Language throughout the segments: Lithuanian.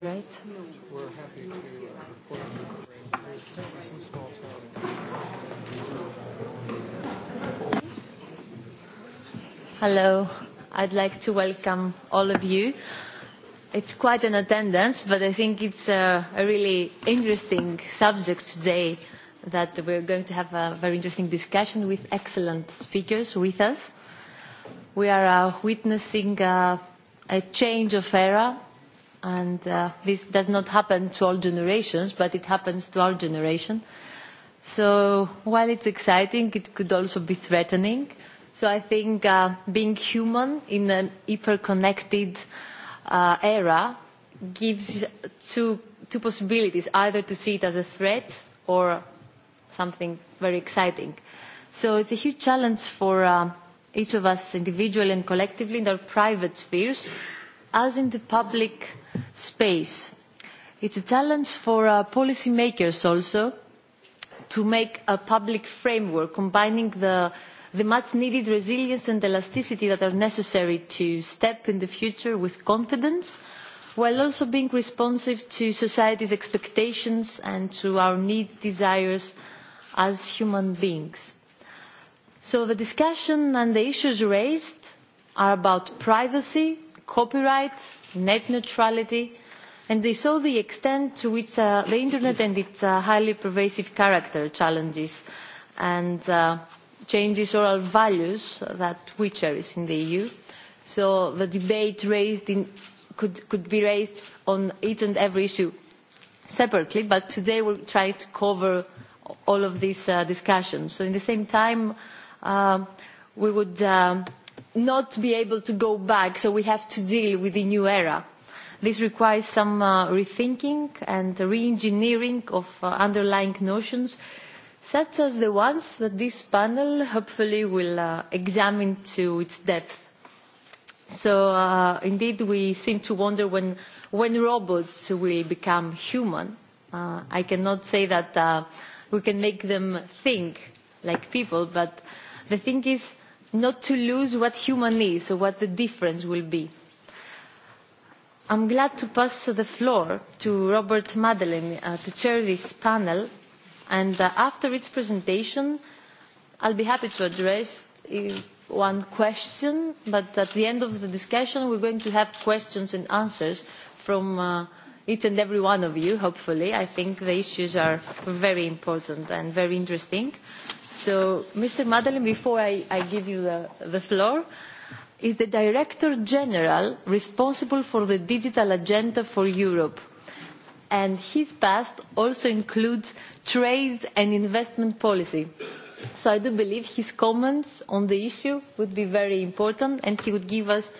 Right? We're happy to uh, report some small town. Hello, I'd like to welcome all of you. It's quite an attendance, but I think it's a, uh, a really interesting subject today that we're going to have a very interesting discussion with excellent speakers with us. We are uh, witnessing uh, a change of era and uh, this does not happen to all generations but it happens to our generation so while it's exciting it could also be threatening so i think uh, being human in an hyperconnected uh, era gives two, two possibilities either to see it as a threat or something very exciting so it's a huge challenge for um, each of us individually and collectively in our private spheres as in the public space. it is a challenge for policy makers also to make a public framework combining the, the much needed resilience and elasticity that are necessary to step in the future with confidence while also being responsive to society's expectations and to our needs and desires as human beings. so the discussion and the issues raised are about privacy copyright net neutrality and they saw the extent to which uh, the internet and its uh, highly pervasive character challenges and uh, changes oral values that we cherish in the EU. So the debate raised in, could, could be raised on each and every issue separately, but today we'll try to cover all of these uh, discussions. So in the same time, uh, we would um, not be able to go back so we have to deal with the new era. this requires some uh, rethinking and re engineering of uh, underlying notions such as the ones that this panel hopefully will uh, examine to its depth. so uh, indeed we seem to wonder when, when robots will become human. Uh, i cannot say that uh, we can make them think like people but the thing is not to lose what human is or what the difference will be. I'm glad to pass the floor to Robert Madeleine uh, to chair this panel and uh, after its presentation I'll be happy to address uh, one question but at the end of the discussion we're going to have questions and answers from uh, each and every one of you, hopefully. I think the issues are very important and very interesting. So, Mr. Madeleine, before I, I give you the, the floor, is the Director General responsible for the digital agenda for Europe. And his past also includes trade and investment policy. So I do believe his comments on the issue would be very important and he would give us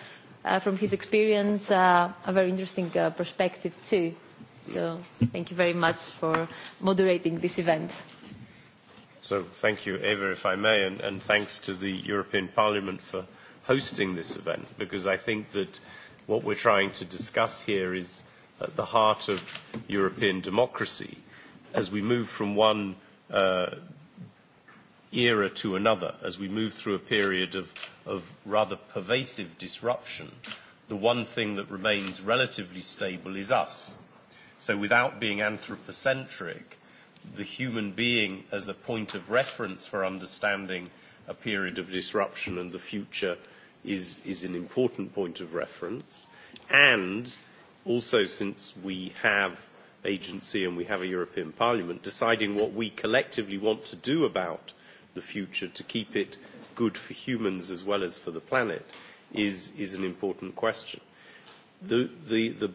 uh, from his experience uh, a very interesting uh, perspective too. So thank you very much for moderating this event. So thank you, Eva, if I may, and, and thanks to the European Parliament for hosting this event, because I think that what we're trying to discuss here is at the heart of European democracy. As we move from one uh, era to another, as we move through a period of, of rather pervasive disruption, the one thing that remains relatively stable is us. So without being anthropocentric, the human being as a point of reference for understanding a period of disruption and the future is, is an important point of reference. And also, since we have agency and we have a European Parliament, deciding what we collectively want to do about the future to keep it good for humans as well as for the planet is, is an important question. The, the, the,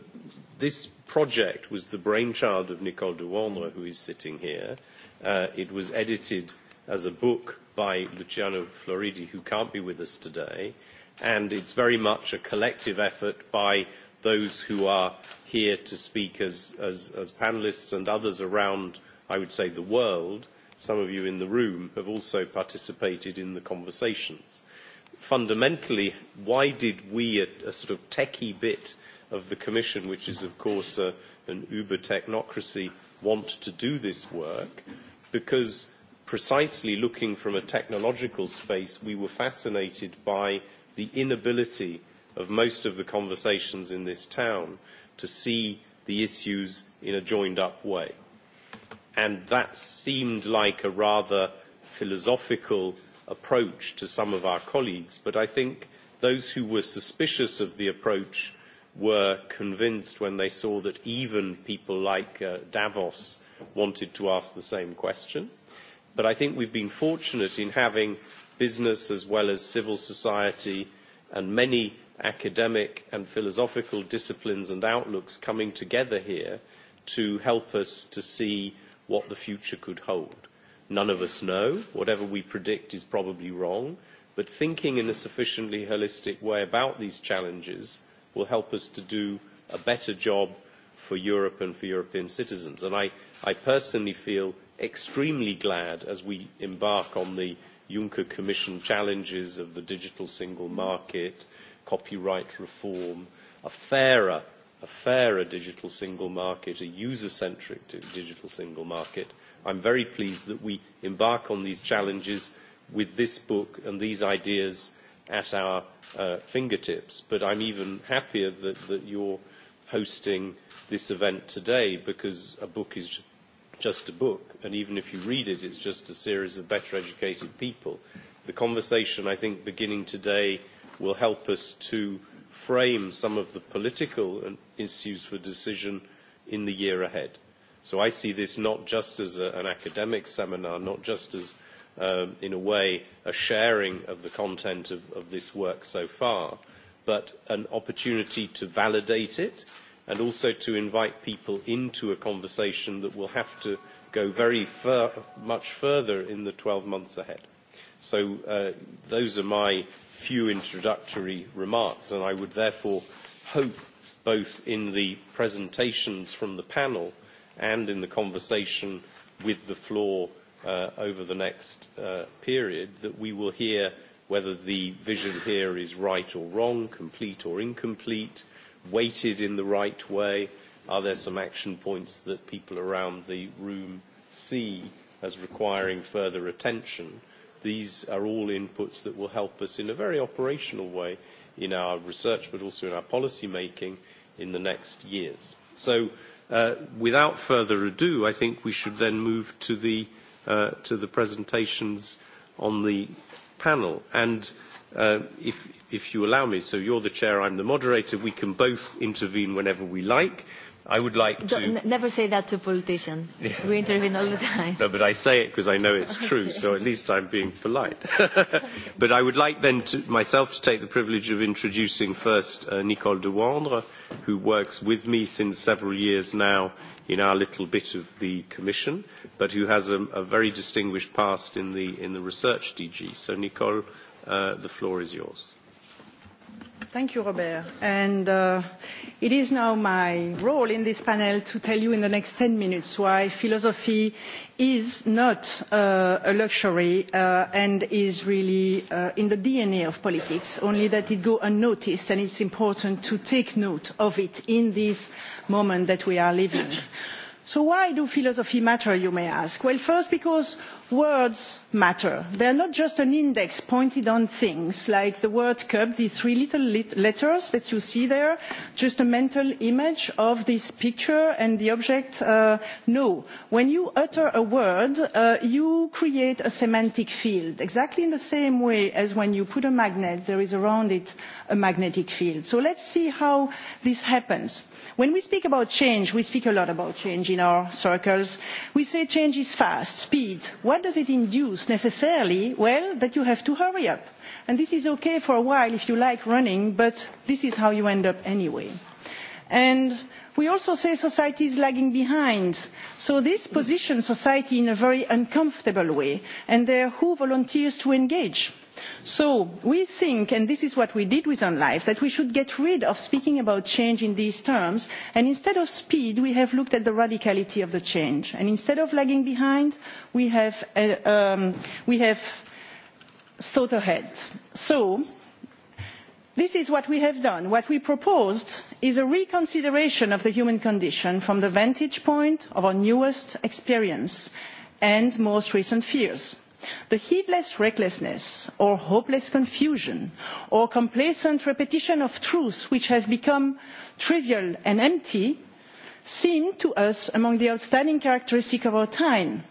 this project was the brainchild of Nicole de Wandre, who is sitting here. Uh, it was edited as a book by Luciano Floridi, who can't be with us today, and it's very much a collective effort by those who are here to speak as, as, as panelists and others around, I would say, the world some of you in the room have also participated in the conversations. Fundamentally, why did we, a, a sort of techie bit of the Commission, which is of course a, an uber technocracy, want to do this work? Because precisely looking from a technological space, we were fascinated by the inability of most of the conversations in this town to see the issues in a joined up way and that seemed like a rather philosophical approach to some of our colleagues, but I think those who were suspicious of the approach were convinced when they saw that even people like uh, Davos wanted to ask the same question. But I think we've been fortunate in having business as well as civil society and many academic and philosophical disciplines and outlooks coming together here to help us to see what the future could hold. None of us know. Whatever we predict is probably wrong. But thinking in a sufficiently holistic way about these challenges will help us to do a better job for Europe and for European citizens. And I, I personally feel extremely glad as we embark on the Juncker Commission challenges of the digital single market, copyright reform, a fairer a fairer digital single market, a user-centric digital single market. I'm very pleased that we embark on these challenges with this book and these ideas at our uh, fingertips. But I'm even happier that, that you're hosting this event today because a book is just a book. And even if you read it, it's just a series of better educated people. The conversation, I think, beginning today will help us to uh, frame some of the political issues for decision in the year ahead. So I see this not just as a, an academic seminar, not just as, um, in a way, a sharing of the content of, of this work so far, but an opportunity to validate it and also to invite people into a conversation that will have to go very fur much further in the 12 months ahead. So uh, those are my few introductory remarks, and I would therefore hope both in the presentations from the panel and in the conversation with the floor uh, over the next uh, period that we will hear whether the vision here is right or wrong, complete or incomplete, weighted in the right way. Are there some action points that people around the room see as requiring further attention? these are all inputs that will help us in a very operational way in our research but also in our policy making in the next years. So uh, without further ado, I think we should then move to the, uh, to the presentations on the panel. And uh, if, if you allow me, so you're the chair, I'm the moderator, we can both intervene whenever we like. Uh, I would like to. Don't, never say that to politicians. Yeah. We intervene all the time. No, but I say it because I know it's true, so at least I'm being polite. but I would like then to, myself to take the privilege of introducing first uh, Nicole de Wandre, who works with me since several years now in our little bit of the Commission, but who has a, a very distinguished past in the, in the research DG. So, Nicole, uh, the floor is yours. Thank you, Robert. And uh, it is now my role in this panel to tell you in the next 10 minutes why philosophy is not uh, a luxury uh, and is really uh, in the DNA of politics, only that it goes unnoticed and it's important to take note of it in this moment that we are living so why does philosophy matter you may ask? well first because words matter. they are not just an index pointed on things like the word cup these three little letters that you see there just a mental image of this picture and the object. Uh, no when you utter a word uh, you create a semantic field exactly in the same way as when you put a magnet there is around it a magnetic field. so let's see how this happens when we speak about change we speak a lot about change in our circles we say change is fast speed. what does it induce necessarily? well that you have to hurry up and this is okay for a while if you like running but this is how you end up anyway. And we also say society is lagging behind so this positions society in a very uncomfortable way and there who volunteers to engage? so we think and this is what we did with unlife that we should get rid of speaking about change in these terms and instead of speed we have looked at the radicality of the change and instead of lagging behind we have, uh, um, we have thought ahead. so this is what we have done. what we proposed is a reconsideration of the human condition from the vantage point of our newest experience and most recent fears. the heedless recklessness or hopeless confusion or complacent repetition of truths which have become trivial and empty seem to us among the outstanding characteristics of our time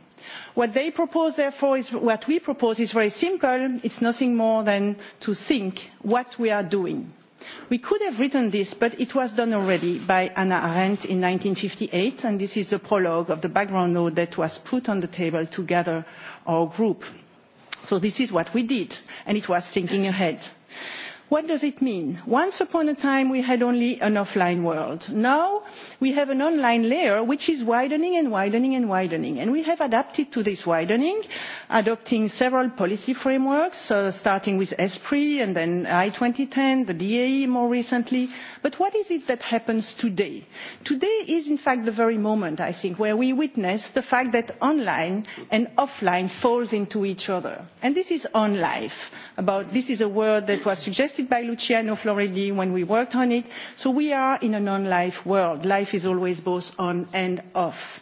what they propose therefore is what we propose is very simple it is nothing more than to think what we are doing. we could have written this but it was done already by hannah arendt in one thousand nine hundred and fifty eight and this is the prologue of the background note that was put on the table to gather our group. so this is what we did and it was thinking ahead what does it mean? once upon a time we had only an offline world. now we have an online layer which is widening and widening and widening and we have adapted to this widening adopting several policy frameworks uh, starting with esprit and then i two thousand and ten the dae more recently but what is it that happens today? today is in fact the very moment i think where we witness the fact that online and offline fall into each other and this is on life about this is a word that was suggested suggested by luciano floridi when we worked on it so we are in a non life world life is always both on and off.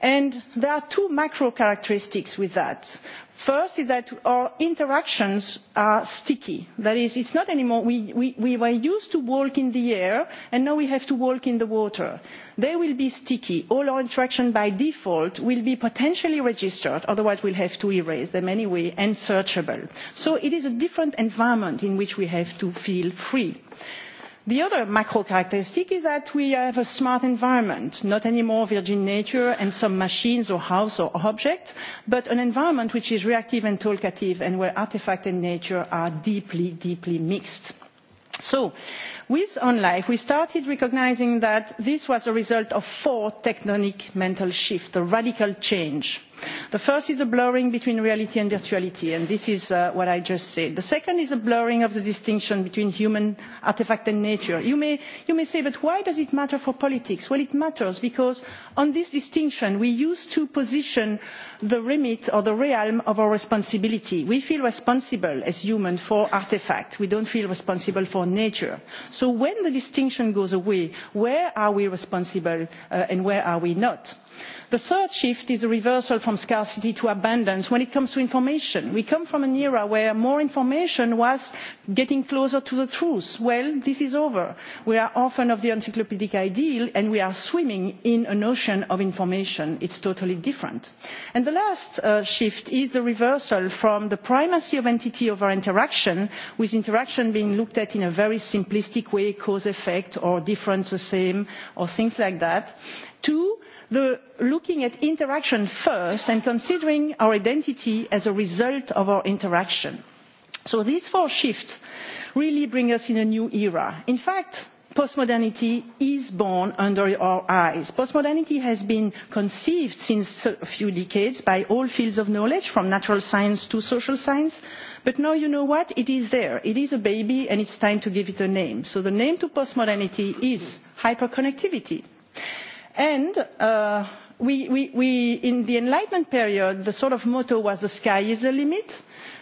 And there are two macro characteristics with that first is that our interactions are sticky that is it's not anymore we, we, we were used to walk in the air and now we have to walk in the water they will be sticky all our interactions by default will be potentially registered otherwise we'll have to erase them anyway and searchable so it is a different environment in which we have to feel free the other macro characteristic is that we have a smart environment not any more virgin nature and some machines or houses or objects but an environment which is reactive and talkative and where artifact and nature are deeply deeply mixed. so with on life we started recognising that this was a result of four tectonic mental shifts a radical change the first is the blurring between reality and virtuality and this is uh, what i just said. the second is the blurring of the distinction between human artefact and nature. You may, you may say but why does it matter for politics? well it matters because on this distinction we used to position the remit or the realm of our responsibility. we feel responsible as humans for artefacts we do not feel responsible for nature. so when the distinction goes away where are we responsible uh, and where are we not? the third shift is a reversal from scarcity to abundance when it comes to information. we come from an era where more information was getting closer to the truth. well this is over. we are often of the encyclopaedic ideal and we are swimming in an ocean of information. it is totally different. and the last uh, shift is the reversal from the primacy of entity over interaction with interaction being looked at in a very simplistic way cause effect or different the same or things like that to the, looking at interaction first and considering our identity as a result of our interaction. so these four shifts really bring us into a new era. in fact postmodernity is born under our eyes. postmodernity has been conceived since a few decades by all fields of knowledge from natural science to social science but now you know what it is there it is a baby and it is time to give it a name. so the name to postmodernity is hyperconnectivity and uh, we, we, we, in the enlightenment period the sort of motto was the sky is the limit.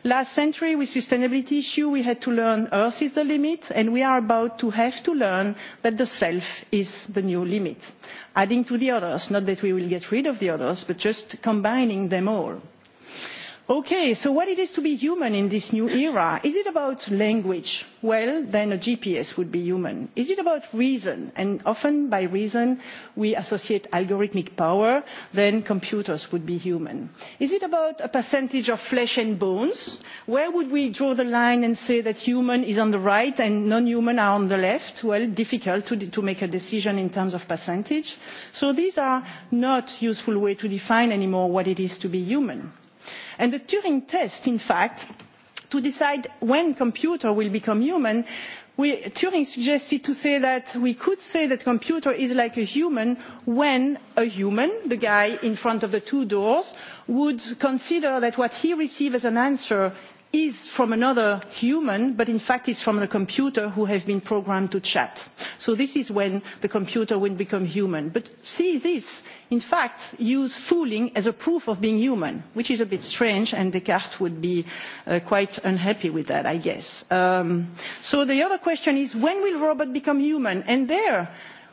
last century with sustainability issues we had to learn earth is the limit and we are about to have to learn that the self is the new limit adding to the others not that we will get rid of the others but just combining them all okay so what it is to be human in this new era is it about language? well then a gps would be human. is it about reason? and often by reason we associate algorithmic power then computers would be human. is it about a percentage of flesh and bones? where would we draw the line and say that human is on the right and non human are on the left? well difficult to, to make a decision in terms of percentage. so these are not useful ways to define anymore what it is to be human and the turing test in fact to decide when computer will become human we, turing suggested to say that we could say that computer is like a human when a human the guy in front of the two doors would consider that what he receives as an answer is from another human but in fact is from the computer who has been programmed to chat. so this is when the computer will become human. but see this in fact use fooling as a proof of being human which is a bit strange and descartes would be uh, quite unhappy with that i guess. Um, so the other question is when will robots become human? and there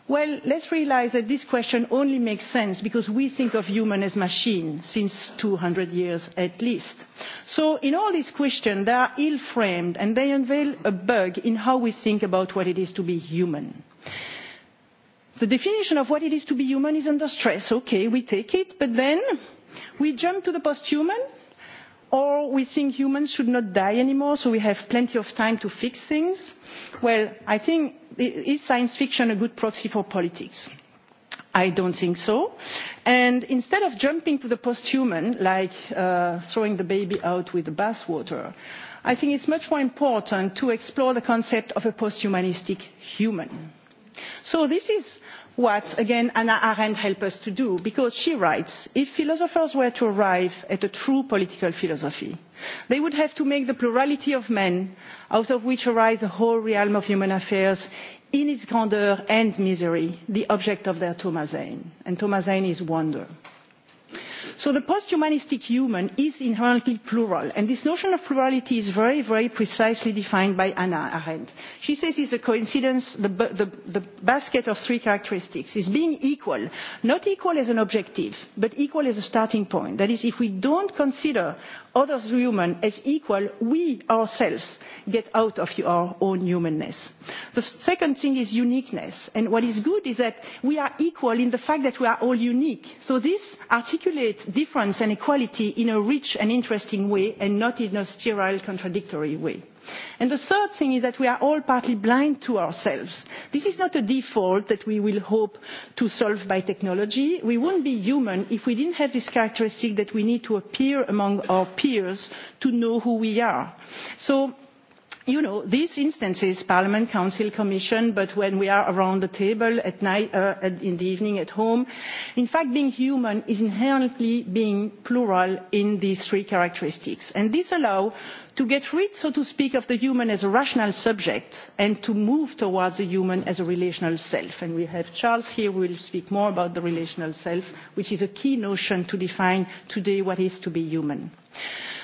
well let us realise that this question only makes sense because we think of humans as machines for two hundred years at least. so in all these questions they are ill framed and they unveil a bug in how we think about what it is to be human. the definition of what it is to be human is under stress. okay we take it but then we jump to the post human or we think humans should not die anymore so we have plenty of time to fix things well i think is science fiction a good proxy for politics? i do not think so and instead of jumping to the post human like uh, throwing the baby out with the bathwater i think it is much more important to explore the concept of a post humanistic human. so this is what again hannah arendt helped us to do because she writes if philosophers were to arrive at a true political philosophy they would have to make the plurality of men out of which arise the whole realm of human affairs in its grandeur and misery the object of their thomas paine and thomas paine is wonder' so the post humanistic human is inherently plural and this notion of plurality is very very precisely defined by hannah arendt. she says it is a coincidence the, the, the basket of three characteristics is being equal not equal as an objective but equal as a starting point that is if we do not consider other humans as equal we ourselves get out of our own humanness. the second thing is uniqueness and what is good is that we are equal in the fact that we are all unique so this articulates difference and equality in a rich and interesting way and not in a sterile contradictory way. And the third thing is that we are all partly blind to ourselves. This is not a default that we will hope to solve by technology. We wouldn't be human if we didn't have this characteristic that we need to appear among our peers to know who we are. So you know these instances parliament council commission but when we are around the table at night uh, at, in the evening at home in fact being human is inherently being plural in these three characteristics and this allows to get rid so to speak of the human as a rational subject and to move towards the human as a relational self and we have charles here who will speak more about the relational self which is a key notion to define today what is to be human.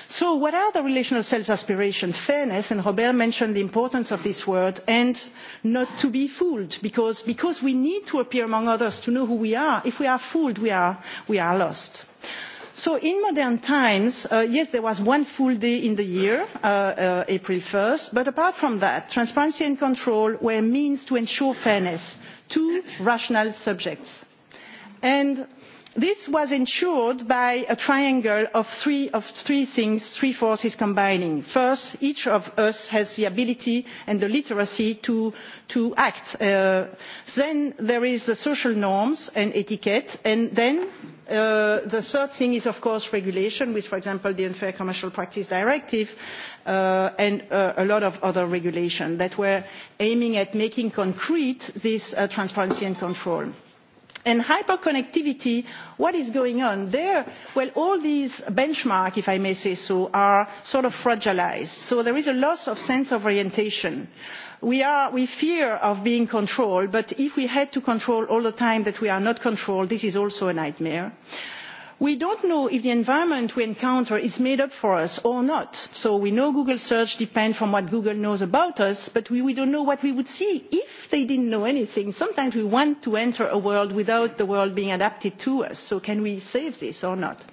so what are the relational self aspirations? fairness and robert mentioned the importance of this word and not to be fooled because, because we need to appear among others to know who we are. if we are fooled we are, we are lost so in modern times uh, yes there was one full day in the year uh, uh, april one but apart from that transparency and control were means to ensure fairness two rational subjects and this was ensured by a triangle of three, of three things three forces combining. first each of us has the ability and the literacy to, to act uh, then there are the social norms and etiquette and then uh, the third thing is of course regulation with for example the unfair commercial practice directive uh, and uh, a lot of other regulations that were aiming at making concrete this uh, transparency and control and hyperconnectivity what is going on there? well all these benchmarks if i may say so are sort of fragilised so there is a loss of sense of orientation. We, are, we fear being controlled but if we had to control all the time that we are not controlled this is also a nightmare we do not know if the environment we encounter is made up for us or not so we know google search depends on what google knows about us but we do not know what we would see if they did not know anything. sometimes we want to enter a world without the world being adapted to us so can we save this or not?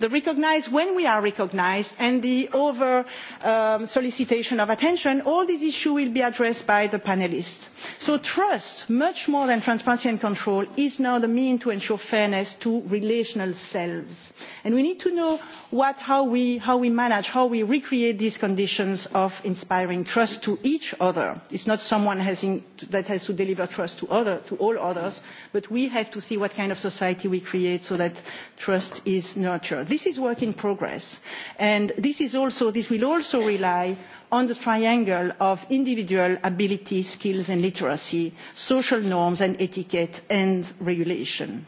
the recognition when we are recognised and the over um, solicitation of attention all these issues will be addressed by the panellists. so trust much more than transparency and control is now the means to ensure fairness to relational selves and we need to know what, how, we, how we manage how we recreate these conditions of inspiring trust to each other. it is not someone in, that has to deliver trust to, other, to all others but we have to see what kind of society we create so that trust is nurtured this is work in progress and this, is also, this will also rely on the triangle of individual ability skills and literacy social norms and etiquette and regulation.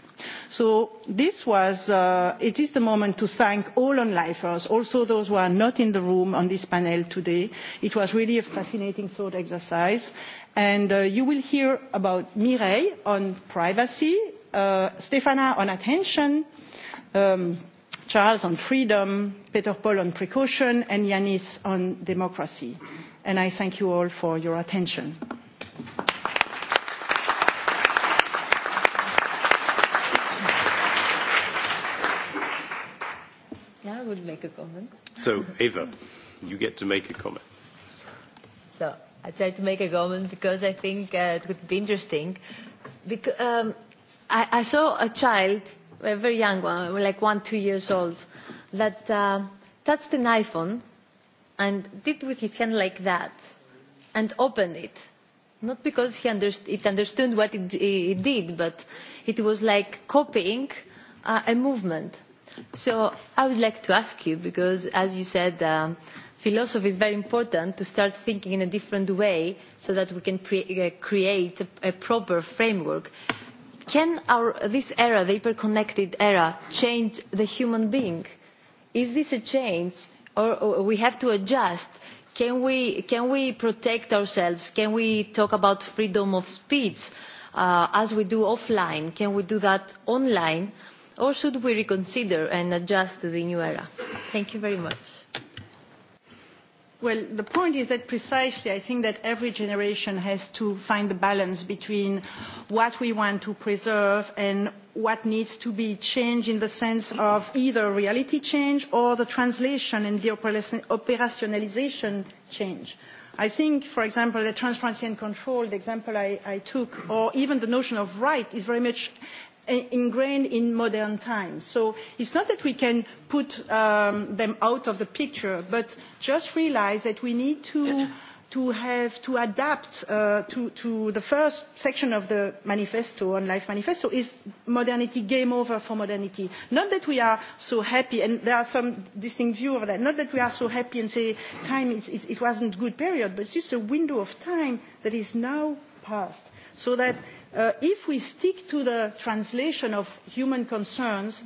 so this was uh, it is the moment to thank all on lifers also those who are not in the room on this panel today. it was really a fascinating thought exercise and uh, you will hear about mireille on privacy uh, stefana on attention um, charles on freedom peter paul on precaution and yanis on democracy and i thank you all for your attention. Yeah, I would make a comment. So, Eva, you get to make a comment. So, I tried to make a comment because I think uh, it would be interesting. Because, um, I, I saw a child a very young one, like one, two years old, that uh, touched an iPhone and did with his hand like that and opened it. Not because he underst- it understood what it, it did, but it was like copying uh, a movement. So I would like to ask you, because as you said, um, philosophy is very important to start thinking in a different way so that we can pre- uh, create a, a proper framework can our, this era, the hyperconnected era, change the human being? Is this a change or, or we have to adjust? Can we, can we protect ourselves? Can we talk about freedom of speech uh, as we do offline? Can we do that online? Or should we reconsider and adjust to the new era? Thank you very much. Well, the point is that precisely I think that every generation has to find the balance between what we want to preserve and what needs to be changed in the sense of either reality change or the translation and the operationalization change. I think, for example, the transparency and control, the example I, I took, or even the notion of right is very much ingrained in modern times. So it's not that we can put um, them out of the picture, but just realize that we need to, to have to adapt uh, to, to the first section of the manifesto on life manifesto is modernity game over for modernity. Not that we are so happy, and there are some distinct view of that. Not that we are so happy and say time is, is, it wasn't good period, but it's just a window of time that is now past. So that Uh, if we stick to the translation of human concerns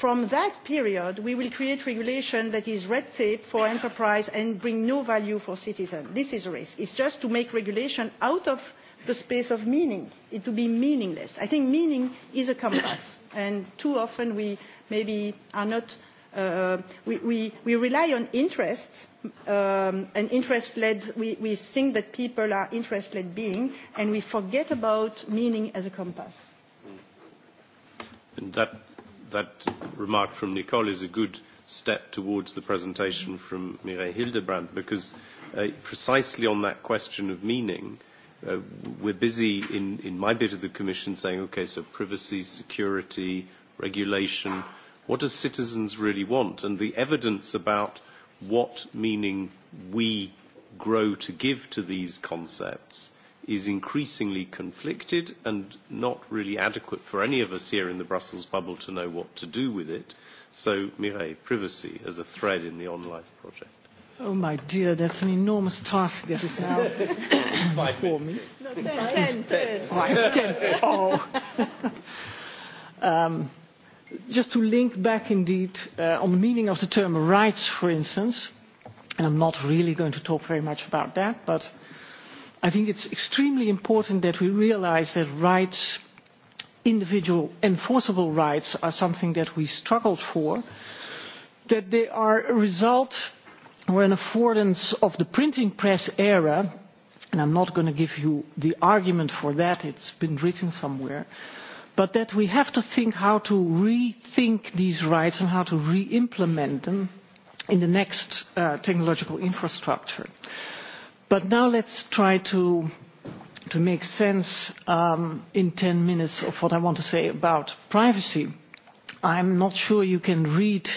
from that period we will create regulation that is red tape for enterprise and bring no value for citizens. this is a risk. it is just to make regulation out of the space of meaning it would be meaningless. i think meaning is a compass and too often we maybe are not uh, we, we, we rely on interest um, and interest led we, we think that people are interest led being and we forget about meaning as a compass and that that remark from nicole is a good step towards the presentation from mireille hildebrand because uh, precisely on that question of meaning uh, we're busy in, in my bit of the commission saying, okay, so privacy, security, regulation, uh, What do citizens really want? And the evidence about what meaning we grow to give to these concepts is increasingly conflicted and not really adequate for any of us here in the Brussels bubble to know what to do with it. So, Mireille, privacy as a thread in the OnLife project. Oh my dear, that's an enormous task that is now Five for me. No, ten, ten, ten. Five, ten. Oh. um, just to link back indeed uh, on the meaning of the term rights, for instance, and I'm not really going to talk very much about that, but I think it's extremely important that we realize that rights, individual enforceable rights, are something that we struggled for, that they are a result or an affordance of the printing press era, and I'm not going to give you the argument for that, it's been written somewhere, uh, but that we have to think how to rethink these rights and how to re-implement them in the next uh, technological infrastructure. But now let's try to, to make sense um, in 10 minutes of what I want to say about privacy. I'm not sure you can read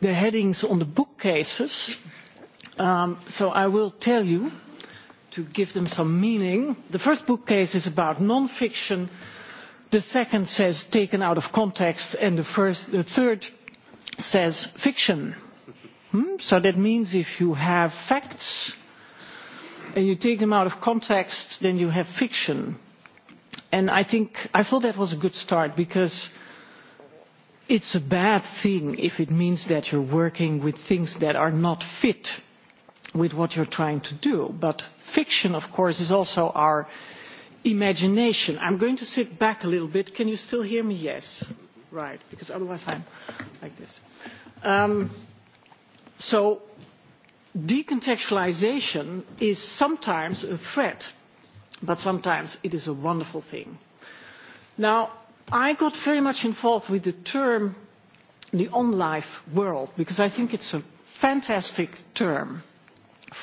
the headings on the bookcases, um, so I will tell you to give them some meaning. The first bookcase is about non-fiction, uh, the second says taken out of context, and the, first, the third says fiction. Hmm? So that means if you have facts and you take them out of context, then you have fiction. And I think I thought that was a good start because it's a bad thing if it means that you're working with things that are not fit with what you're trying to do. But fiction, of course, is also our imagination. I'm going to sit back a little bit. Can you still hear me? Yes. Right, because otherwise I'm like this. Um, so decontextualization is sometimes a threat, but sometimes it is a wonderful thing. Now, I got very much involved with the term the on-life world because I think it's a fantastic term.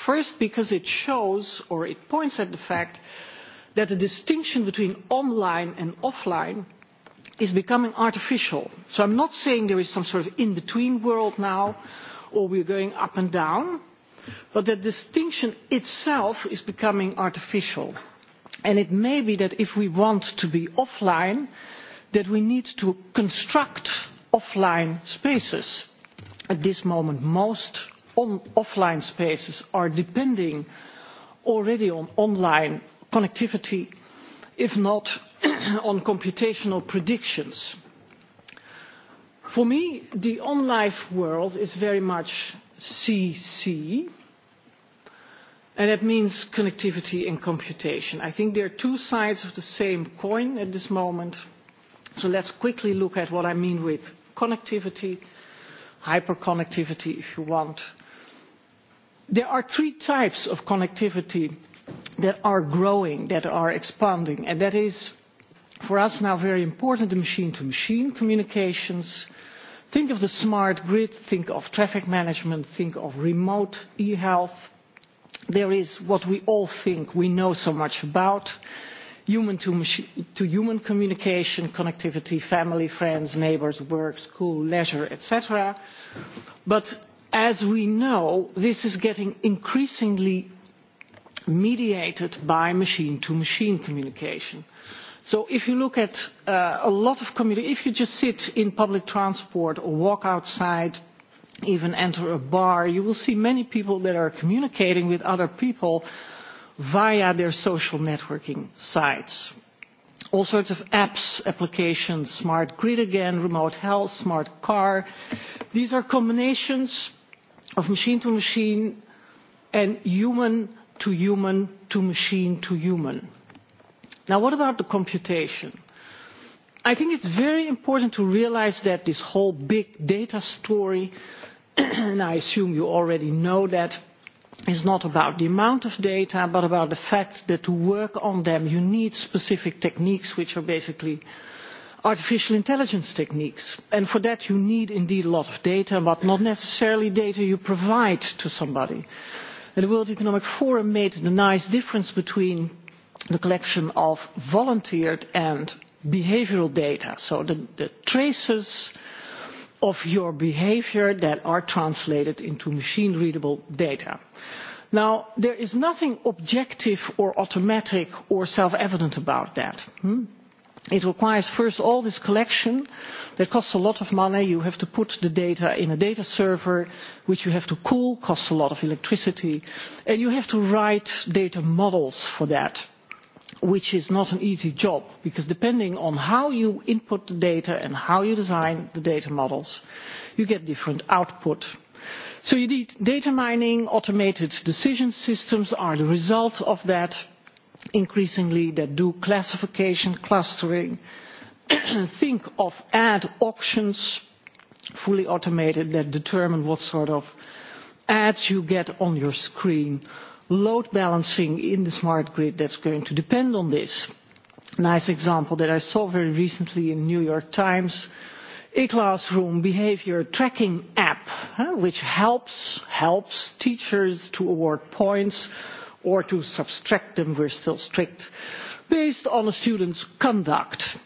First, because it shows or it points at the fact that the distinction between online and offline is becoming artificial. So I'm not saying there is some sort of in-between world now, or we're going up and down, but that distinction itself is becoming artificial. And it may be that if we want to be offline, that we need to construct offline spaces. At this moment, most on offline spaces are depending already on online connectivity, if not on computational predictions. For me, the on-life world is very much CC, and that means connectivity and computation. I think they are two sides of the same coin at this moment. So let's quickly look at what I mean with connectivity, hyperconnectivity if you want. There are three types of connectivity that are growing, that are expanding, and that is for us now very important, the machine-to-machine -machine communications. Think of the smart grid, think of traffic management, think of remote e-health. There is what we all think we know so much about, human to, machine, to human communication, connectivity, family, friends, neighbors, work, school, leisure, etc. But as we know, this is getting increasingly mediated by machine-to-machine -machine communication. So if you look at uh, a lot of community, if you just sit in public transport or walk outside, even enter a bar, you will see many people that are communicating with other people via their social networking sites. All sorts of apps, applications, smart grid again, remote health, smart car. These are combinations of machine to machine and human to human to machine to human. Now, what about the computation? I think it's very important to realize that this whole big data story, and I assume you already know that, is not about the amount of data, but about the fact that to work on them you need specific techniques, which are basically artificial intelligence techniques. And for that you need indeed a lot of data, but not necessarily data you provide to somebody. Uh, the World Economic Forum made the nice difference between the collection of volunteered and behavioral data, so the, the traces of your behavior that are translated into machine readable data. Now, there is nothing objective or automatic or self evident about that. Hmm? It requires first all this collection that costs a lot of money. You have to put the data in a data server, which you have to cool, costs a lot of electricity. And you have to write data models for that, which is not an easy job, because depending on how you input the data and how you design the data models, you get different output. So you need data mining, automated decision systems are the result of that increasingly that do classification, clustering, think of ad auctions, fully automated, that determine what sort of ads you get on your screen. Load balancing in the smart grid that's going to depend on this. Nice example that I saw very recently in New York Times, a classroom behavior tracking app, huh, which helps helps teachers to award points or to subtract them, we're still strict, based on a student's conduct.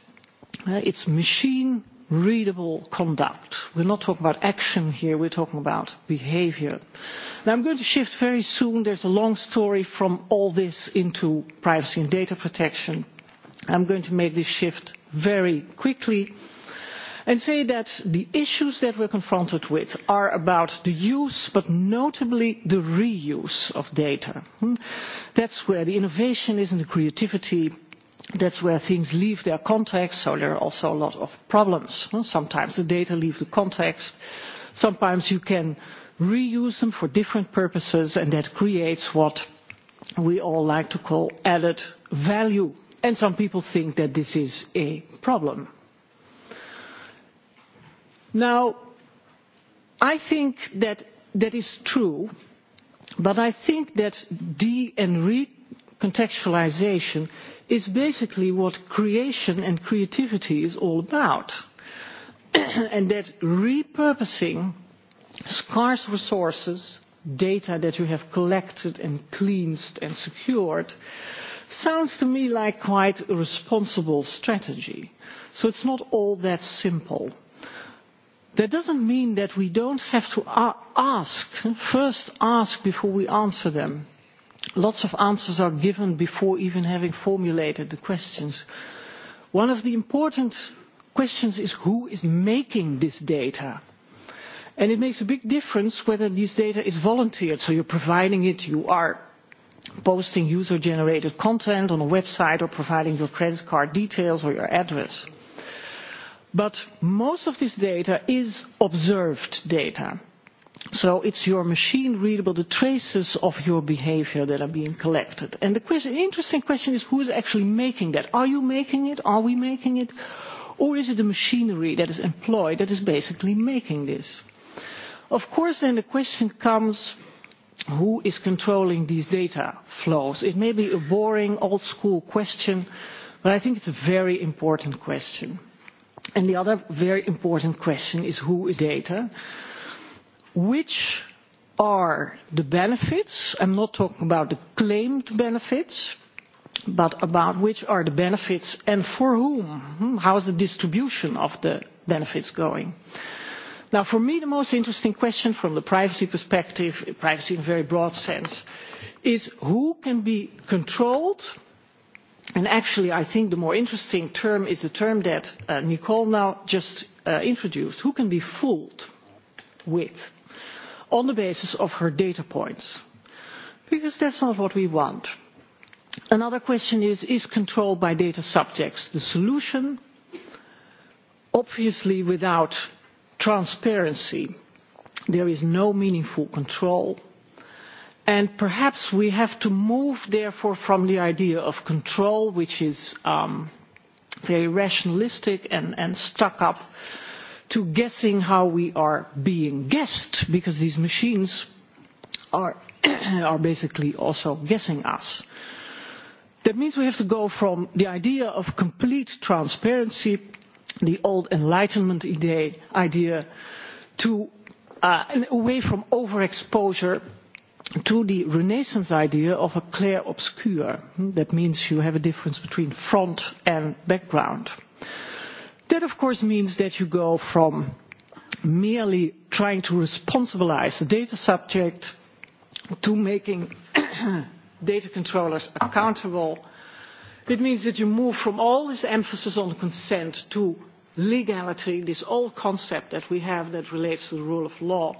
Uh, it's machine readable conduct. We're not talking about action here, we're talking about behavior. Now I'm going to shift very soon, there's a long story from all this into privacy and data protection. I'm going to make this shift very quickly. Uh, and say that the issues that we're confronted with are about the use, but notably the reuse of data. Hmm? That's where the innovation is and the creativity that's where things leave their context, so there are also a lot of problems. Hmm? Sometimes the data leave the context, sometimes you can reuse them for different purposes, and that creates what we all like to call added value. And some people think that this is a problem now i think that that is true but i think that de and recontextualization is basically what creation and creativity is all about and that repurposing scarce resources data that you have collected and cleansed and secured sounds to me like quite a responsible strategy. So it's not all that simple that doesn't mean that we don't have to ask, first ask before we answer them. Lots of answers are given before even having formulated the questions. One of the important questions is who is making this data? And it makes a big difference whether this data is volunteered, so you're providing it, you are posting user-generated content on a website or providing your credit card details or your address. Uh, but most of this data is observed data. So it's your machine readable, the traces of your behavior that are being collected. And the question, interesting question is who is actually making that? Are you making it? Are we making it? Or is it the machinery that is employed that is basically making this? Of course, then the question comes, who is controlling these data flows? It may be a boring, old school question, but I think it's a very important question And the other very important question is who is data? Which are the benefits? I'm not talking about the claimed benefits, but about which are the benefits and for whom? Hmm, how is the distribution of the benefits going? Now, for me, the most interesting question from the privacy perspective, privacy in a very broad sense, is who can be controlled and actually i think the more interesting term is the term that uh, nicole now just uh, introduced who can be fooled with on the basis of her data points because that's not what we want another question is is control by data subjects the solution obviously without transparency there is no meaningful control and perhaps we have to move therefore from the idea of control which is um, very rationalistic and, and stuck up to guessing how we are being guessed because these machines are, are basically also guessing us. That means we have to go from the idea of complete transparency, the old enlightenment idea, idea to uh, away from overexposure to the Renaissance idea of a clair obscure. Hmm, that means you have a difference between front and background. That, of course, means that you go from merely trying to responsibilize the data subject to making data controllers accountable. It means that you move from all this emphasis on consent to legality, this old concept that we have that relates to the rule of law,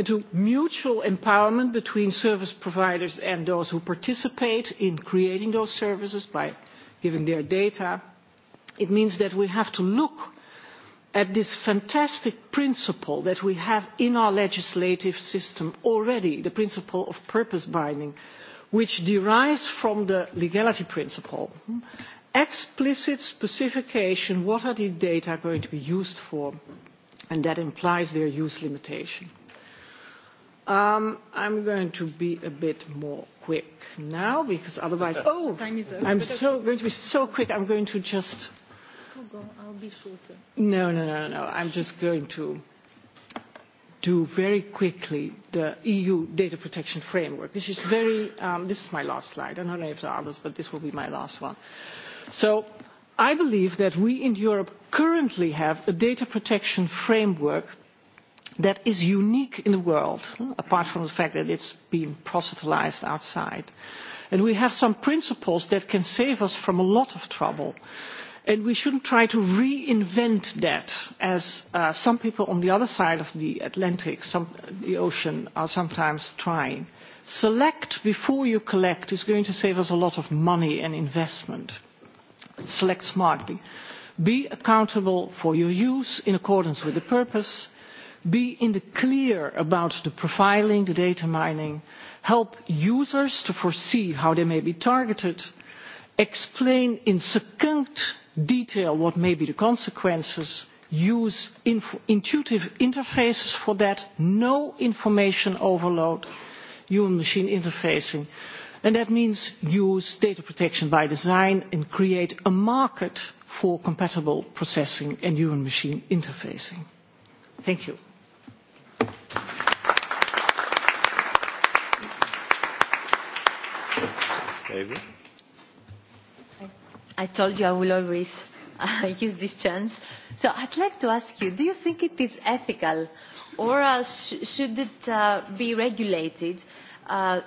and to mutual empowerment between service providers and those who participate in creating those services by giving their data. It means that we have to look at this fantastic principle that we have in our legislative system already, the principle of purpose binding, which derives from the legality principle. Explicit specification, what are the data going to be used for? And that implies their use limitation. Um, I'm going to be a bit more quick now because otherwise, oh, Time is up. I'm so going to be so quick. I'm going to just. I'll be shorter. No, no, no, no. I'm just going to do very quickly the EU data protection framework. This is very. Um, this is my last slide. I don't know if there are others, but this will be my last one. So. I believe that we in Europe currently have a data protection framework that is unique in the world, apart from the fact that it's being proselytized outside. And we have some principles that can save us from a lot of trouble. And we shouldn't try to reinvent that, as uh, some people on the other side of the Atlantic, some, the ocean, are sometimes trying. Select before you collect is going to save us a lot of money and investment. Select smartly. Be accountable for your use in accordance with the purpose be in the clear about the profiling, the data mining, help users to foresee how they may be targeted, explain in succinct detail what may be the consequences, use inf intuitive interfaces for that, no information overload, human-machine interfacing. And that means use data protection by design and create a market for compatible processing and human-machine interfacing. Thank you. David? I told you I will always uh, use this chance. So I'd like to ask you, do you think it is ethical or uh, sh should it uh, be regulated uh,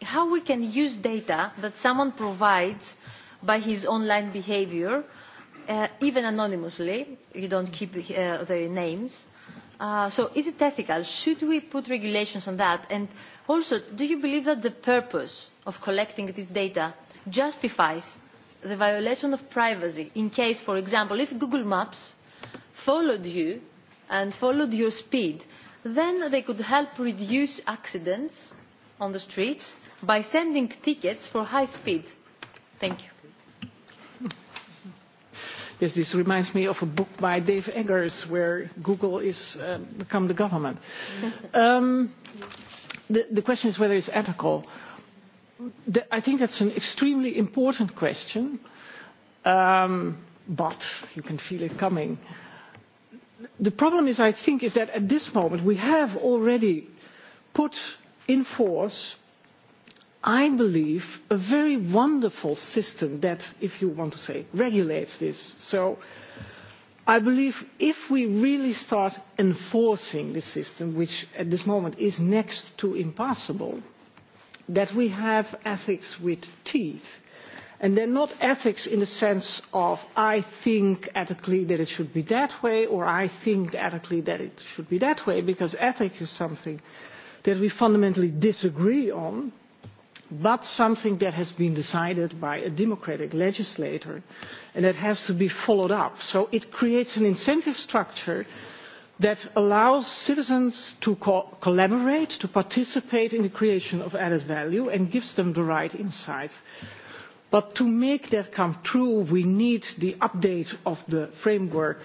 how we can use data that someone provides by his online behavior, uh, even anonymously, you don't keep uh, their names, uh, Uh, so is it ethical? Should we put regulations on that? And also, do you believe that the purpose of collecting this data justifies the violation of privacy in case, for example, if Google Maps followed you and followed your speed, then they could help reduce accidents on the streets by sending tickets for high speed. Thank you. Yes, this reminds me of a book by Dave Eggers where Google is uh, become the government. um, the, the question is whether it's ethical. The, I think that's an extremely important question, um, but you can feel it coming. The problem is, I think, is that at this moment we have already put in force I believe, a very wonderful system that, if you want to say, regulates this. So I believe if we really start enforcing this system, which at this moment is next to impossible, that we have ethics with teeth. And they're not ethics in the sense of I think ethically that it should be that way or I think ethically that it should be that way, because ethics is something that we fundamentally disagree on but something that has been decided by a democratic legislator and that has to be followed up. So it creates an incentive structure that allows citizens to co collaborate, to participate in the creation of added value and gives them the right insight. But to make that come true, we need the update of the framework,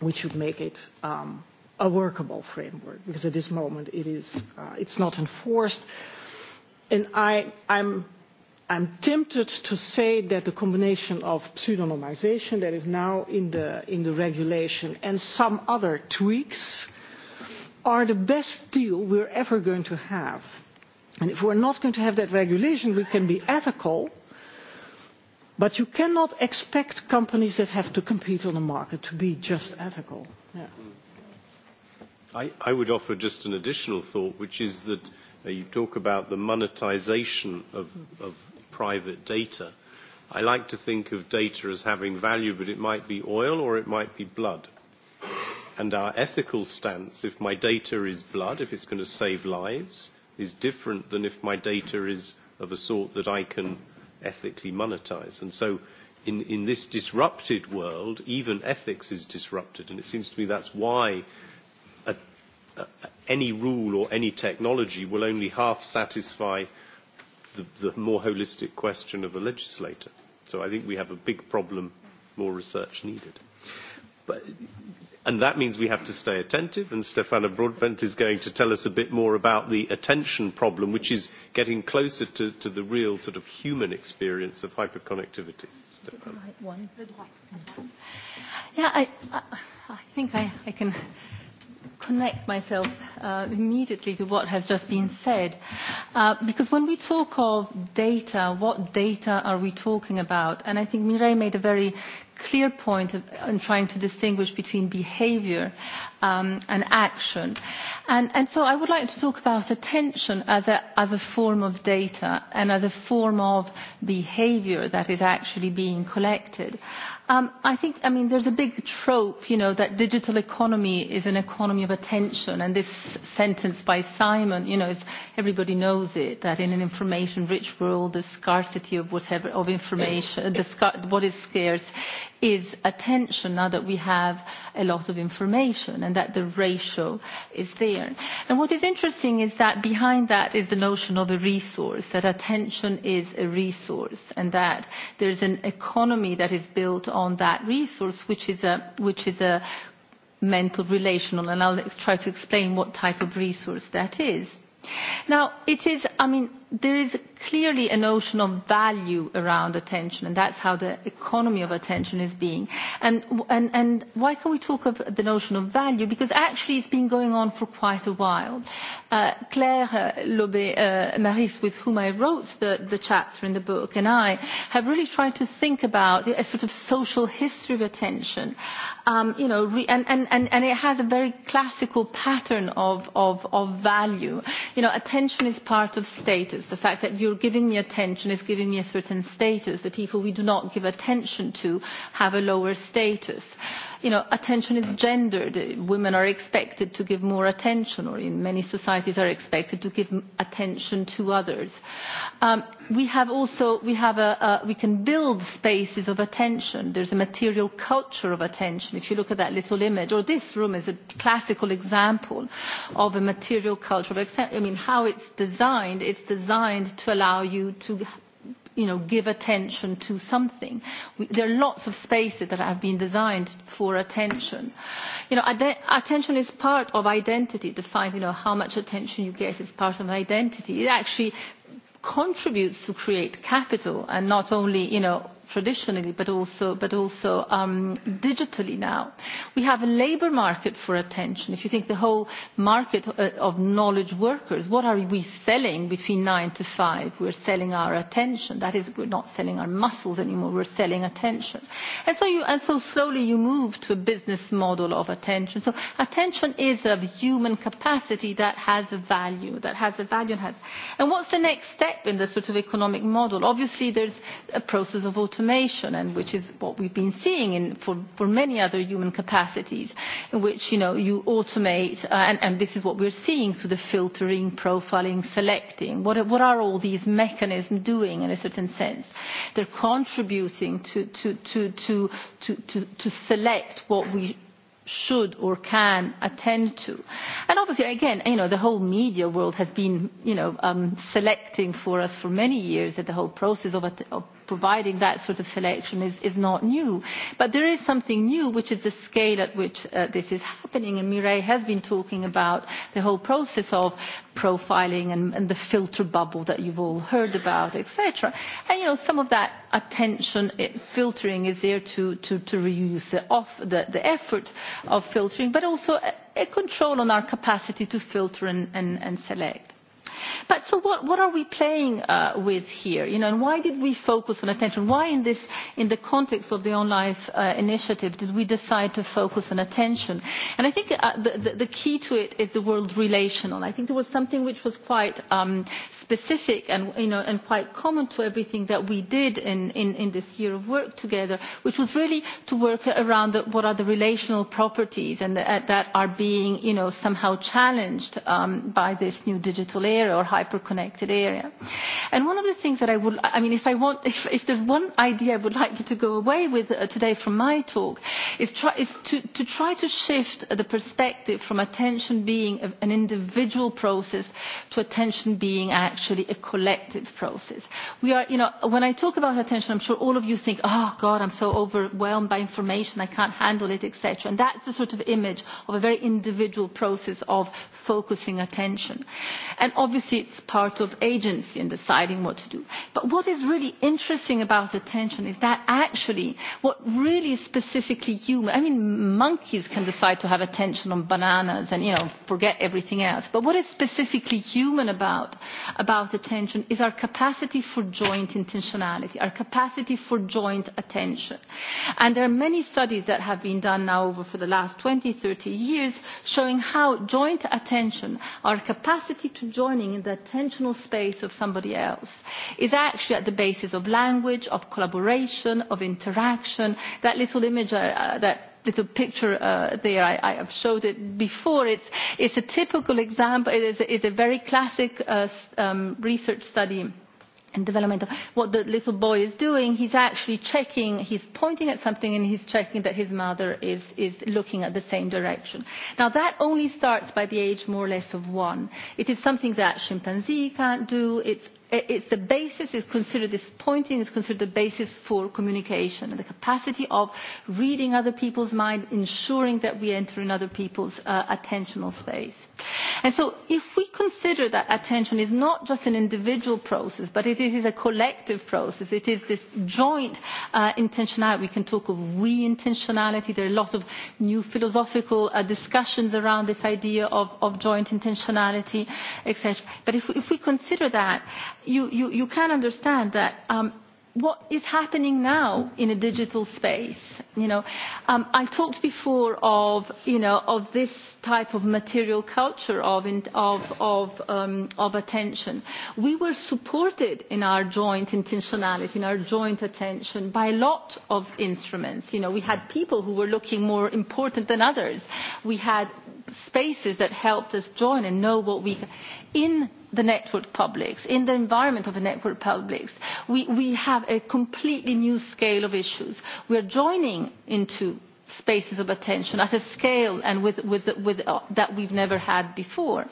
which should make it um, a workable framework, because at this moment it is, uh, it's not enforced. Uh, and I, I'm, I'm tempted to say that the combination of pseudonymization that is now in the, in the regulation and some other tweaks are the best deal we're ever going to have. And if we're not going to have that regulation, we can be ethical, but you cannot expect companies that have to compete on the market to be just ethical. Yeah. I, I would offer just an additional thought, which is that Uh, you talk about the monetization of, of private data. I like to think of data as having value, but it might be oil or it might be blood. And our ethical stance, if my data is blood, if it's going to save lives, is different than if my data is of a sort that I can ethically monetize. And so in, in this disrupted world, even ethics is disrupted. And it seems to me that's why any rule or any technology will only half satisfy the, the more holistic question of a legislator. So I think we have a big problem, more research needed. But, and that means we have to stay attentive, and Stefana Broadbent is going to tell us a bit more about the attention problem, which is getting closer to, to the real sort of human experience of hyperconnectivity. Stefana. Yeah, I, I, I think I, I can connect myself uh, immediately to what has just been said. Uh, because when we talk of data, what data are we talking about? And I think Mireille made a very clear point of, in trying to distinguish between behavior um, and action. And, and so I would like to talk about attention as a, as a form of data and as a form of behavior that is actually being collected. Um, I think, I mean, there's a big trope, you know, that digital economy is an economy of attention. And this sentence by Simon, you know, is, everybody knows it, that in an information-rich world, the scarcity of whatever, of information, the scar- what is scarce is attention now that we have a lot of information and that the ratio is there. And what is interesting is that behind that is the notion of a resource, that attention is a resource and that there is an economy that is built on that resource, which is a, which is a mental relational. And I'll try to explain what type of resource that is. Now, it is, I mean, there is clearly a notion of value around attention, and that's how the economy of attention is being. And, and, and why can we talk of the notion of value? Because actually it's been going on for quite a while. Uh, Claire Lobé-Maris, uh, uh with whom I wrote the, the chapter in the book, and I have really tried to think about a sort of social history of attention. Um, you know, re- and, and, and, and it has a very classical pattern of, of, of value. You know, attention is part of status status. The fact that you're giving me attention is giving me a certain status. The people we do not give attention to have a lower status. You know, attention is gendered. Women are expected to give more attention, or in many societies are expected to give attention to others. Um, we have also, we, have a, a, we can build spaces of attention. There's a material culture of attention. If you look at that little image, or this room is a classical example of a material culture of attention. I mean, how it's designed, it's designed designed to allow you to you know, give attention to something. We, there are lots of spaces that have been designed for attention. You know, ad- attention is part of identity. Defined, you know, how much attention you get is part of identity. It actually contributes to create capital and not only, you know, traditionally but also, but also um, digitally now. We have a labour market for attention. If you think the whole market uh, of knowledge workers, what are we selling between 9 to 5? We're selling our attention. That is, we're not selling our muscles anymore, we're selling attention. And so, you, and so slowly you move to a business model of attention. So attention is a human capacity that has a value, that has a value. And, has. and what's the next step in the sort of economic model? Obviously there's a process of automation and which is what we've been seeing in, for, for many other human capacities in which you, know, you automate uh, and, and this is what we're seeing through the filtering, profiling, selecting. What, what are all these mechanisms doing in a certain sense? They're contributing to, to, to, to, to, to, to select what we should or can attend to. And obviously, again, you know, the whole media world has been, you know, um, selecting for us for many years that the whole process of, of providing that sort of selection is, is not new. But there is something new, which is the scale at which uh, this is happening. And Mireille has been talking about the whole process of profiling and, and the filter bubble that you've all heard about, etc. And, you know, some of that attention it, eh, filtering is there to, to, to reuse the, off, the, the effort of filtering, but also a, a control on our capacity to filter and, and, and select But so what, what are we playing uh, with here? You know, and why did we focus on attention? Why in this, in the context of the On Life uh, initiative, did we decide to focus on attention? And I think uh, the, the, the key to it is the word relational. I think there was something which was quite um, specific and, you know, and quite common to everything that we did in, in, in this year of work together, which was really to work around the, what are the relational properties and the, uh, that are being, you know, somehow challenged um, by this new digital era area or hyper-connected area. And one of the things that I would, I mean, if I want, if, if there's one idea I would like you to go away with uh, today from my talk, is, try, is to, to try to shift uh, the perspective from attention being an individual process to attention being actually a collective process. We are, you know, when I talk about attention, I'm sure all of you think, oh God, I'm so overwhelmed by information, I can't handle it, etc. And that's the sort of image of a very individual process of focusing attention. And obviously obviously it is part of agency in deciding what to do but what is really interesting about attention is that actually what really specifically human i mean monkeys can decide to have attention on bananas and you know forget everything else but what is specifically human about about attention is our capacity for joint intentionality our capacity for joint attention and there are many studies that have been done now over for the last 20 30 years showing how joint attention our capacity to join happening in the attentional space of somebody else is actually at the basis of language, of collaboration, of interaction. That little image, uh, uh, that little picture uh, there, I, I have showed it before. It's, it's a typical example. It is, it's a very classic uh, um, research study and developmental what the little boy is doing he's actually checking he's pointing at something and he's checking that his mother is is looking at the same direction now that only starts by the age more or less of one it is something that chimpanzee can't do it's Uh, it's the basis is considered this pointing is considered the basis for communication and the capacity of reading other people's mind ensuring that we enter in other people's uh, attentional space and so if we consider that attention is not just an individual process but it is a collective process it is this joint uh, intentionality we can talk of we intentionality there are lots of new philosophical uh, discussions around this idea of, of joint intentionality etc but if, if we consider that you, you, you can understand that um, what is happening now in a digital space. You know, um, I talked before of you know of this type of material culture of in, of of, um, of attention. We were supported in our joint intentionality, in our joint attention, by a lot of instruments. You know, we had people who were looking more important than others. We had spaces that helped us join and know what we. In the network publics, in the environment of the network publics, we, we have a completely new scale of issues. We are joining into spaces of attention at a scale and with, with, with, uh, that we've never had before.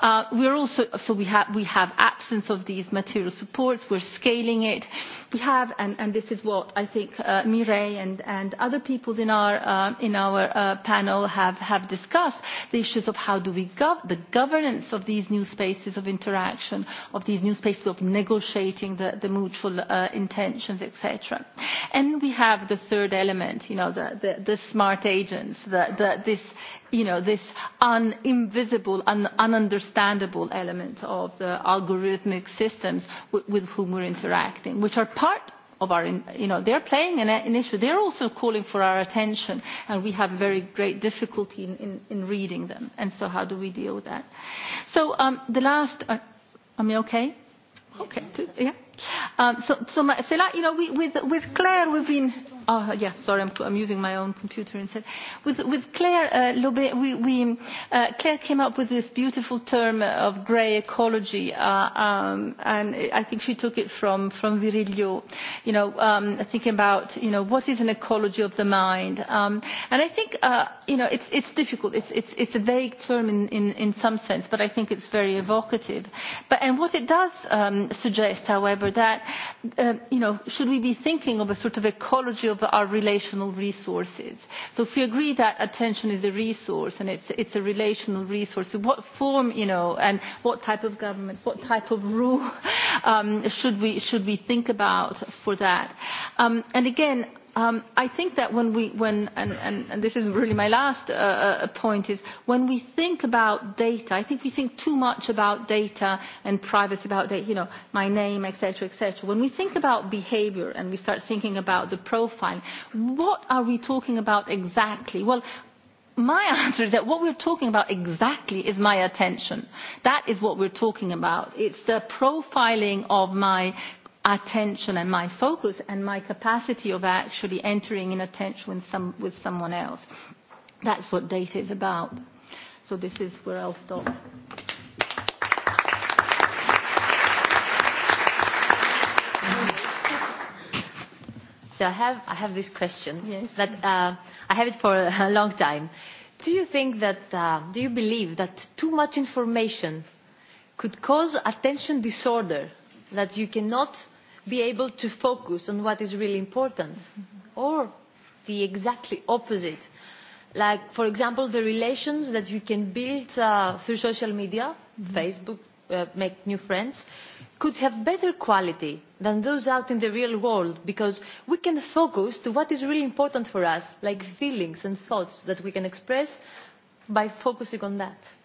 Uh, we're also, so we, ha- we have absence of these material supports, we're scaling it. We have, and, and this is what I think uh, Mireille and, and other people in our, uh, in our uh, panel have, have discussed, the issues of how do we gov- the governance of these new spaces of interaction, of these new spaces of negotiating the, the mutual uh, intentions, etc. And we have the third element, you know, the, the, the smart agents, that, that this, you know, this un invisible and un ununderstandable element of the algorithmic systems with, with whom we're interacting, which are part of our, you know, they're playing an, an issue. They're also calling for our attention, and we have very great difficulty in, in, in reading them. And so, how do we deal with that? So, um, the last, uh, am I okay? Okay, yeah. Um, so, so my, Sela, you know, we, with, with Claire, we've been. Oh, yeah, sorry, I'm, I'm using my own computer instead. With, with Claire uh, Lobe, we, we, uh, Claire came up with this beautiful term of grey ecology, uh, um, and I think she took it from, from Virilio, you know, um, thinking about, you know, what is an ecology of the mind. Um, and I think, uh, you know, it's, it's difficult. It's, it's, it's a vague term in, in, in some sense, but I think it's very evocative. But, and what it does um, suggest, however, cover that. Uh, you know, should we be thinking of a sort of ecology of our relational resources? So if we agree that attention is a resource and it's, it's a relational resource, in what form, you know, and what type of government, what type of rule um, should, we, should we think about for that? Um, and again, Um, I think that when we, when, and, and, and this is really my last uh, uh, point, is when we think about data, I think we think too much about data and privacy, about data, you know, my name, etc., etc. When we think about behavior and we start thinking about the profile, what are we talking about exactly? Well, my answer is that what we're talking about exactly is my attention. That is what we're talking about. It's the profiling of my attention and my focus and my capacity of actually entering in attention with, some, with someone else. That's what data is about. So this is where I'll stop. So I have, I have this question yes. that uh, I have it for a long time. Do you think that, uh, do you believe that too much information could cause attention disorder, that you cannot be able to focus on what is really important or the exactly opposite like for example the relations that you can build uh, through social media mm -hmm. facebook uh, make new friends could have better quality than those out in the real world because we can focus to what is really important for us like feelings and thoughts that we can express by focusing on that.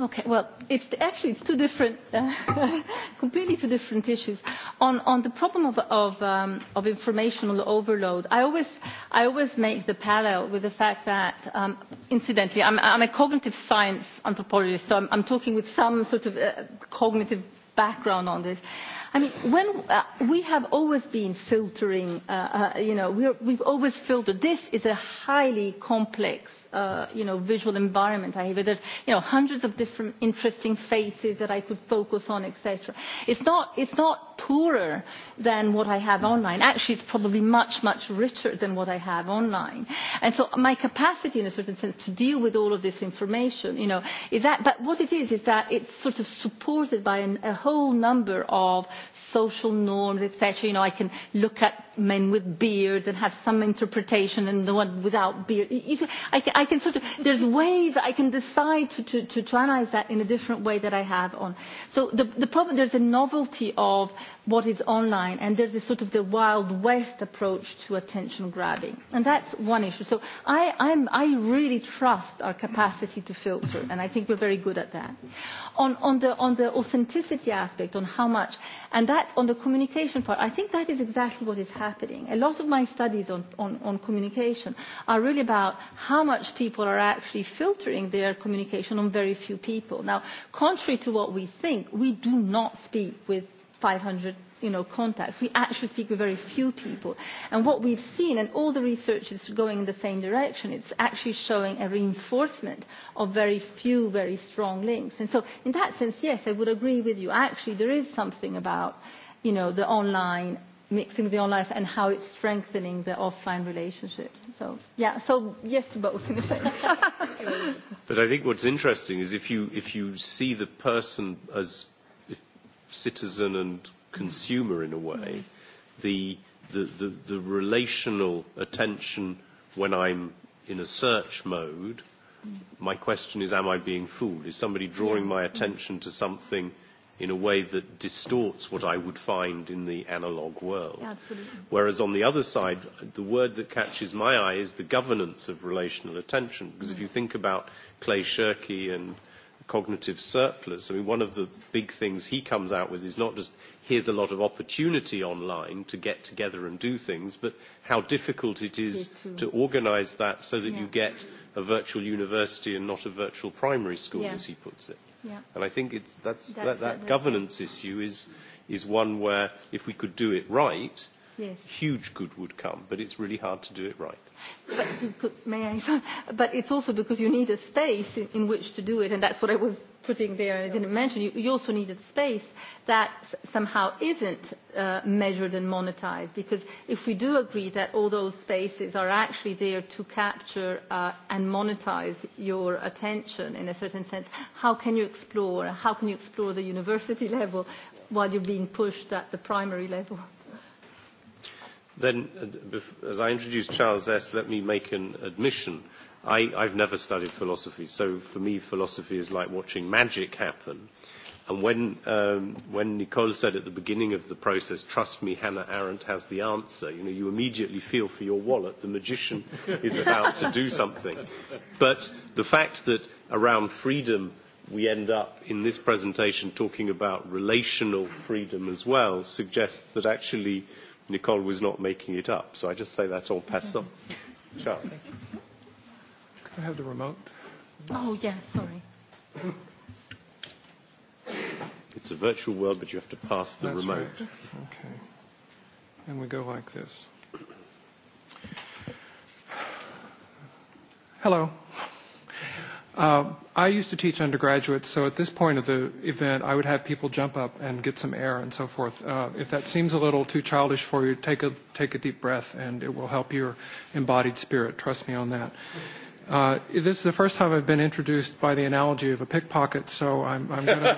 Okay, well, it's actually it's two different, uh, completely two different issues. On on the problem of of, um, of informational overload, I always I always make the parallel with the fact that, um, incidentally, I'm I'm a cognitive science anthropologist, so I'm, I'm talking with some sort of uh, cognitive background on this. I mean, when uh, we have always been filtering, uh, uh, you know, we're, we've always filtered. This is a highly complex uh, you know, visual environment I have. There's you know, hundreds of different interesting faces that I could focus on, etc. It's not, it's not poorer than what I have online. Actually, it's probably much, much richer than what I have online. And so my capacity, in a certain sense, to deal with all of this information, you know, is that, but what it is, is that it's sort of supported by an, a whole number of social norms, etc. You know, I can look at men with beards and have some interpretation and the one without beard. You, I, can, I can sort of, there's ways I can decide to, to, to, to analyze that in a different way that I have on. So the, the problem, there's a novelty of what is online and there's a sort of the wild west approach to attention grabbing and that's one issue so I, I'm, I really trust our capacity to filter and I think we're very good at that on, on, the, on the authenticity aspect on how much and that on the communication part I think that is exactly what is happening a lot of my studies on, on, on communication are really about how much people are actually filtering their communication on very few people now contrary to what we think we do not speak with 500 you know, contacts. We actually speak with very few people. And what we've seen, and all the research is going in the same direction, it's actually showing a reinforcement of very few, very strong links. And so in that sense, yes, I would agree with you. Actually, there is something about you know, the online mixing with the online and how it's strengthening the offline relationship. So yeah, so yes to both in a sense. but I think what's interesting is if you if you see the person as citizen and consumer in a way, the, the, the, the relational attention when I'm in a search mode, my question is, am I being fooled? Is somebody drawing my attention to something in a way that distorts what I would find in the analog world? Yeah, absolutely. Whereas on the other side, the word that catches my eye is the governance of relational attention. Because if mm. you think about Clay Shirky and cognitive surplus. I mean, one of the big things he comes out with is not just here's a lot of opportunity online to get together and do things, but how difficult it is to organise that so that yeah. you get a virtual university and not a virtual primary school, yeah. as he puts it. Yeah. And I think it's, that's, that, that, that, that governance issue is, is one where if we could do it right, yes. huge good would come, but it's really hard to do it right. But, may I? But it's also because you need a space in, in which to do it, and that's what I was putting there, and I didn't mention. You, you also need a space that somehow isn't uh, measured and monetized, because if we do agree that all those spaces are actually there to capture uh, and monetize your attention in a certain sense, how can you explore? How can you explore the university level while you're being pushed at the primary level? Then, uh, as I introduced Charles S., let me make an admission. I, I've never studied philosophy, so for me, philosophy is like watching magic happen. And when, um, when Nicole said at the beginning of the process, trust me, Hannah Arendt has the answer, you know, you immediately feel for your wallet. The magician is about to do something. But the fact that around freedom, we end up in this presentation talking about relational freedom as well suggests that actually uh, Nicole was not making it up. So I just say that en passant. Charles. Could I have the remote? Oh, yes, yeah, sorry. It's a virtual world, but you have to pass the That's remote. Right. Okay. And we go like this. Hello. Uh, I used to teach undergraduates, so at this point of the event, I would have people jump up and get some air and so forth. Uh, if that seems a little too childish for you, take a take a deep breath, and it will help your embodied spirit. Trust me on that. Uh, this is the first time I've been introduced by the analogy of a pickpocket, so I'm, I'm going to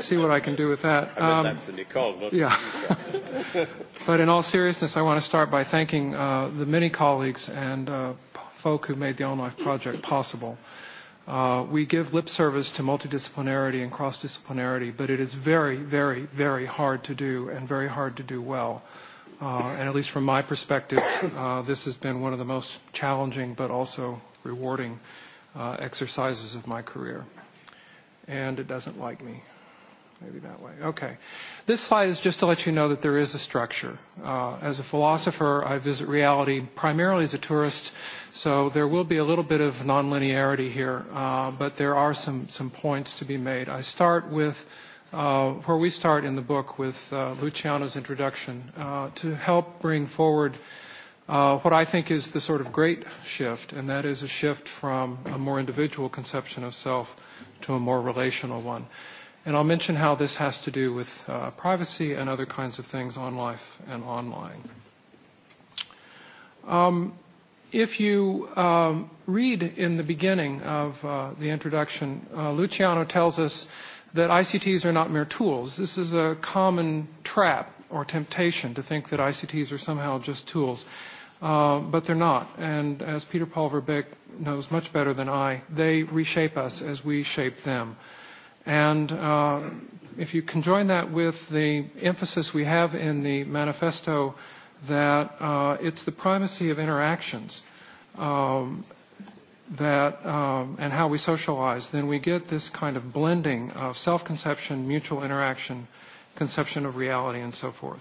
see what I can do with that. Um, I mean, that's Nicole, not yeah. but in all seriousness, I want to start by thanking uh, the many colleagues and uh, folk who made the Own Life Project possible. Uh, we give lip service to multidisciplinarity and cross-disciplinarity, but it is very, very, very hard to do and very hard to do well. Uh, and at least from my perspective, uh, this has been one of the most challenging but also rewarding uh, exercises of my career. And it doesn't like me maybe that way. Okay. This slide is just to let you know that there is a structure. Uh, as a philosopher, I visit reality primarily as a tourist, so there will be a little bit of nonlinearity here, uh, but there are some, some points to be made. I start with uh, where we start in the book with uh, Luciano's introduction uh, to help bring forward uh, what I think is the sort of great shift, and that is a shift from a more individual conception of self to a more relational one. Uh, And I'll mention how this has to do with uh, privacy and other kinds of things on life and online. Um, if you um, read in the beginning of uh, the introduction, uh, Luciano tells us that ICTs are not mere tools. This is a common trap or temptation to think that ICTs are somehow just tools. Uh, but they're not. And as Peter Paul Verbeek knows much better than I, they reshape us as we shape them. Uh, And uh, if you conjoin that with the emphasis we have in the manifesto that uh, it's the primacy of interactions um, that um, and how we socialize, then we get this kind of blending of self-conception, mutual interaction, conception of reality, and so forth.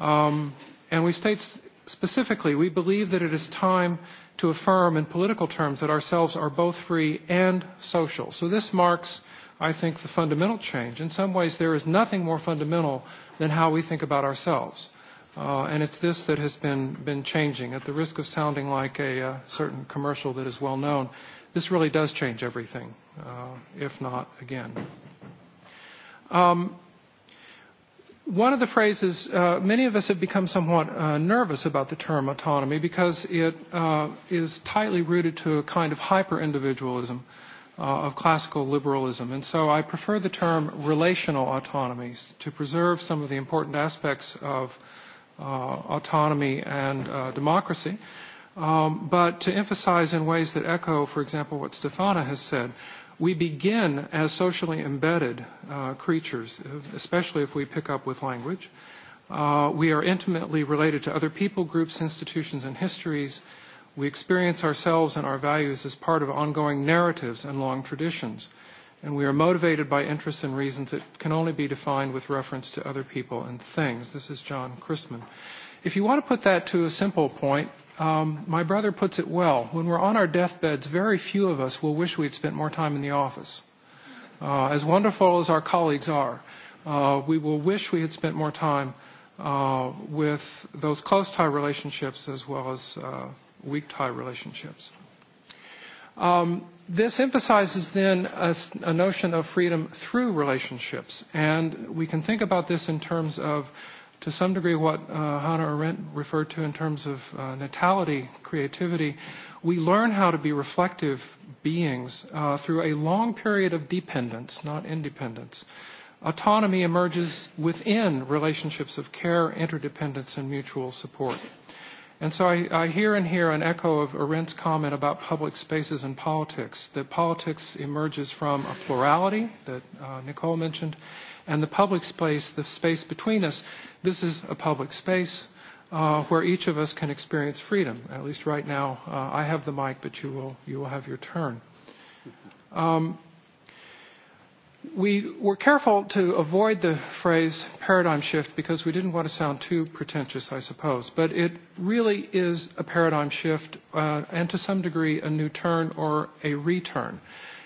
Um, and we state specifically, we believe that it is time to affirm in political terms that ourselves are both free and social. So this marks uh, I think, the fundamental change. In some ways, there is nothing more fundamental than how we think about ourselves. Uh, and it's this that has been, been changing. At the risk of sounding like a uh, certain commercial that is well known, this really does change everything, uh, if not again. Um, one of the phrases, uh, many of us have become somewhat uh, nervous about the term autonomy because it uh, is tightly rooted to a kind of hyper individualism. Uh, uh, of classical liberalism. And so I prefer the term relational autonomies to preserve some of the important aspects of uh, autonomy and uh, democracy, um, but to emphasize in ways that echo, for example, what Stefana has said. We begin as socially embedded uh, creatures, especially if we pick up with language. Uh, we are intimately related to other people, groups, institutions, and histories. Uh, We experience ourselves and our values as part of ongoing narratives and long traditions, and we are motivated by interests and reasons that can only be defined with reference to other people and things. This is John Christman. If you want to put that to a simple point, um, my brother puts it well. When we're on our deathbeds, very few of us will wish we'd spent more time in the office. Uh, as wonderful as our colleagues are, uh, we will wish we had spent more time uh, with those close tie relationships as well as uh, weak tie relationships. Um, this emphasizes then a, a notion of freedom through relationships, and we can think about this in terms of, to some degree, what uh, Hannah Arendt referred to in terms of uh, natality, creativity. We learn how to be reflective beings uh, through a long period of dependence, not independence. Autonomy emerges within relationships of care, interdependence, and mutual support. And so I, I hear and hear an echo of Arendt's comment about public spaces and politics, that politics emerges from a plurality that uh, Nicole mentioned, and the public space, the space between us, this is a public space uh, where each of us can experience freedom. At least right now, uh, I have the mic, but you will, you will have your turn. Um, we were careful to avoid the phrase paradigm shift because we didn't want to sound too pretentious, I suppose. But it really is a paradigm shift uh, and to some degree a new turn or a return.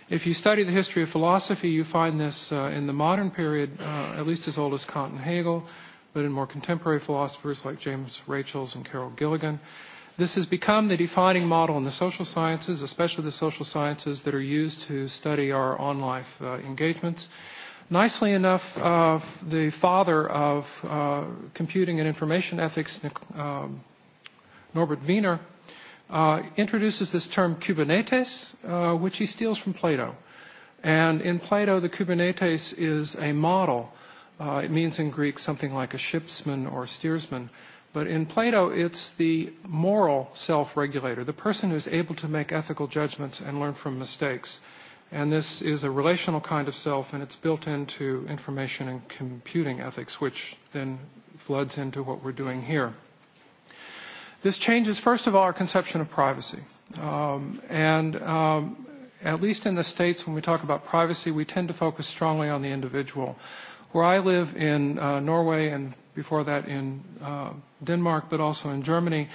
If you study the history of philosophy, you find this uh, in the modern period, uh, at least as old as Kant and Hegel, but in more contemporary philosophers like James Rachels and Carol Gilligan. Uh, This has become the defining model in the social sciences, especially the social sciences that are used to study our on life uh, engagements. Nicely enough, uh, the father of uh, computing and information ethics, um, Norbert Wiener, uh, introduces this term Kubernetes, uh, which he steals from Plato. And in Plato, the Kubernetes is a model. Uh, it means in Greek something like a shipsman or steersman. Uh, But in Plato, it's the moral self regulator, the person who's able to make ethical judgments and learn from mistakes. And this is a relational kind of self, and it's built into information and computing ethics, which then floods into what we're doing here. This changes, first of all, our conception of privacy. Um, and um, at least in the States, when we talk about privacy, we tend to focus strongly on the individual. Uh, Where I live in uh, Norway and before that in uh, Denmark, but also in Germany,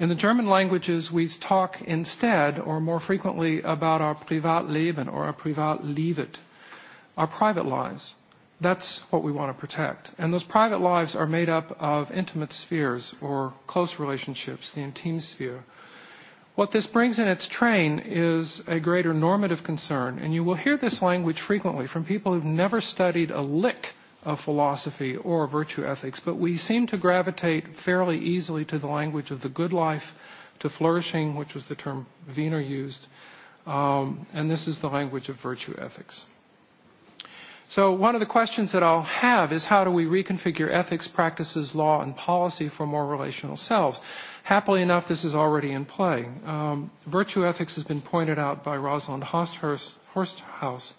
in the German languages we talk instead or more frequently about our Privatleben or our Privatlivet, our private lives. That's what we want to protect. And those private lives are made up of intimate spheres or close relationships, the intime sphere. What this brings in its train is a greater normative concern, and you will hear this language frequently from people who've never studied a lick of philosophy or virtue ethics, but we seem to gravitate fairly easily to the language of the good life, to flourishing, which was the term Wiener used, um, and this is the language of virtue ethics. So one of the questions that I'll have is how do we reconfigure ethics, practices, law, and policy for more relational selves? Happily enough, this is already in play. Um, virtue ethics has been pointed out by Rosalind Horsthaus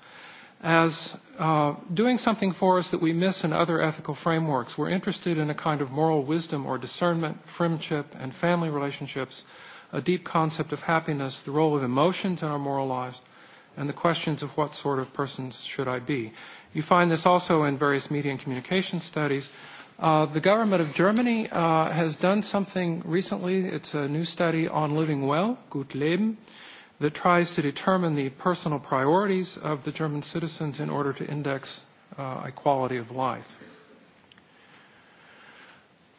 as uh, doing something for us that we miss in other ethical frameworks. We're interested in a kind of moral wisdom or discernment, friendship, and family relationships, a deep concept of happiness, the role of emotions in our moral lives, and the questions of what sort of persons should I be. You find this also in various media and communication studies. Uh, the government of Germany uh, has done something recently. It's a new study on living well, gut leben. Uh, that tries to determine the personal priorities of the German citizens in order to index uh, equality of life.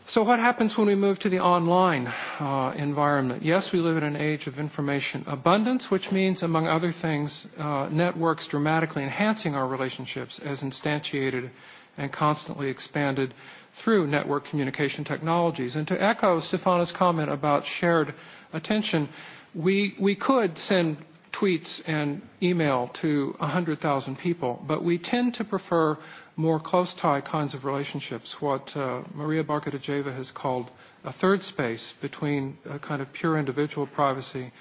So what happens when we move to the online uh, environment? Yes, we live in an age of information abundance, which means, among other things, uh, networks dramatically enhancing our relationships as instantiated and constantly expanded through network communication technologies. And to echo Stefano's comment about shared attention, We, we could send tweets and email to 100,000 people, but we tend to prefer more close-tie kinds of relationships, what uh, Maria Barkadajeva has called a third space between a kind of pure individual privacy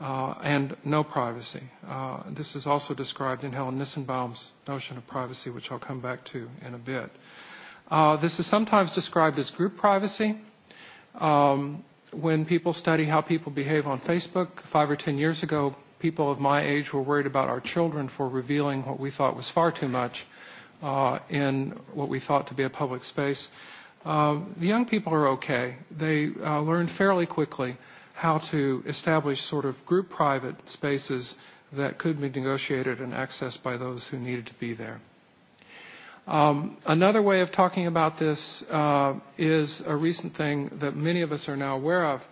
uh, and no privacy. Uh, this is also described in Helen Nissenbaum's notion of privacy, which I'll come back to in a bit. Uh, this is sometimes described as group privacy. Um, when people study how people behave on Facebook, five or ten years ago, people of my age were worried about our children for revealing what we thought was far too much uh, in what we thought to be a public space. Uh, the young people are okay. They uh, learn fairly quickly how to establish sort of group private spaces that could be negotiated and accessed by those who needed to be there. Um, another way of talking about this uh, is a recent thing that many of us are now aware of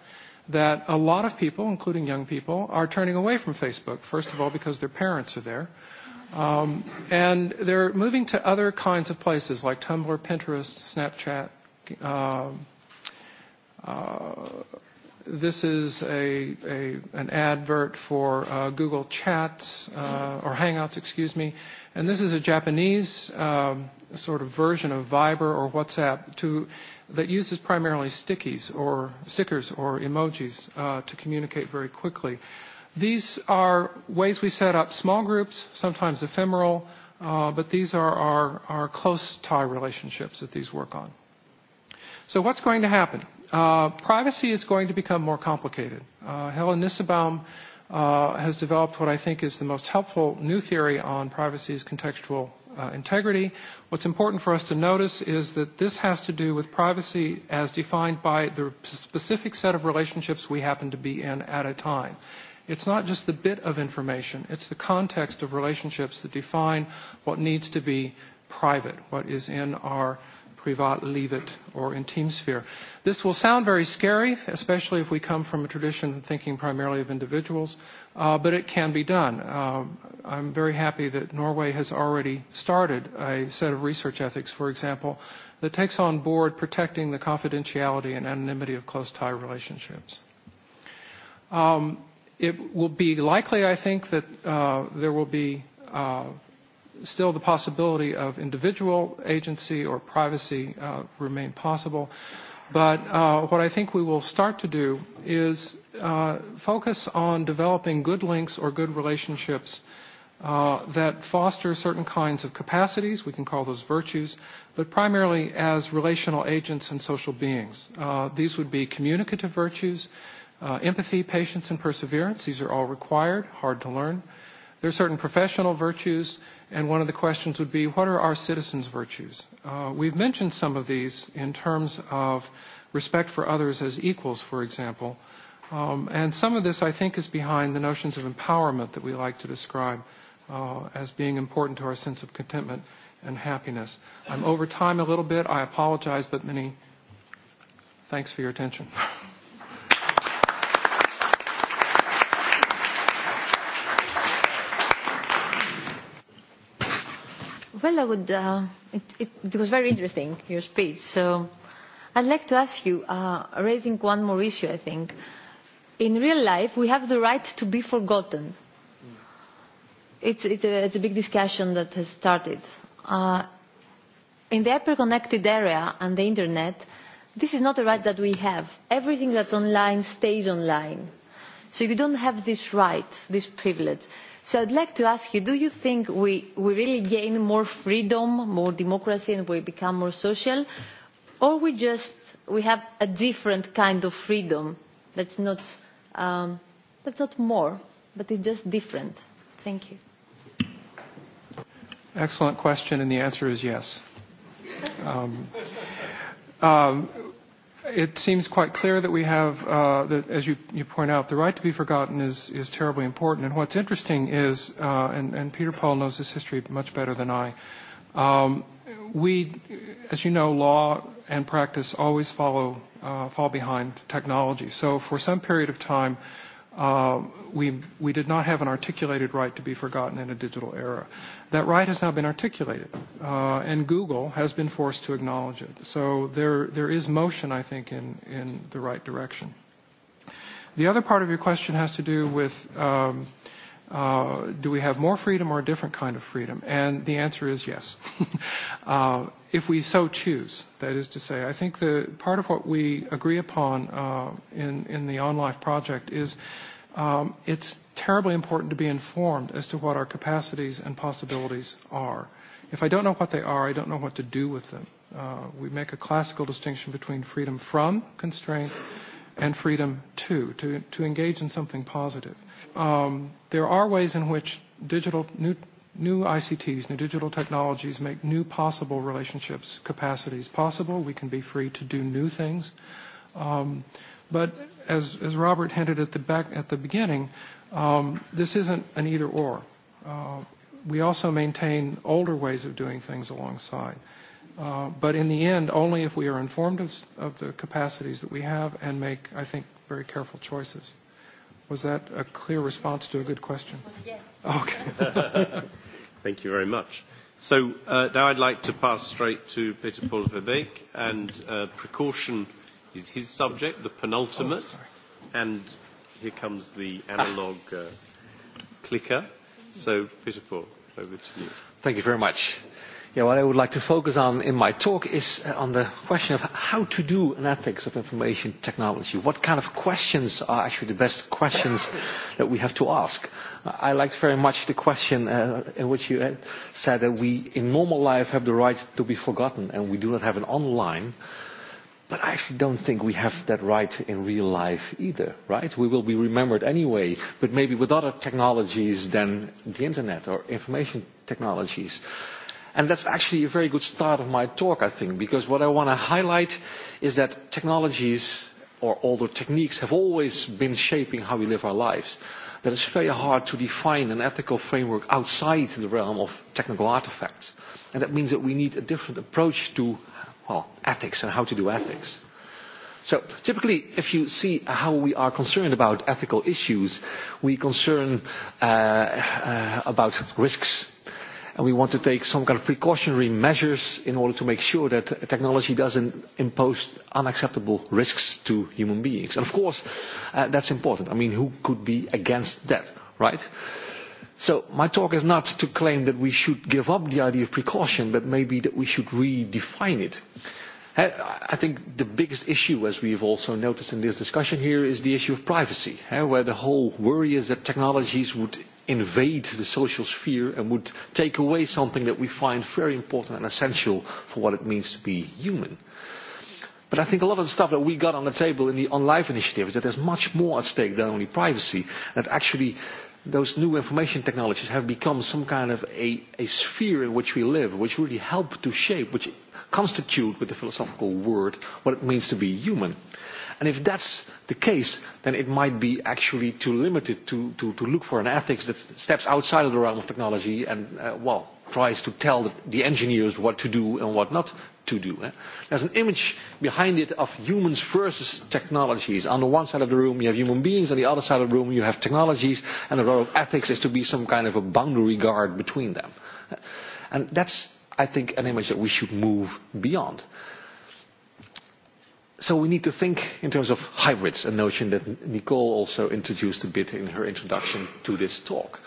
that a lot of people, including young people, are turning away from Facebook, first of all, because their parents are there. Um, and they're moving to other kinds of places like Tumblr, Pinterest, Snapchat, um, uh, uh, This is a, a, an advert for uh, Google Chats uh, or Hangouts, excuse me. And this is a Japanese um, sort of version of Viber or WhatsApp to, that uses primarily stickies or stickers or emojis uh, to communicate very quickly. These are ways we set up small groups, sometimes ephemeral, uh, but these are our, our close tie relationships that these work on. So what's going to happen? Uh, privacy is going to become more complicated. Uh, Helen Nissebaum uh, has developed what I think is the most helpful new theory on privacy's contextual uh, integrity. What's important for us to notice is that this has to do with privacy as defined by the specific set of relationships we happen to be in at a time. It's not just the bit of information, it's the context of relationships that define what needs to be private, what is in our uh, Privat, Leavitt, or in TeamSphere. This will sound very scary, especially if we come from a tradition of thinking primarily of individuals, uh, but it can be done. Uh, I'm very happy that Norway has already started a set of research ethics, for example, that takes on board protecting the confidentiality and anonymity of close tie relationships. Um, it will be likely, I think, that uh, there will be uh, still the possibility of individual agency or privacy uh, remain possible. But uh, what I think we will start to do is uh, focus on developing good links or good relationships uh, that foster certain kinds of capacities, we can call those virtues, but primarily as relational agents and social beings. Uh, these would be communicative virtues, uh, empathy, patience, and perseverance. These are all required, hard to learn. Uh, There are certain professional virtues, and one of the questions would be, what are our citizens' virtues? Uh, we've mentioned some of these in terms of respect for others as equals, for example. Um, and some of this, I think, is behind the notions of empowerment that we like to describe uh, as being important to our sense of contentment and happiness. I'm over time a little bit. I apologize, but many thanks for your attention. Well, I would, uh, it, it, it was very interesting, your speech. So I'd like to ask you, uh, raising one more issue, I think. In real life, we have the right to be forgotten. It's, it's, a, it's a big discussion that has started. Uh, in the hyperconnected area and the internet, this is not a right that we have. Everything that's online stays online. So you don't have this right, this privilege. Uh, so i would like to ask you do you think we, we really gain more freedom more democracy and we become more social or we just we have a different kind of freedom that's not um, that's not more but it's just different thank you excellent question and the answer is yes um, um, it seems quite clear that we have, uh, that, as you, you point out, the right to be forgotten is, is terribly important. And what's interesting is, uh, and, and Peter Paul knows this history much better than I, um, we, as you know, law and practice always follow, uh, fall behind technology. So for some period of time, uh, uh, we, we did not have an articulated right to be forgotten in a digital era. That right has now been articulated, uh, and Google has been forced to acknowledge it. So there, there is motion, I think, in, in the right direction. The other part of your question has to do with um, uh, do we have more freedom or a different kind of freedom? And the answer is yes, uh, if we so choose. That is to say, I think the part of what we agree upon uh, in in the On Life project is um, it's terribly important to be informed as to what our capacities and possibilities are. If I don't know what they are, I don't know what to do with them. Uh, we make a classical distinction between freedom from constraint and freedom to, to, to engage in something positive um, there are ways in which digital new new ICTs, new digital technologies make new possible relationships, capacities possible. We can be free to do new things. Um, but as, as Robert hinted at the back at the beginning, um, this isn't an either or. Uh, we also maintain older ways of doing things alongside. Uh, but in the end, only if we are informed of, of the capacities that we have and make, I think, very careful choices. Was that a clear response to a good question? Yes. Okay. Thank you very much. So uh, now I'd like to pass straight to Peter Paul Verbeek, and uh, precaution is his subject, the penultimate, oh, sorry. and here comes the analog uh, clicker. So Peter Paul, over to you. Thank you very much. Uh, Yeah, what I would like to focus on in my talk is uh, on the question of how to do an ethics of information technology. What kind of questions are actually the best questions that we have to ask? I liked very much the question uh, in which you uh, said that we in normal life have the right to be forgotten and we do not have an online. But I actually don't think we have that right in real life either, right? We will be remembered anyway, but maybe with other technologies than the internet or information technologies. Uh, And that's actually a very good start of my talk, I think, because what I want to highlight is that technologies or older techniques have always been shaping how we live our lives. That it's very hard to define an ethical framework outside the realm of technical artifacts. And that means that we need a different approach to, well, ethics and how to do ethics. So typically, if you see how we are concerned about ethical issues, we concern uh, uh, about risks and we want to take some kind of precautionary measures in order to make sure that technology doesn't impose unacceptable risks to human beings. And of course, uh, that's important. I mean, who could be against that, right? So my talk is not to claim that we should give up the idea of precaution, but maybe that we should redefine it. I think the biggest issue, as we've also noticed in this discussion here, is the issue of privacy, eh, where the whole worry is that technologies would invade the social sphere and would take away something that we find very important and essential for what it means to be human. But I think a lot of the stuff that we got on the table in the On Life initiative is that there's much more at stake than only privacy. That actually those new information technologies have become some kind of a, a sphere in which we live, which really help to shape, which constitute with the philosophical word, what it means to be human. And if that's the case, then it might be actually too limited to, to, to look for an ethics that steps outside of the realm of technology and, uh, well, tries to tell the, the engineers what to do and what not to do. Eh? There's an image behind it of humans versus technologies. On the one side of the room you have human beings, on the other side of the room you have technologies, and the role of ethics is to be some kind of a boundary guard between them. Eh? And that's, I think, an image that we should move beyond. Uh, so we need to think in terms of hybrids, a notion that Nicole also introduced a bit in her introduction to this talk.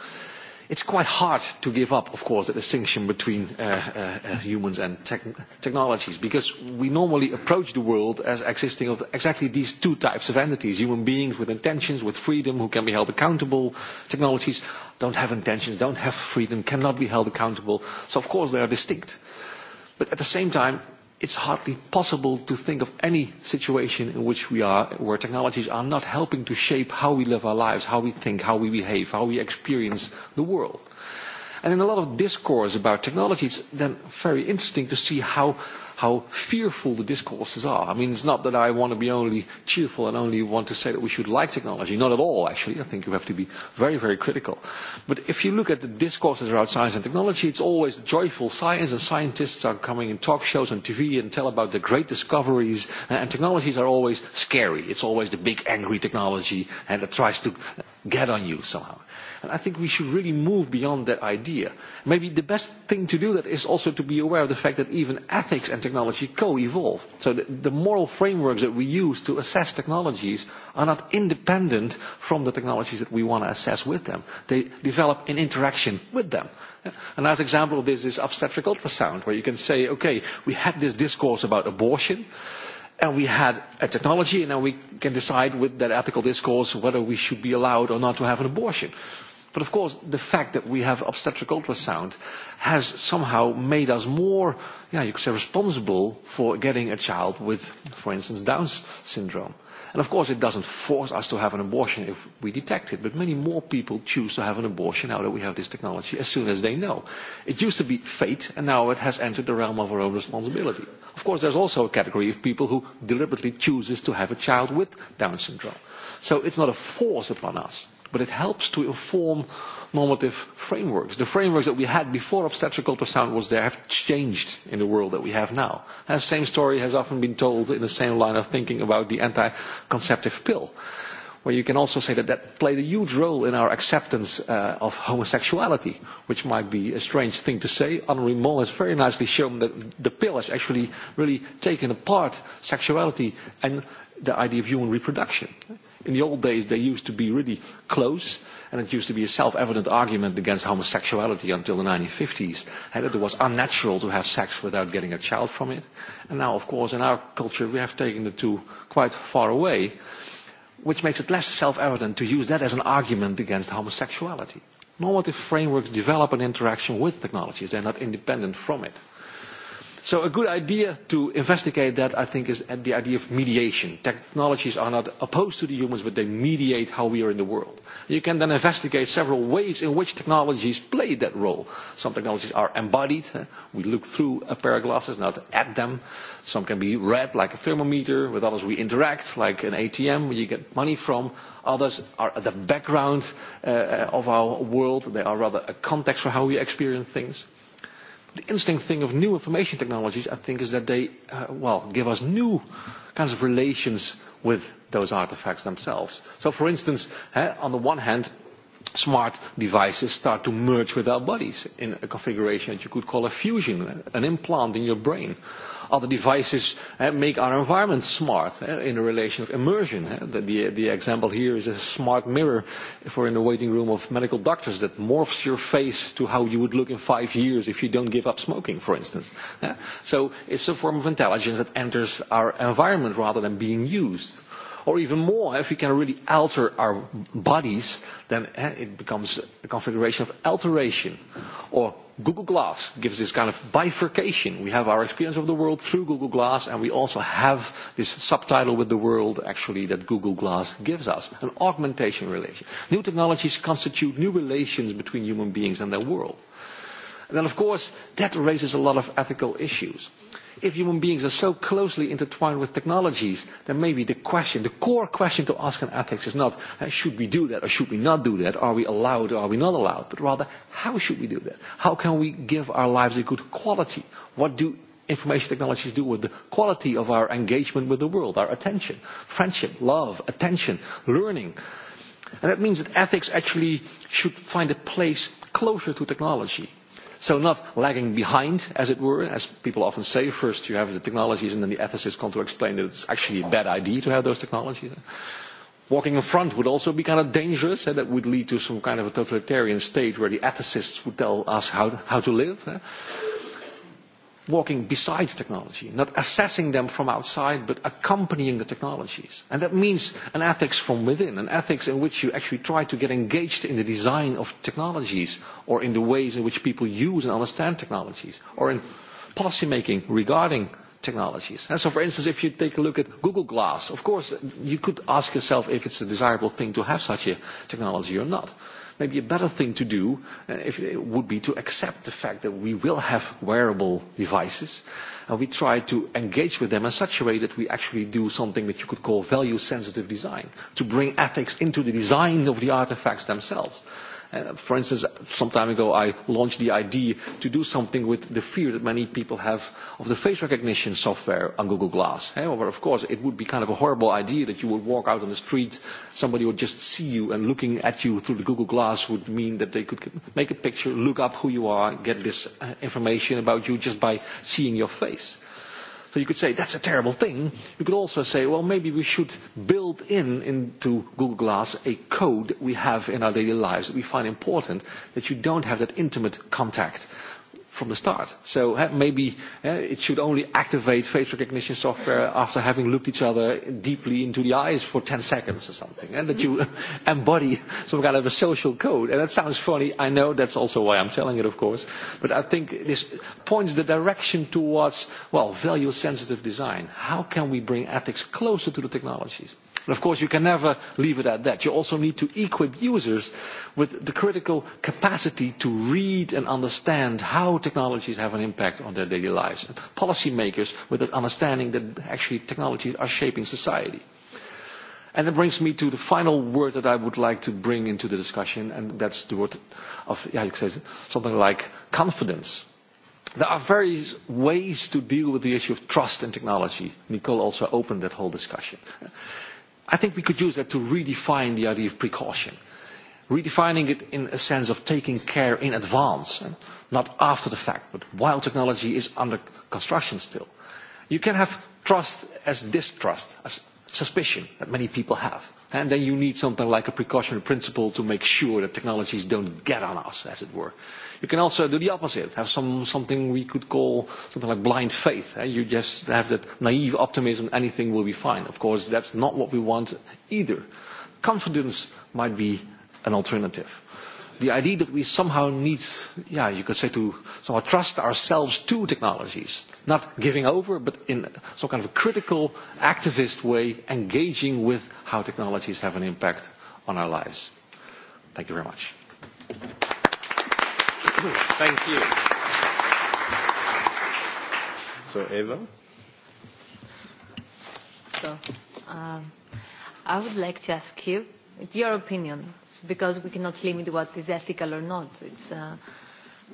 It's quite hard to give up, of course, the distinction between uh, uh, uh, humans and tech technologies, because we normally approach the world as existing of exactly these two types of entities, human beings with intentions, with freedom, who can be held accountable. Technologies don't have intentions, don't have freedom, cannot be held accountable. So, of course, they are distinct. But at the same time, it's hardly possible to think of any situation in which we are, where technologies are not helping to shape how we live our lives, how we think, how we behave, how we experience the world. And in a lot of discourse about technology, it's then very interesting to see how how fearful the discourses are. I mean, it's not that I want to be only cheerful and only want to say that we should like technology. Not at all, actually. I think you have to be very, very critical. But if you look at the discourses around science and technology, it's always joyful science, and scientists are coming in talk shows on TV and tell about the great discoveries, and technologies are always scary. It's always the big angry technology and that tries to get on you somehow. And I think we should really move beyond that idea. Maybe the best thing to do that is also to be aware of the fact that even ethics and technology co-evolve. So the, the moral frameworks that we use to assess technologies are not independent from the technologies that we want to assess with them. They develop in interaction with them. A nice example of this is obstetric ultrasound, where you can say, okay, we had this discourse about abortion. Uh, and we had a technology, and then we can decide with that ethical discourse whether we should be allowed or not to have an abortion. But of course, the fact that we have obstetric ultrasound has somehow made us more, yeah, you could say, responsible for getting a child with, for instance, Down syndrome. Uh, And of course, it doesn't force us to have an abortion if we detect it, but many more people choose to have an abortion now that we have this technology as soon as they know. It used to be fate, and now it has entered the realm of our own responsibility. Of course, there's also a category of people who deliberately chooses to have a child with Down syndrome. So it's not a force upon us but it helps to inform normative frameworks. The frameworks that we had before obstetrical ultrasound was there have changed in the world that we have now. And same story has often been told in the same line of thinking about the anti-conceptive pill, where you can also say that that played a huge role in our acceptance uh, of homosexuality, which might be a strange thing to say. Henri Moll has very nicely shown that the pill has actually really taken apart sexuality and the idea of human reproduction. Right? In the old days, they used to be really close, and it used to be a self-evident argument against homosexuality until the 1950s, and that it was unnatural to have sex without getting a child from it. And now, of course, in our culture, we have taken the two quite far away, which makes it less self-evident to use that as an argument against homosexuality. Normative frameworks develop an interaction with technologies. They're not independent from it. So a good idea to investigate that, I think, is the idea of mediation. Technologies are not opposed to the humans, but they mediate how we are in the world. You can then investigate several ways in which technologies play that role. Some technologies are embodied. We look through a pair of glasses, not at them. Some can be read, like a thermometer. With others, we interact, like an ATM, where you get money from. Others are at the background uh, of our world. They are rather a context for how we experience things the interesting thing of new information technologies, I think, is that they, uh, well, give us new kinds of relations with those artifacts themselves. So, for instance, eh, on the one hand, smart devices start to merge with our bodies in a configuration that you could call a fusion, an implant in your brain. Uh, other devices uh, make our environment smart uh, in the relation of immersion. Uh, the, the, the example here is a smart mirror for in the waiting room of medical doctors that morphs your face to how you would look in five years if you don't give up smoking, for instance. Uh, so it's a form of intelligence that enters our environment rather than being used or even more, if we can really alter our bodies, then eh, it becomes a configuration of alteration. Or Google Glass gives this kind of bifurcation. We have our experience of the world through Google Glass, and we also have this subtitle with the world, actually, that Google Glass gives us, an augmentation relation. New technologies constitute new relations between human beings and their world. And then, of course, that raises a lot of ethical issues. If human beings are so closely intertwined with technologies, then maybe the question, the core question to ask in ethics is not, should we do that or should we not do that? Are we allowed or are we not allowed? But rather, how should we do that? How can we give our lives a good quality? What do information technologies do with the quality of our engagement with the world, our attention, friendship, love, attention, learning. And that means that ethics actually should find a place closer to technology. So not lagging behind, as it were, as people often say, first you have the technologies and then the ethicists come to explain that it's actually a bad idea to have those technologies. Walking in front would also be kind of dangerous, and eh? that would lead to some kind of a totalitarian state where the ethicists would tell us how, how to live. Eh? walking beside technology, not assessing them from outside, but accompanying the technologies. And that means an ethics from within, an ethics in which you actually try to get engaged in the design of technologies, or in the ways in which people use and understand technologies, or in policymaking regarding technologies. And so, for instance, if you take a look at Google Glass, of course, you could ask yourself if it's a desirable thing to have such a technology or not maybe a better thing to do uh, if, uh, would be to accept the fact that we will have wearable devices, and we try to engage with them in such a way that we actually do something that you could call value-sensitive design, to bring ethics into the design of the artifacts themselves. Uh, Uh, for instance, some time ago I launched the idea to do something with the fear that many people have of the face recognition software on Google Glass. However, of course, it would be kind of a horrible idea that you would walk out on the street, somebody would just see you and looking at you through the Google Glass would mean that they could make a picture, look up who you are, get this uh, information about you just by seeing your face. Uh, So you could say that's a terrible thing. You could also say, well, maybe we should build in into Google Glass a code we have in our daily lives that we find important, that you don't have that intimate contact from the start. So uh, maybe uh, it should only activate face recognition software after having looked each other deeply into the eyes for 10 seconds or something, and eh, that you embody some kind of a social code. And that sounds funny. I know that's also why I'm telling it, of course. But I think this points the direction towards, well, value-sensitive design. How can we bring ethics closer to the technologies? But of course, you can never leave it at that. You also need to equip users with the critical capacity to read and understand how technologies have an impact on their daily lives, and policymakers with that understanding that actually technologies are shaping society. And that brings me to the final word that I would like to bring into the discussion, and that's the word of, yeah, you could say something like confidence. There are various ways to deal with the issue of trust in technology. Nicole also opened that whole discussion. I think we could use that to redefine the idea of precaution, redefining it in a sense of taking care in advance, and eh? not after the fact, but while technology is under construction still. You can have trust as distrust, as suspicion that many people have. And then you need something like a precautionary principle to make sure that technologies don't get on us, as it were. You can also do the opposite, have some, something we could call something like blind faith. Eh? You just have that naive optimism, anything will be fine. Of course, that's not what we want either. Confidence might be an alternative. The idea that we somehow need, yeah, you could say to somehow trust ourselves to technologies, not giving over, but in some kind of a critical, activist way, engaging with how technologies have an impact on our lives. Thank you very much. Thank you. So, Eva? So, um, I would like to ask you, it's your opinion, it's because we cannot limit what is ethical or not. It's, uh,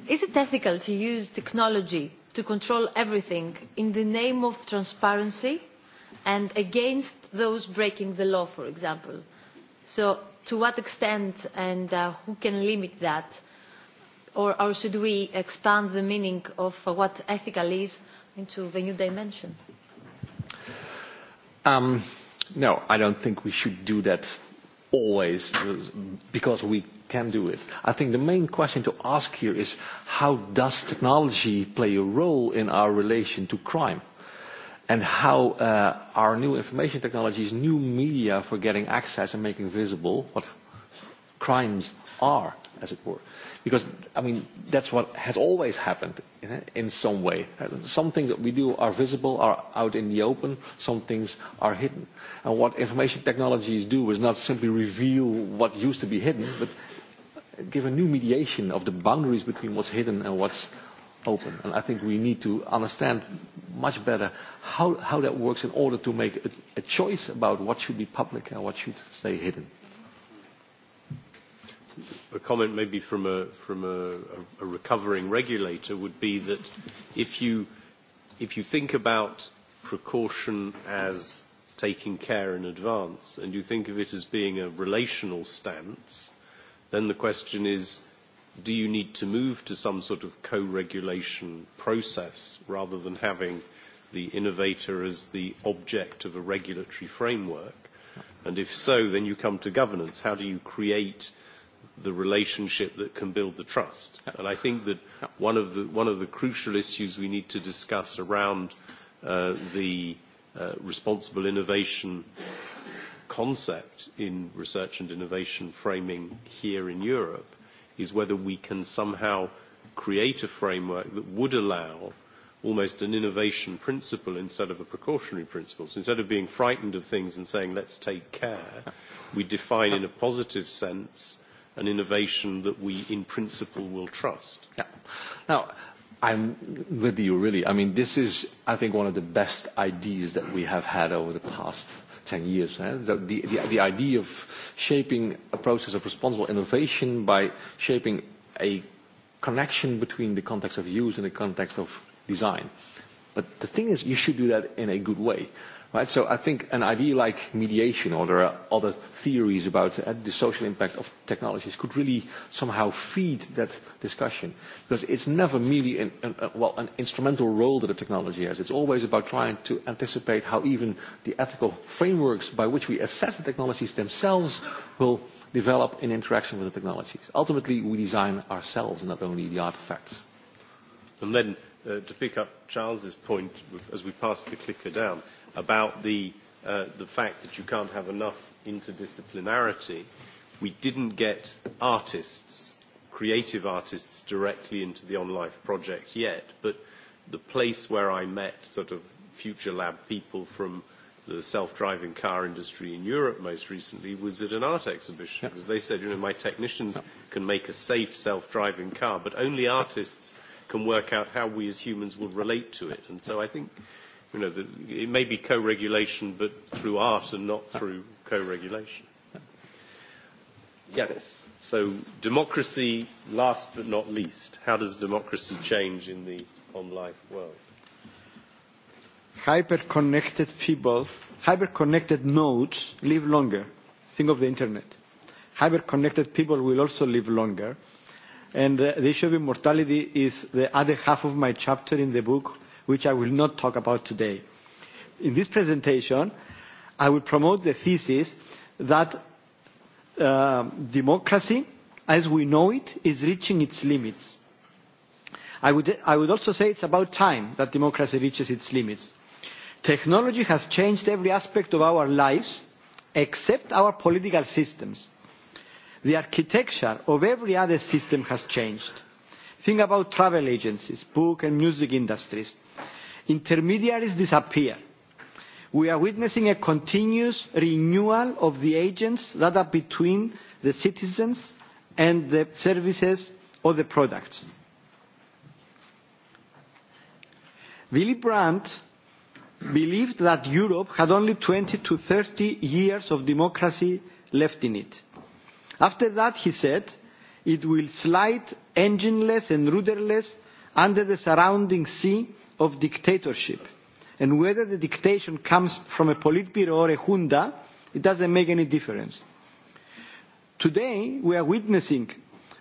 is it ethical to use technology to control everything in the name of transparency and against those breaking the law, for example? So to what extent and uh, who can limit that? Uh, or, or should we expand the meaning of what ethical is into the new dimension? Um, no, I don't think we should do that always because we can do it. I think the main question to ask here is how does technology play a role in our relation to crime? And how uh, our new information technologies, new media for getting access and making visible what crimes are, as it were. Because, I mean, that's what has always happened you know, in some way. Some things that we do are visible, are out in the open. Some things are hidden. And what information technologies do is not simply reveal what used to be hidden, but give a new mediation of the boundaries between what's hidden and what's open. And I think we need to understand much better how, how that works in order to make a, a choice about what should be public and what should stay hidden a comment maybe from a from a, a recovering regulator would be that if you if you think about precaution as taking care in advance and you think of it as being a relational stance then the question is do you need to move to some sort of co-regulation process rather than having the innovator as the object of a regulatory framework and if so then you come to governance how do you create uh, the relationship that can build the trust. And I think that one of the, one of the crucial issues we need to discuss around uh, the uh, responsible innovation concept in research and innovation framing here in Europe is whether we can somehow create a framework that would allow almost an innovation principle instead of a precautionary principle. So instead of being frightened of things and saying, let's take care, we define in a positive sense an innovation that we, in principle, will trust. Yeah. Now, I'm with you, really. I mean, this is, I think, one of the best ideas that we have had over the past 10 years. Eh? The, the, the, the idea of shaping a process of responsible innovation by shaping a connection between the context of use and the context of design. But the thing is, you should do that in a good way Right? So I think an idea like mediation, or there are other theories about uh, the social impact of technologies, could really somehow feed that discussion. Because it's never merely an, an, a, uh, well, an instrumental role that a technology has. It's always about trying to anticipate how even the ethical frameworks by which we assess the technologies themselves will develop in interaction with the technologies. Ultimately, we design ourselves, not only the artifacts. And then, uh, to pick up Charles's point, as we pass the clicker down, uh, about the, uh, the fact that you can't have enough interdisciplinarity, we didn't get artists, creative artists, directly into the OnLife project yet. But the place where I met sort of Future Lab people from the self-driving car industry in Europe most recently was at an art exhibition yeah. because they said, you know, my technicians yeah. can make a safe self-driving car, but only artists can work out how we as humans will relate to it. And so I think you know, the, it may be co-regulation, but through art and not through co-regulation. Yanis, so democracy, last but not least, how does democracy change in the online world? Hyper-connected people, hyper-connected nodes live longer. Think of the internet. Hyper-connected people will also live longer. And uh, the issue of immortality is the other half of my chapter in the book which I will not talk about today. In this presentation, I will promote the thesis that uh, democracy, as we know it, is reaching its limits. I would, I would also say it's about time that democracy reaches its limits. Technology has changed every aspect of our lives except our political systems. The architecture of every other system has changed. Think about travel agencies, book and music industries, intermediaries disappear. We are witnessing a continuous renewal of the agents that are between the citizens and the services or the products. Willy Brandt believed that Europe had only 20 to 30 years of democracy left in it. After that, he said, it will slide engineless and rudderless under the surrounding sea of dictatorship. And whether the dictation comes from a Politburo or a junta, it doesn't make any difference. Today, we are witnessing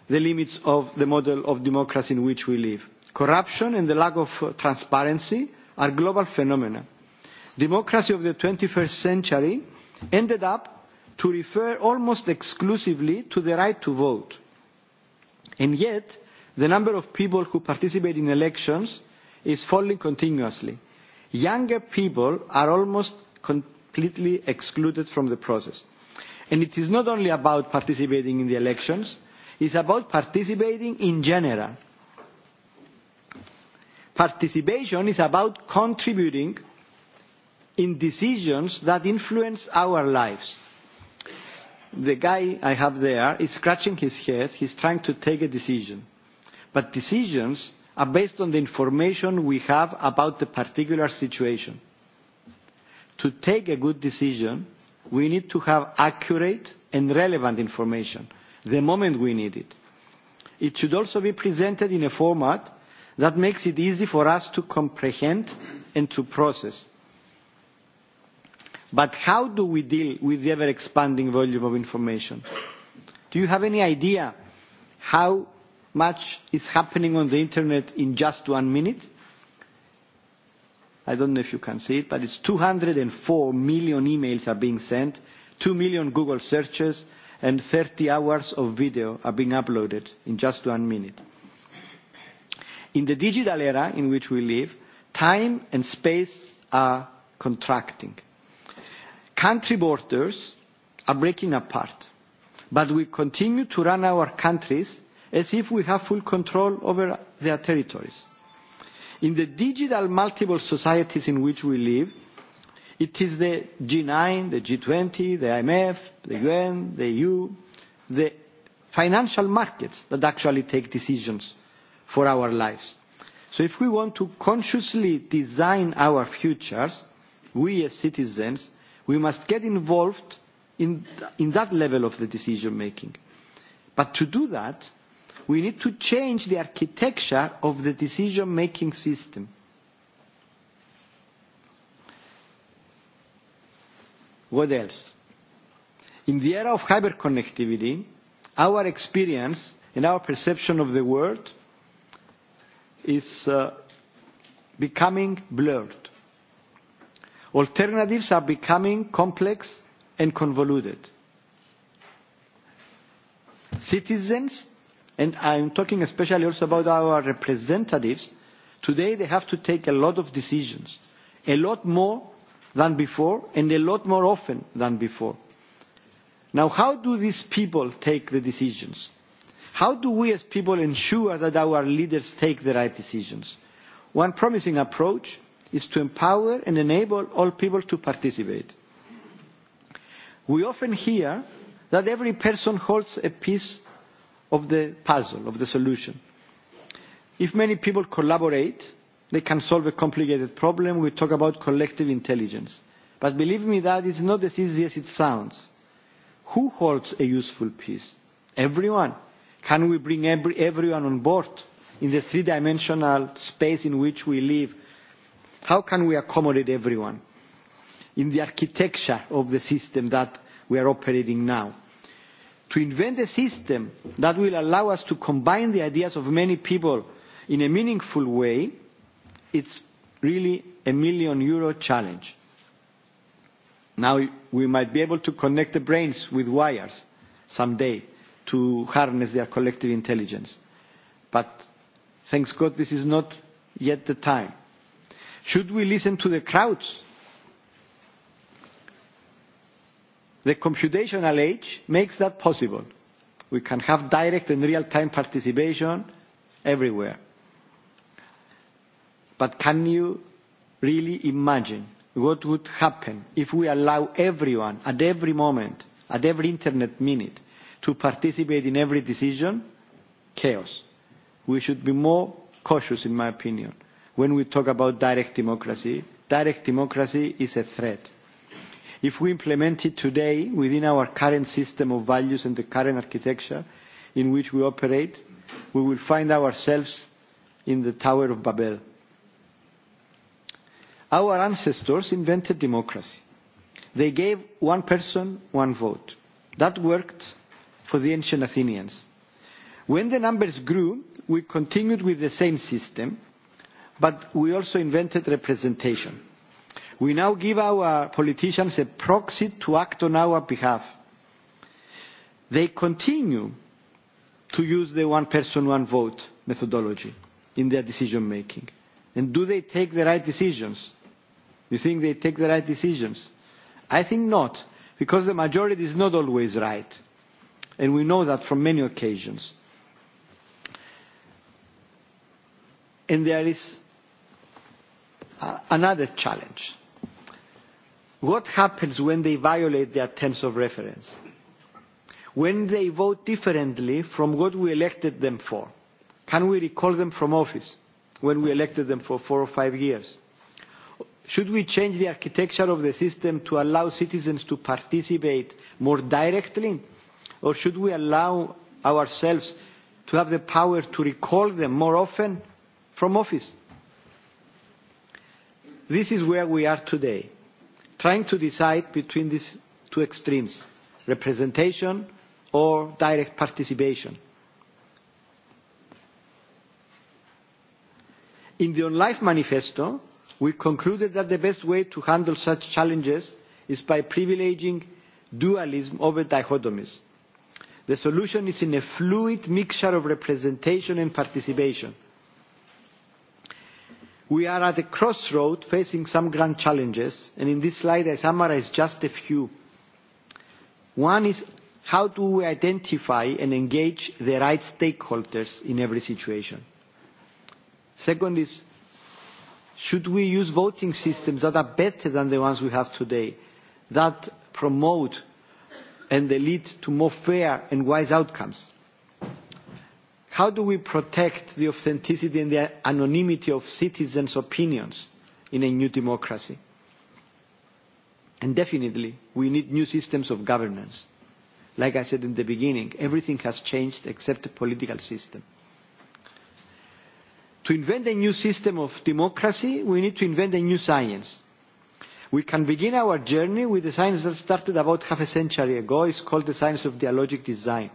the limits of the model of democracy in which we live. Corruption and the lack of uh, transparency are global phenomena. Democracy of the 21st century ended up to refer almost exclusively to the right to vote. And yet, the number of people who participate in elections is falling continuously. Younger people are almost completely excluded from the process. And it is not only about participating in the elections, it's about participating in general. Participation is about contributing in decisions that influence our lives. The guy I have there is scratching his head, he's trying to take a decision. But decisions are uh, based on the information we have about the particular situation. To take a good decision, we need to have accurate and relevant information the moment we need it. It should also be presented in a format that makes it easy for us to comprehend and to process. But how do we deal with the ever-expanding volume of information? Do you have any idea how much is happening on the internet in just one minute. I don't know if you can see it, but it's 204 million emails are being sent, 2 million Google searches, and 30 hours of video are being uploaded in just one minute. In the digital era in which we live, time and space are contracting. Country borders are breaking apart, but we continue to run our countries as if we have full control over their territories. In the digital multiple societies in which we live, it is the G9, the G20, the IMF, the UN, the EU, the financial markets that actually take decisions for our lives. So if we want to consciously design our futures, we as citizens, we must get involved in, in that level of the decision making. But to do that, we need to change the architecture of the decision-making system. What else? In the era of hyperconnectivity, our experience and our perception of the world is uh, becoming blurred. Alternatives are becoming complex and convoluted. Citizens and I'm talking especially also about our representatives, today they have to take a lot of decisions, a lot more than before and a lot more often than before. Now, how do these people take the decisions? How do we as people ensure that our leaders take the right decisions? One promising approach is to empower and enable all people to participate. We often hear that every person holds a piece of the puzzle, of the solution. If many people collaborate, they can solve a complicated problem. We talk about collective intelligence. But believe me, that is not as easy as it sounds. Who holds a useful piece? Everyone. Can we bring every, everyone on board in the three-dimensional space in which we live? How can we accommodate everyone in the architecture of the system that we are operating now? to invent a system that will allow us to combine the ideas of many people in a meaningful way, it's really a million euro challenge. Now we might be able to connect the brains with wires someday to harness their collective intelligence. But thanks God this is not yet the time. Should we listen to the crowds the computational age makes that possible. We can have direct and real-time participation everywhere. But can you really imagine what would happen if we allow everyone at every moment, at every internet minute, to participate in every decision? Chaos. We should be more cautious, in my opinion, when we talk about direct democracy. Direct democracy is a threat If we implement it today within our current system of values and the current architecture in which we operate, we will find ourselves in the Tower of Babel. Our ancestors invented democracy. They gave one person one vote. That worked for the ancient Athenians. When the numbers grew, we continued with the same system, but we also invented representation We now give our politicians a proxy to act on our behalf. They continue to use the one person, one vote methodology in their decision making. And do they take the right decisions? You think they take the right decisions? I think not, because the majority is not always right. And we know that from many occasions. And there is another challenge what happens when they violate their terms of reference, when they vote differently from what we elected them for. Can we recall them from office when we elected them for four or five years? Should we change the architecture of the system to allow citizens to participate more directly? Or should we allow ourselves to have the power to recall them more often from office? This is where we are today trying to decide between these two extremes, representation or direct participation. In the OnLife manifesto, we concluded that the best way to handle such challenges is by privileging dualism over dichotomies. The solution is in a fluid mixture of representation and participation we are at a crossroad facing some grand challenges, and in this slide I summarize just a few. One is how do we identify and engage the right stakeholders in every situation? Second is, should we use voting systems that are better than the ones we have today, that promote and they lead to more fair and wise outcomes? how do we protect the authenticity and the anonymity of citizens' opinions in a new democracy? And definitely, we need new systems of governance. Like I said in the beginning, everything has changed except the political system. To invent a new system of democracy, we need to invent a new science. We can begin our journey with the science that started about half a century ago. It's called the science of dialogic design.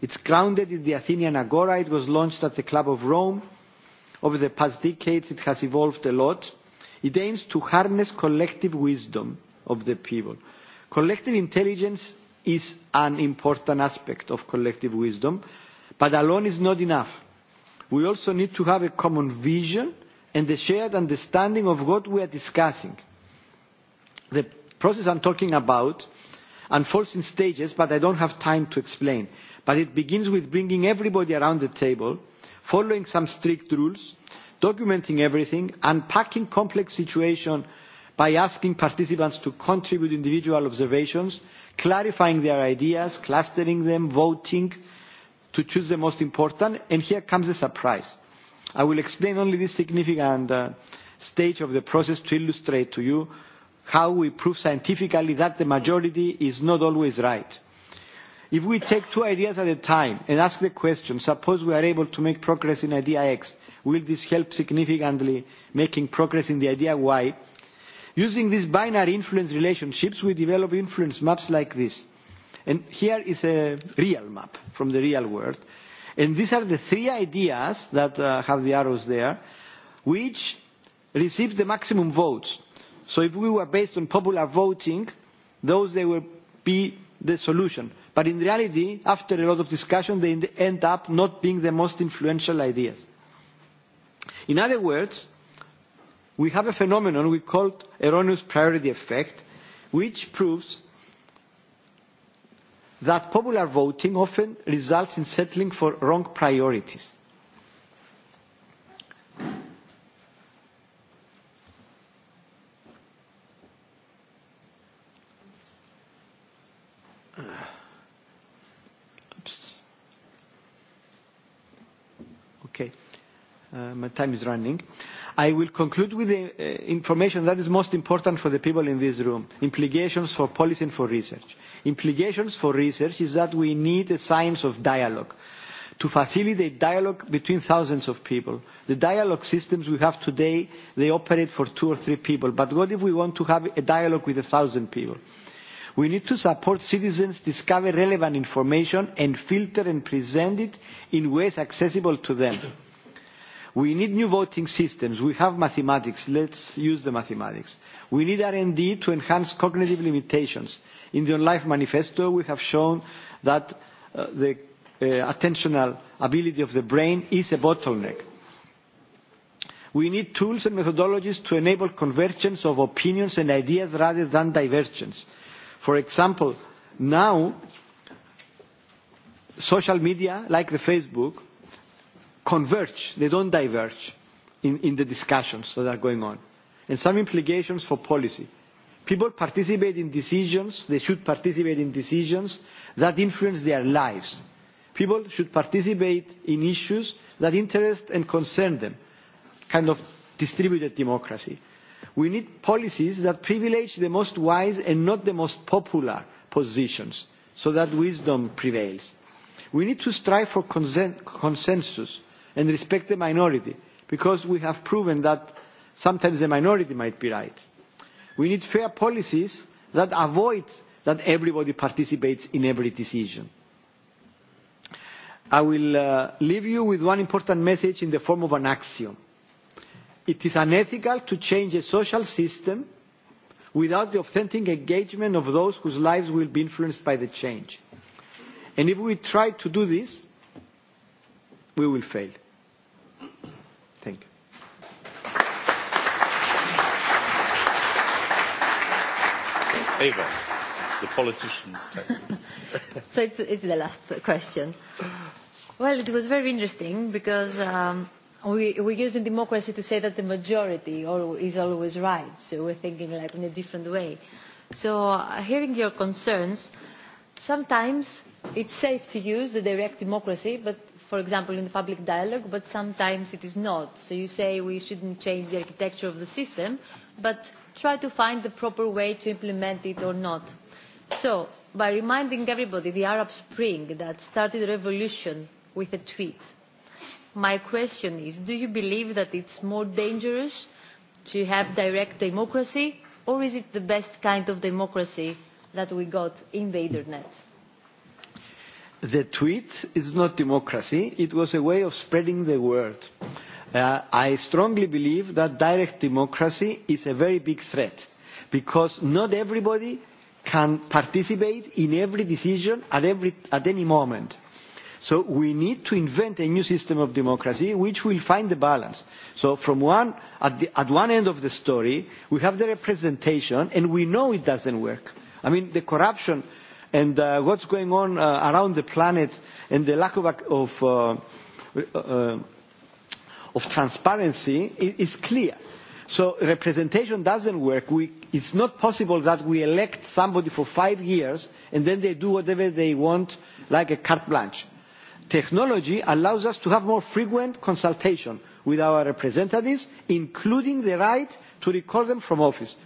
It is grounded in the Athenian Agora. It was launched at the Club of Rome. Over the past decades, it has evolved a lot. It aims to harness collective wisdom of the people. Collective intelligence is an important aspect of collective wisdom, but alone is not enough. We also need to have a common vision and a shared understanding of what we are discussing. The process I'm talking about unfolds in stages but i don't have time to explain but it begins with bringing everybody around the table following some strict rules documenting everything unpacking complex situations by asking participants to contribute individual observations clarifying their ideas clustering them voting to choose the most important and here comes a surprise i will explain only this significant uh, stage of the process to illustrate to you how we prove scientifically that the majority is not always right. If we take two ideas at a time and ask the question, suppose we are able to make progress in idea X, will this help significantly making progress in the idea Y? Using these binary influence relationships, we develop influence maps like this. And here is a real map from the real world. And these are the three ideas that uh, have the arrows there, which received the maximum votes. So if we were based on popular voting, those they would be the solution. But in reality, after a lot of discussion, they end up not being the most influential ideas. In other words, we have a phenomenon we call erroneous priority effect, which proves that popular voting often results in settling for wrong priorities. my time is running. I will conclude with the uh, information that is most important for the people in this room, implications for policy and for research. Implications for research is that we need a science of dialogue to facilitate dialogue between thousands of people. The dialogue systems we have today, they operate for two or three people. But what if we want to have a dialogue with a thousand people? We need to support citizens discover relevant information and filter and present it in ways accessible to them. We need new voting systems. We have mathematics. Let's use the mathematics. We need R&D to enhance cognitive limitations. In the OnLife manifesto, we have shown that uh, the uh, attentional ability of the brain is a bottleneck. We need tools and methodologies to enable convergence of opinions and ideas rather than divergence. For example, now social media like the Facebook converge, they don't diverge in, in the discussions that are going on. And some implications for policy. People participate in decisions, they should participate in decisions that influence their lives. People should participate in issues that interest and concern them, kind of distributed democracy. We need policies that privilege the most wise and not the most popular positions, so that wisdom prevails. We need to strive for consen consensus and respect the minority because we have proven that sometimes the minority might be right. We need fair policies that avoid that everybody participates in every decision. I will uh, leave you with one important message in the form of an axiom. It is unethical to change a social system without the authentic engagement of those whose lives will be influenced by the change. And if we try to do this, we will fail. favour. The politicians. so it's, it's the last question. Well, it was very interesting because um, we, we use in democracy to say that the majority all, is always right. So we're thinking like in a different way. So uh, hearing your concerns, sometimes it's safe to use the direct democracy, but for example in the public dialogue but sometimes it is not. so you say we shouldn't change the architecture of the system but try to find the proper way to implement it or not. so by reminding everybody the arab spring that started a revolution with a tweet my question is do you believe that it's more dangerous to have direct democracy or is it the best kind of democracy that we got in the internet? the tweet is not democracy. It was a way of spreading the word. Uh, I strongly believe that direct democracy is a very big threat because not everybody can participate in every decision at, every, at any moment. So we need to invent a new system of democracy which will find the balance. So from one, at, the, at one end of the story, we have the representation and we know it doesn't work. I mean, the corruption and uh, what's going on uh, around the planet and the lack of, of, uh, uh, of transparency is, is clear. So representation doesn't work. We, it's not possible that we elect somebody for five years and then they do whatever they want like a carte blanche. Technology allows us to have more frequent consultation with our representatives, including the right to recall them from office.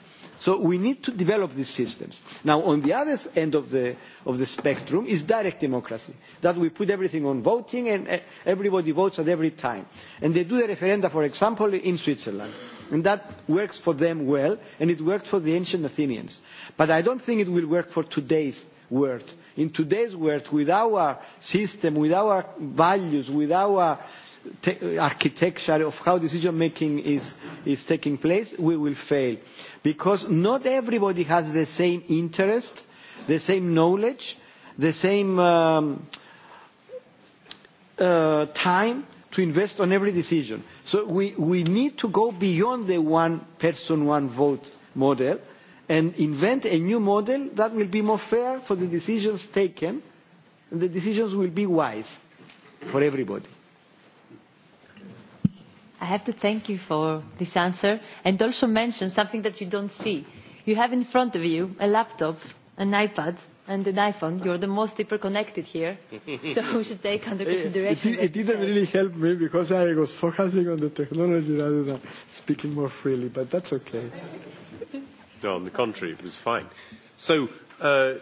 So we need to develop these systems. Now, on the other end of the, of the spectrum is direct democracy, that we put everything on voting and everybody votes at every time. And they do the referenda, for example, in Switzerland. And that works for them well, and it worked for the ancient Athenians. But I don't think it will work for today's world. In today's world, with our system, with our values, with our te- architecture of how decision making is, is taking place, we will fail. Because not everybody has the same interest, the same knowledge, the same um, uh, time to invest on every decision. So we, we need to go beyond the one person, one vote model and invent a new model that will be more fair for the decisions taken and the decisions will be wise for everybody have to thank you for this answer and also mention something that you don't see. You have in front of you a laptop, an iPad, and an iPhone. You're the most hyperconnected here, so we should take under consideration. It, it, it didn't really help me because I was focusing on the technology rather than speaking more freely, but that's okay. No, on the contrary, it was fine. So, uh,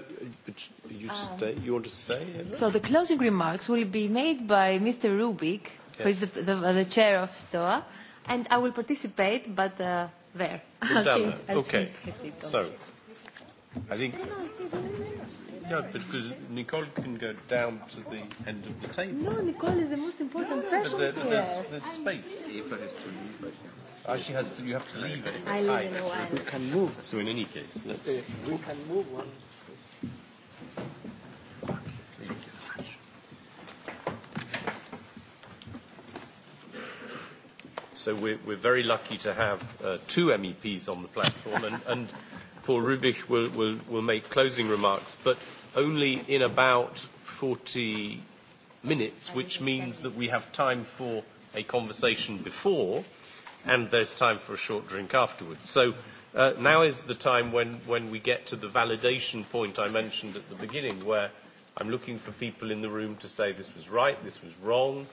you, um, stay, you want to stay? Emma? So the closing remarks will be made by Mr. Rubik, yes. who is the, the, the chair of STOA, and I will participate, but uh, there. I'll change, I'll okay. Change so, I think. No, because Nicole can go down to the end of the table. No, Nicole is the most important no, person but there, here. There's, there's space. Eva has to leave. Right oh, she has to. You have to leave. Anyway. I leave in a while. We can move. So in any case, let's. We can move one. So we're, we're very lucky to have uh, two MEPs on the platform, and, and Paul Rubich will, will, will make closing remarks, but only in about 40 minutes, which means that we have time for a conversation before, and there's time for a short drink afterwards. So uh, now is the time when, when we get to the validation point I mentioned at the beginning, where – I'm looking for people in the room to say this was right, this was wrong,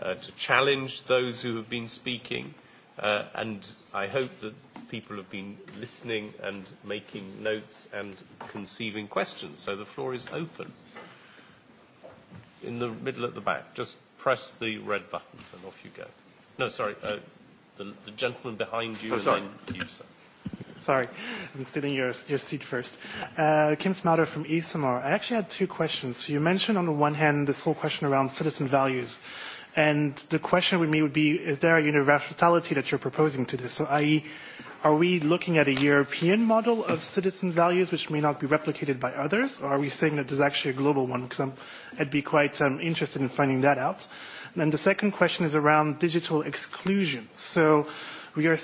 uh, to challenge those who have been speaking. Uh, and I hope that people have been listening and making notes and conceiving questions. So the floor is open. In the middle at the back, just press the red button and off you go. No, sorry, uh, the, the gentleman behind you oh, and sorry. then you, sir. Sorry, I'm stealing your, your seat first. Uh, Kim Smatter from ESMR. I actually had two questions. So you mentioned on the one hand this whole question around citizen values. And the question with me would be, is there a universality that you're proposing to this? So i.e., are we looking at a European model of citizen values which may not be replicated by others? Or are we saying that there's actually a global one? Because I'm, I'd be quite um, interested in finding that out. And then the second question is around digital exclusion. So we are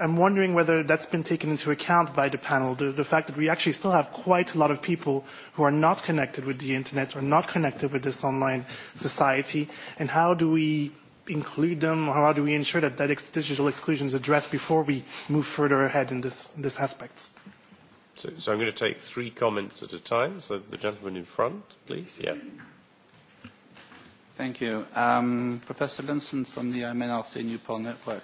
I'm wondering whether that's been taken into account by the panel, the, the fact that we actually still have quite a lot of people who are not connected with the internet or not connected with this online society, and how do we include them, or how do we ensure that that ex digital exclusion is addressed before we move further ahead in this, in this aspect? So, so I'm going to take three comments at a time. So the gentleman in front, please. Yeah. Thank you. Um, Professor Linson from the IMNRC Newport Network.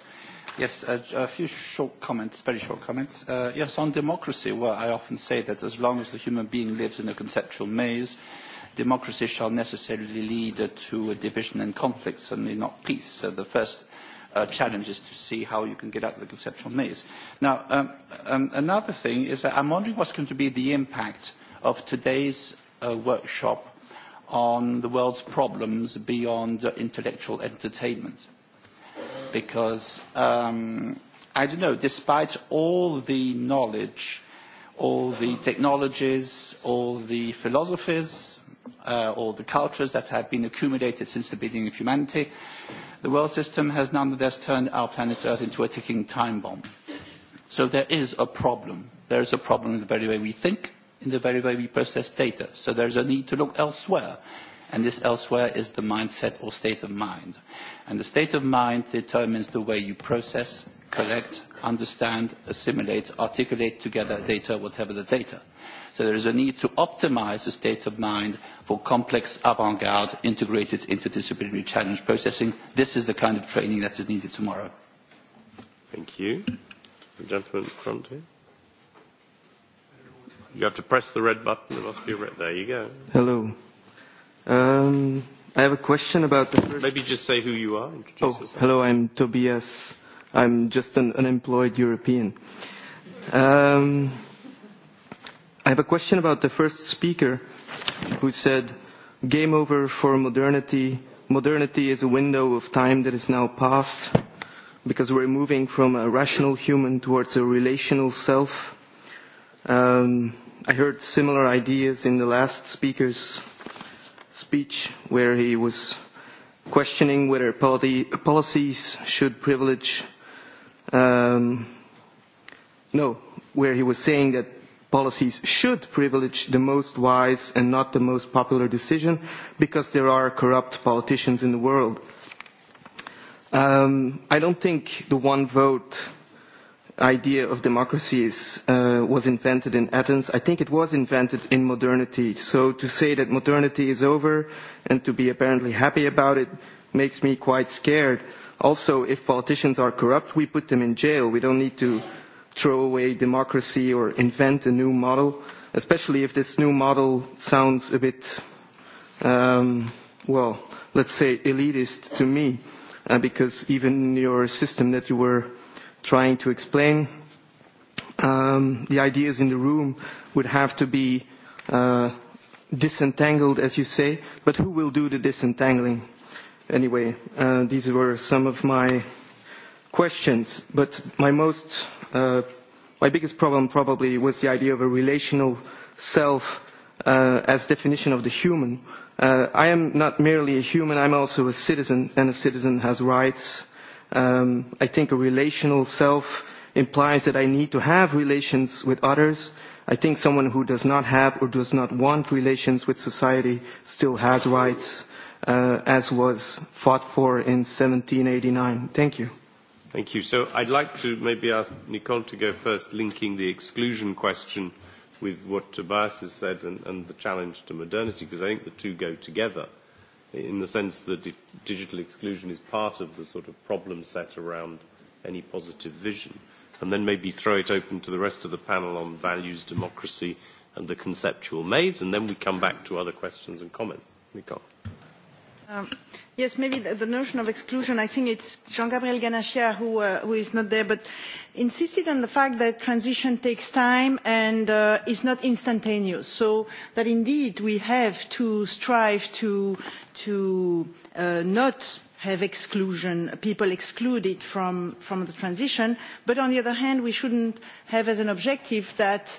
Yes, a, a few short comments, very short comments. Uh, yes, on democracy, well, I often say that as long as the human being lives in a conceptual maze, democracy shall necessarily lead to a division and conflict, certainly not peace. So the first uh, challenge is to see how you can get out of the conceptual maze. Now, um, um, another thing is that I'm wondering what's going to be the impact of today's uh, workshop on the world's problems beyond intellectual entertainment. Uh, because um, I don't know, despite all the knowledge, all the technologies, all the philosophies, uh, all the cultures that have been accumulated since the beginning of humanity, the world system has nonetheless turned our planet Earth into a ticking time bomb. So there is a problem. There is a problem in the very way we think, in the very way we process data. So there is a need to look elsewhere and this elsewhere is the mindset or state of mind. And the state of mind determines the way you process, collect, understand, assimilate, articulate together data, whatever the data. So there is a need to optimize the state of mind for complex, avant-garde, integrated, interdisciplinary challenge processing. This is the kind of training that is needed tomorrow. Thank you. The gentleman in front here. You have to press the red button. There must be a red. There you go. Hello. Um, I have a question about the first... Maybe just say who you are. Introduce oh, yourself. hello, I'm Tobias. I'm just an unemployed European. Um, I have a question about the first speaker who said, game over for modernity. Modernity is a window of time that is now past because we're moving from a rational human towards a relational self. Um, I heard similar ideas in the last speaker's speech where he was questioning whether polity, policies should privilege um, no, where he was saying that policies should privilege the most wise and not the most popular decision because there are corrupt politicians in the world. Um, I don't think the one vote uh, idea of democracy is, uh, was invented in Athens. I think it was invented in modernity. So to say that modernity is over and to be apparently happy about it makes me quite scared. Also, if politicians are corrupt, we put them in jail. We don't need to throw away democracy or invent a new model, especially if this new model sounds a bit, um, well, let's say elitist to me, uh, because even your system that you were trying to explain. Um, the ideas in the room would have to be uh, disentangled, as you say, but who will do the disentangling? Anyway, uh, these were some of my questions, but my most, uh, my biggest problem probably was the idea of a relational self uh, as definition of the human. Uh, I am not merely a human, I'm also a citizen, and a citizen has rights, Um, I think a relational self implies that I need to have relations with others. I think someone who does not have or does not want relations with society still has rights, uh, as was fought for in 1789. Thank you. Thank you. So I'd like to maybe ask Nicole to go first, linking the exclusion question with what Tobias has said and, and the challenge to modernity, because I think the two go together in the sense that if digital exclusion is part of the sort of problem set around any positive vision, and then maybe throw it open to the rest of the panel on values, democracy, and the conceptual maze, and then we come back to other questions and comments. Nicole. Um, yes maybe the, the notion of exclusion i think it's jean gabriel ganachia who, uh, who is not there but insisted on the fact that transition takes time and uh, is not instantaneous so that indeed we have to strive to, to uh, not have exclusion people excluded from, from the transition but on the other hand we shouldn't have as an objective that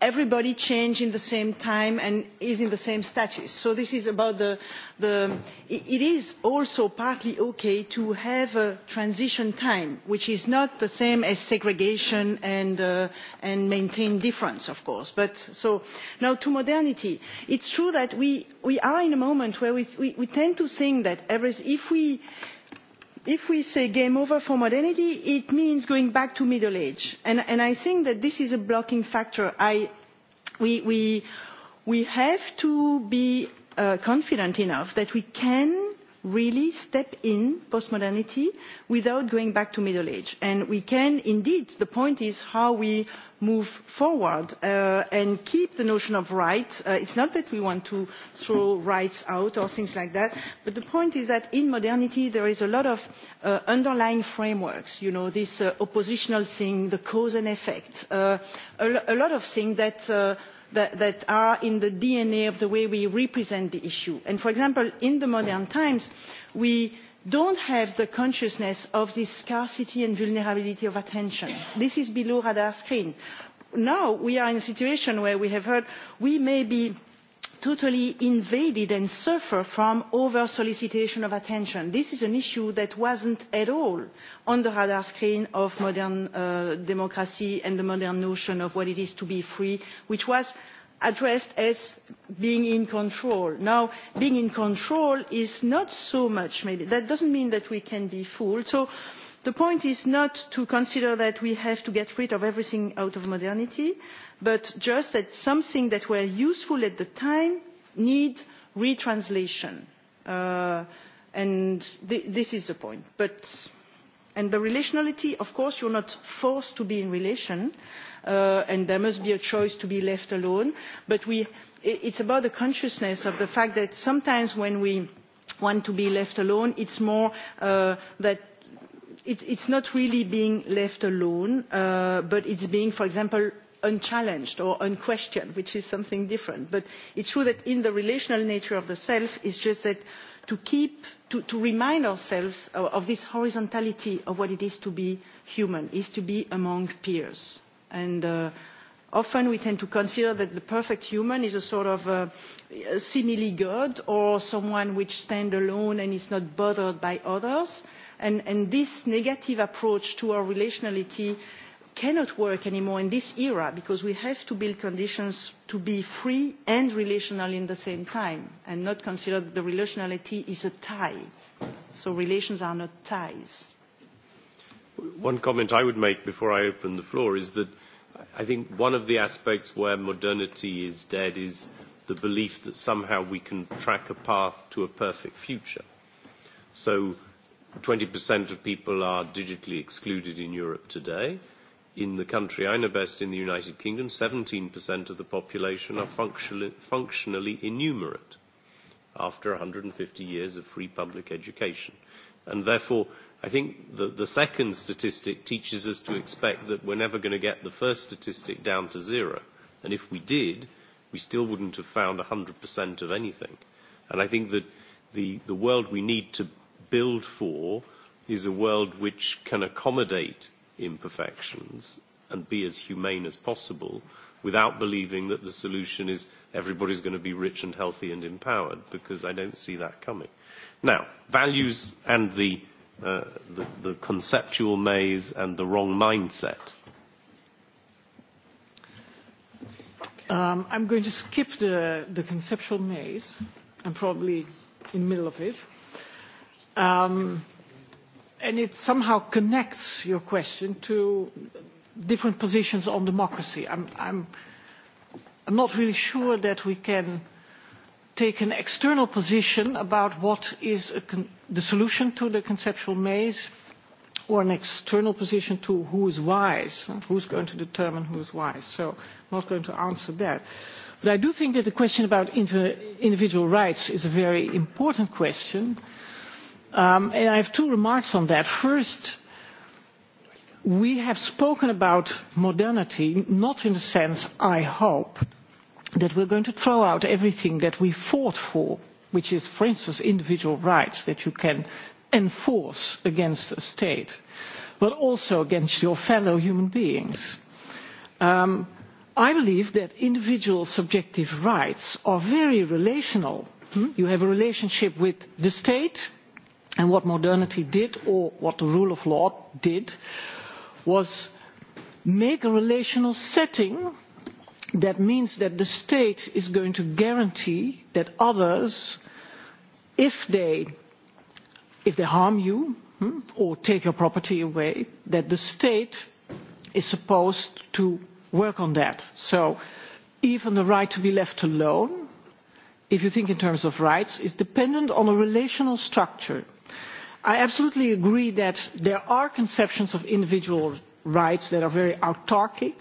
everybody changes at the same time and is in the same status. so this is about the, the it is also partly okay to have a transition time which is not the same as segregation and, uh, and maintain difference of course. But, so, now to modernity it is true that we, we are in a moment where we, we, we tend to think that every, if we if we say game over for modernity it means going back to the middle ages and, and i think that this is a blocking factor. I, we, we, we have to be uh, confident enough that we can really step in postmodernity without going back to the middle ages and we can indeed the point is how we move forward uh, and keep the notion of right uh, it is not that we want to throw rights out or things like that but the point is that in modernity there is a lot of uh, underlying frameworks you know this uh, oppositional thing the cause and effect uh, a, a lot of things that uh, that, that are in the DNA of the way we represent the issue. And for example, in the modern times, we don't have the consciousness of this scarcity and vulnerability of attention. This is below radar screen. Now we are in a situation where we have heard we may be totally invaded and suffer from over solicitation of attention. this is an issue that was not at all on the radar screen of modern uh, democracy and the modern notion of what it is to be free which was addressed as being in control. now being in control is not so much maybe that does not mean that we can be fooled so the point is not to consider that we have to get rid of everything out of modernity but just that some things that were useful at the time need retranslation uh, and th this is the point. But, and the relationality of course you are not forced to be in relation uh, and there must be a choice to be left alone but we, it's about the consciousness of the fact that sometimes when we want to be left alone it's more uh, that it is not really being left alone uh, but it is being for example unchallenged or unquestioned which is something different. but it is true that in the relational nature of the self it is just that to keep to, to remind ourselves of, of this horizontality of what it is to be human is to be among peers and uh, often we tend to consider that the perfect human is a sort of uh, a, a simile god or someone which stands alone and is not bothered by others uh, and, and this negative approach to our relationality cannot work anymore in this era because we have to build conditions to be free and relational at the same time and not consider that the relationality is a tie. So relations are not ties. One comment I would make before I open the floor is that I think one of the aspects where modernity is dead is the belief that somehow we can track a path to a perfect future. So 20% of people are digitally excluded in Europe today. In the country I know best, in the United Kingdom, 17% of the population are functionally, functionally innumerate after 150 years of free public education. And therefore, I think the, the second statistic teaches us to expect that we're never going to get the first statistic down to zero. And if we did, we still wouldn't have found 100% of anything. And I think that the, the world we need to build for is a world which can accommodate imperfections and be as humane as possible without believing that the solution is everybody's going to be rich and healthy and empowered, because I don't see that coming. Now, values and the, uh, the, the conceptual maze and the wrong mindset. Um, I'm going to skip the, the conceptual maze. I'm probably in the middle of it Um, and it somehow connects your question to different positions on democracy. I'm, I'm, I'm not really sure that we can take an external position about what is a con the solution to the conceptual maze or an external position to who is wise, and who's going to determine who is wise. So I'm not going to answer that. But I do think that the question about inter individual rights is a very important question. Uh, Um, and I have two remarks on that. First, we have spoken about modernity not in the sense, I hope, that we're going to throw out everything that we fought for, which is, for instance, individual rights that you can enforce against a state, but also against your fellow human beings. Um, I believe that individual subjective rights are very relational. Hmm? You have a relationship with the state, And what modernity did, or what the rule of law did, was make a relational setting that means that the state is going to guarantee that others, if they, if they harm you hmm, or take your property away, that the state is supposed to work on that. So even the right to be left alone, if you think in terms of rights, is dependent on a relational structure I absolutely agree that there are conceptions of individual rights that are very autarkic,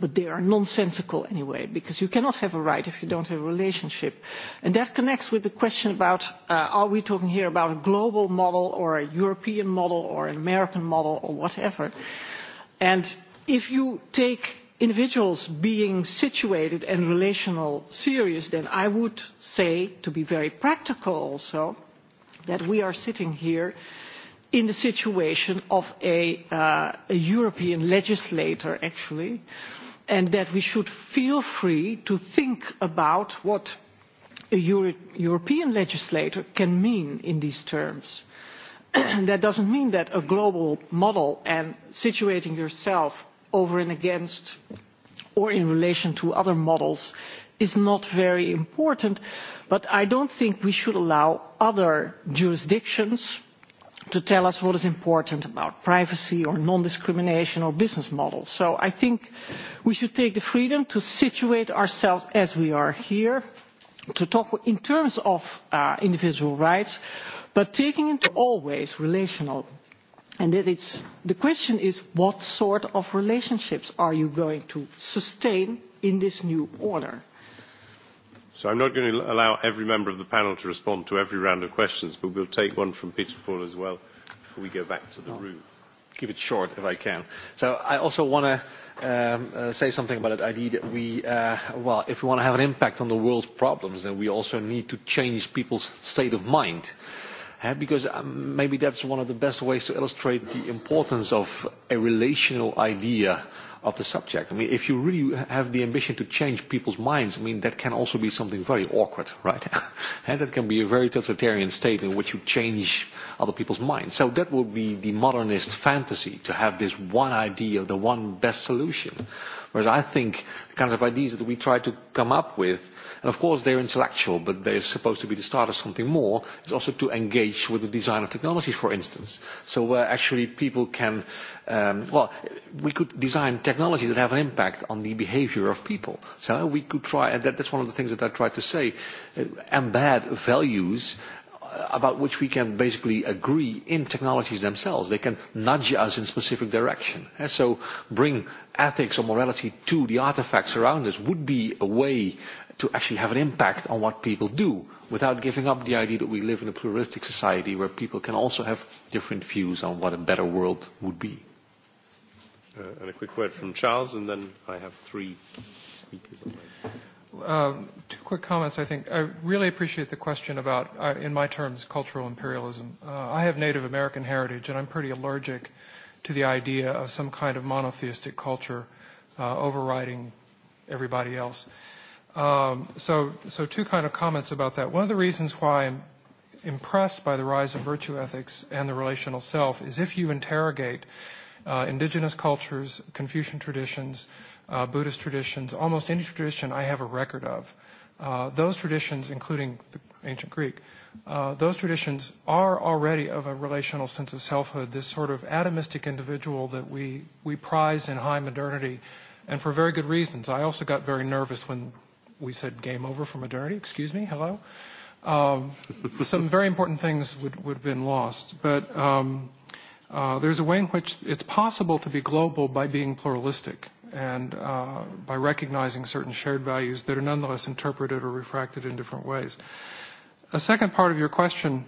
but they are nonsensical anyway, because you cannot have a right if you don't have a relationship. And that connects with the question about uh, are we talking here about a global model or a European model or an American model or whatever. And if you take individuals being situated and relational serious, then I would say, to be very practical also, uh, that we are sitting here in the situation of a, uh, a European legislator, actually, and that we should feel free to think about what a Euro European legislator can mean in these terms. that doesn't mean that a global model and situating yourself over and against or in relation to other models is not very important but i do not think we should allow other jurisdictions to tell us what is important about privacy or non discrimination or business models. so i think we should take the freedom to situate ourselves as we are here to talk in terms of uh, individual rights but taking into always relational and that it's the question is what sort of relationships are you going to sustain in this new order? So I'm not going to allow every member of the panel to respond to every round of questions, but we'll take one from Peter Paul as well before we go back to the oh. room. Keep it short if I can. So I also want to um, uh, say something about that idea that we, uh, well, if we want to have an impact on the world's problems, then we also need to change people's state of mind. Uh, because um, maybe that's one of the best ways to illustrate the importance of a relational idea uh, of the subject. I mean, if you really have the ambition to change people's minds, I mean, that can also be something very awkward, right? and that can be a very totalitarian state in which you change other people's minds. So that would be the modernist fantasy, to have this one idea, the one best solution. Whereas I think the kinds of ideas that we try to come up with – And of course, they're intellectual, but they're supposed to be the start of something more. It's also to engage with the design of technology, for instance. So where uh, actually people can, um, well, we could design technology that have an impact on the behavior of people. So we could try, and that, that's one of the things that I tried to say, uh, embed values uh, about which we can basically agree in technologies themselves. They can nudge us in specific direction. And so bring ethics or morality to the artifacts around us would be a way to actually have an impact on what people do without giving up the idea that we live in a pluralistic society where people can also have different views on what a better world would be. Uh, and a quick word from Charles, and then I have three speakers. Um, two quick comments, I think. I really appreciate the question about, uh, in my terms, cultural imperialism. Uh, I have Native American heritage, and I'm pretty allergic to the idea of some kind of monotheistic culture uh, overriding everybody else. Uh, Um, so, so two kind of comments about that. One of the reasons why I'm impressed by the rise of virtue ethics and the relational self is if you interrogate uh, indigenous cultures, Confucian traditions, uh, Buddhist traditions, almost any tradition I have a record of, uh, those traditions, including the ancient Greek, uh, those traditions are already of a relational sense of selfhood, this sort of atomistic individual that we, we prize in high modernity, and for very good reasons. I also got very nervous when we said game over for modernity. Excuse me. Hello. Um, some very important things would, would have been lost. But um, uh, there's a way in which it's possible to be global by being pluralistic and uh, by recognizing certain shared values that are nonetheless interpreted or refracted in different ways. A second part of your question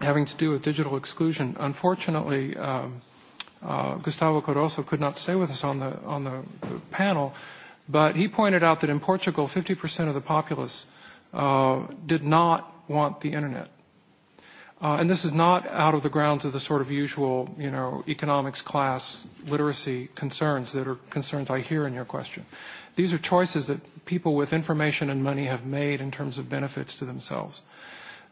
having to do with digital exclusion. Unfortunately, um, uh, Gustavo Cardoso could not stay with us on the, on the, the panel But he pointed out that in Portugal, 50% of the populace uh, did not want the internet. Uh, and this is not out of the grounds of the sort of usual, you know, economics class literacy concerns that are concerns I hear in your question. These are choices that people with information and money have made in terms of benefits to themselves.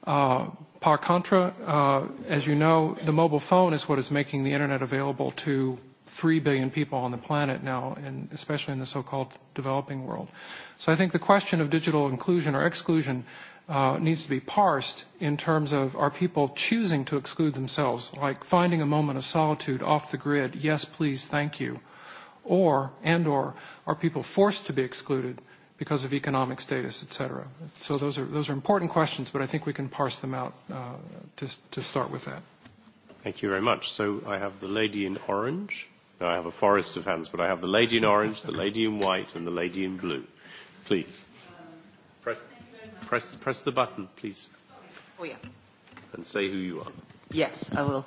Uh, par contra, uh, as you know, the mobile phone is what is making the internet available to 3 billion people on the planet now, and especially in the so-called developing world. So I think the question of digital inclusion or exclusion uh, needs to be parsed in terms of are people choosing to exclude themselves, like finding a moment of solitude off the grid, yes, please, thank you, or, and or, are people forced to be excluded because of economic status, et cetera? So those are, those are important questions, but I think we can parse them out uh, to, to start with that. Thank you very much. So I have the lady in orange. Now I have a forest of hands, but I have the lady in orange, the lady in white, and the lady in blue. Please. Press, press, press the button, please. Oh, yeah. And say who you are. Yes, I will.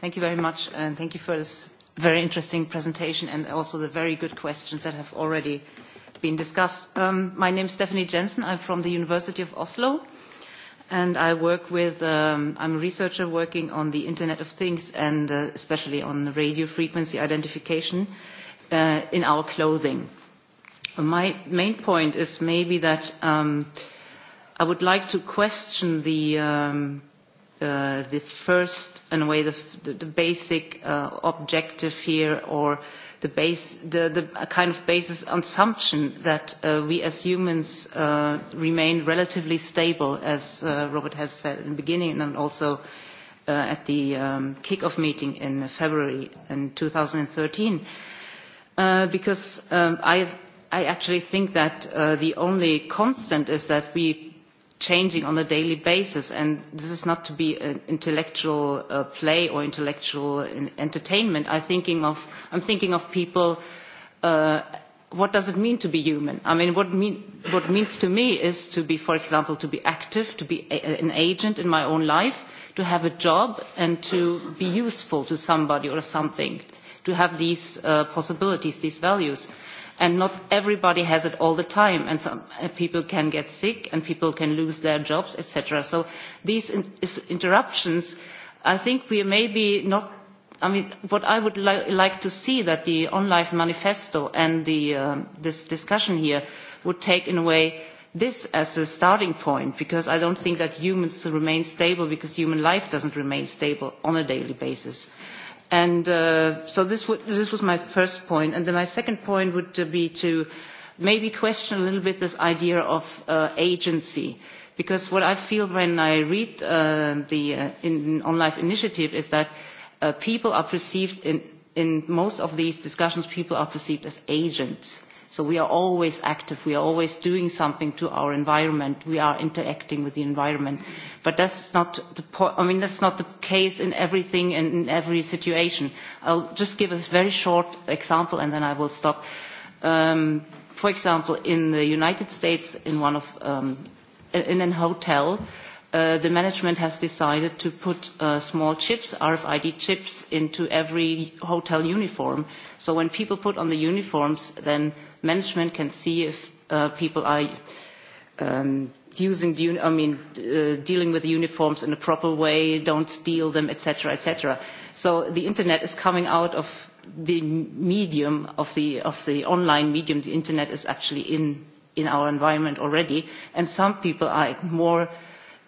Thank you very much, and thank you for this very interesting presentation and also the very good questions that have already been discussed. Um, my name is Stephanie Jensen. I'm from the University of Oslo and I work with, um, I'm a researcher working on the Internet of Things and uh, especially on radio frequency identification uh, in our clothing. My main point is maybe that um, I would like to question the um, uh, the first, in a way, the, the, the basic uh, objective here or the, base, the, the kind of basis assumption that uh, we as humans uh, remain relatively stable, as uh, Robert has said in the beginning and also uh, at the um, kick-off meeting in February in 2013. Uh, because um, I, I actually think that uh, the only constant is that we changing on a daily basis and this is not to be an intellectual uh, play or intellectual in uh, entertainment i thinking of i'm thinking of people uh, what does it mean to be human i mean what mean what means to me is to be for example to be active to be a, an agent in my own life to have a job and to be useful to somebody or something to have these uh, possibilities these values uh, and not everybody has it all the time and some uh, people can get sick and people can lose their jobs etc so these in, is interruptions i think we may be not I mean, what I would li like to see that the OnLife manifesto and the, um, this discussion here would take in a way this as a starting point because I don't think that humans remain stable because human life doesn't remain stable on a daily basis. Uh, And uh, so this, w- this was my first point. And then my second point would be to maybe question a little bit this idea of uh, agency. Because what I feel when I read uh, the uh, in, On Life initiative is that uh, people are perceived in, in most of these discussions, people are perceived as agents So we are always active. We are always doing something to our environment. We are interacting with the environment. But that's not the po- I mean, that's not the case in everything and in every situation. I'll just give a very short example and then I will stop. Um, for example, in the United States, in one of um, in an hotel, uh, the management has decided to put uh, small chips, RFID chips, into every hotel uniform. So when people put on the uniforms, then management can see if uh, people are um, using, I mean, uh, dealing with uniforms in a proper way, don't steal them, etc., etc. So the internet is coming out of the medium of the of the online medium. The internet is actually in in our environment already, and some people are more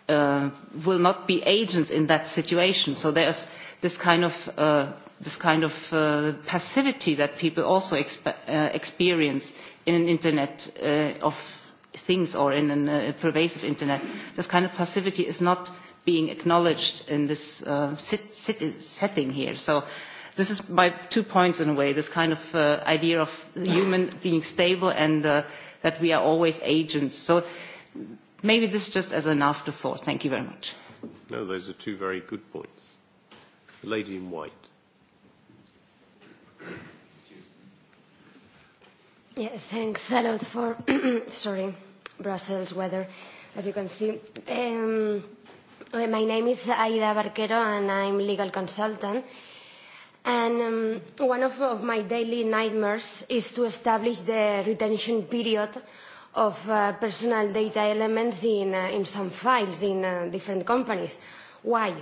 uh, will not be agents in that situation. So there's this kind of uh, this kind of uh, passivity that people also exp uh, experience in an internet uh, of things or in a uh, pervasive internet, this kind of passivity is not being acknowledged in this uh, sit sit setting here. So this is my two points in a way, this kind of uh, idea of human being stable and uh, that we are always agents. So maybe this just as an afterthought. Thank you very much. No, those are two very good points. The lady in white. Yeah, thanks a lot for, sorry, Brussels weather, as you can see. Um, my name is Aida Barquero and I'm legal consultant. And um, one of, of my daily nightmares is to establish the retention period of uh, personal data elements in, uh, in some files in uh, different companies. Why?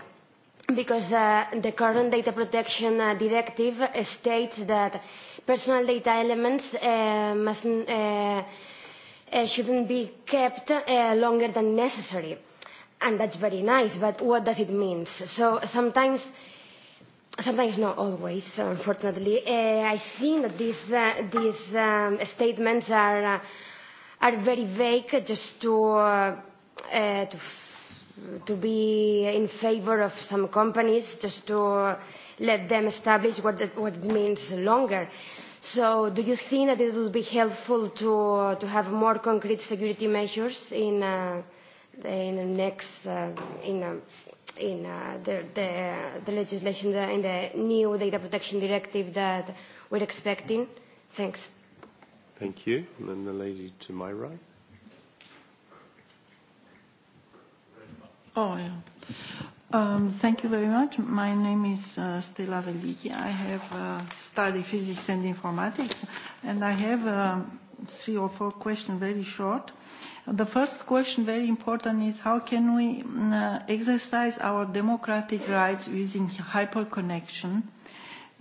Because uh, the current data protection uh, directive states that personal data elements uh, must, uh, uh, shouldn't be kept uh, longer than necessary. And that's very nice, but what does it mean? So sometimes, sometimes not always, unfortunately, uh, I think that these, uh, these um, statements are, uh, are very vague just to, uh, uh, to, f- to be in favor of some companies, just to uh, let them establish what, the, what it means longer. So do you think that it would be helpful to, uh, to have more concrete security measures in, uh, in the next, uh, in, uh, in uh, the, the, the legislation the, in the new data protection directive that we're expecting? Thanks. Thank you. And then the lady to my right. Oh, yeah. Um, thank you very much. My name is uh, Stella Veliki. I have uh, studied physics and informatics, and I have uh, three or four questions, very short. The first question, very important, is how can we mm, uh, exercise our democratic rights using hyperconnection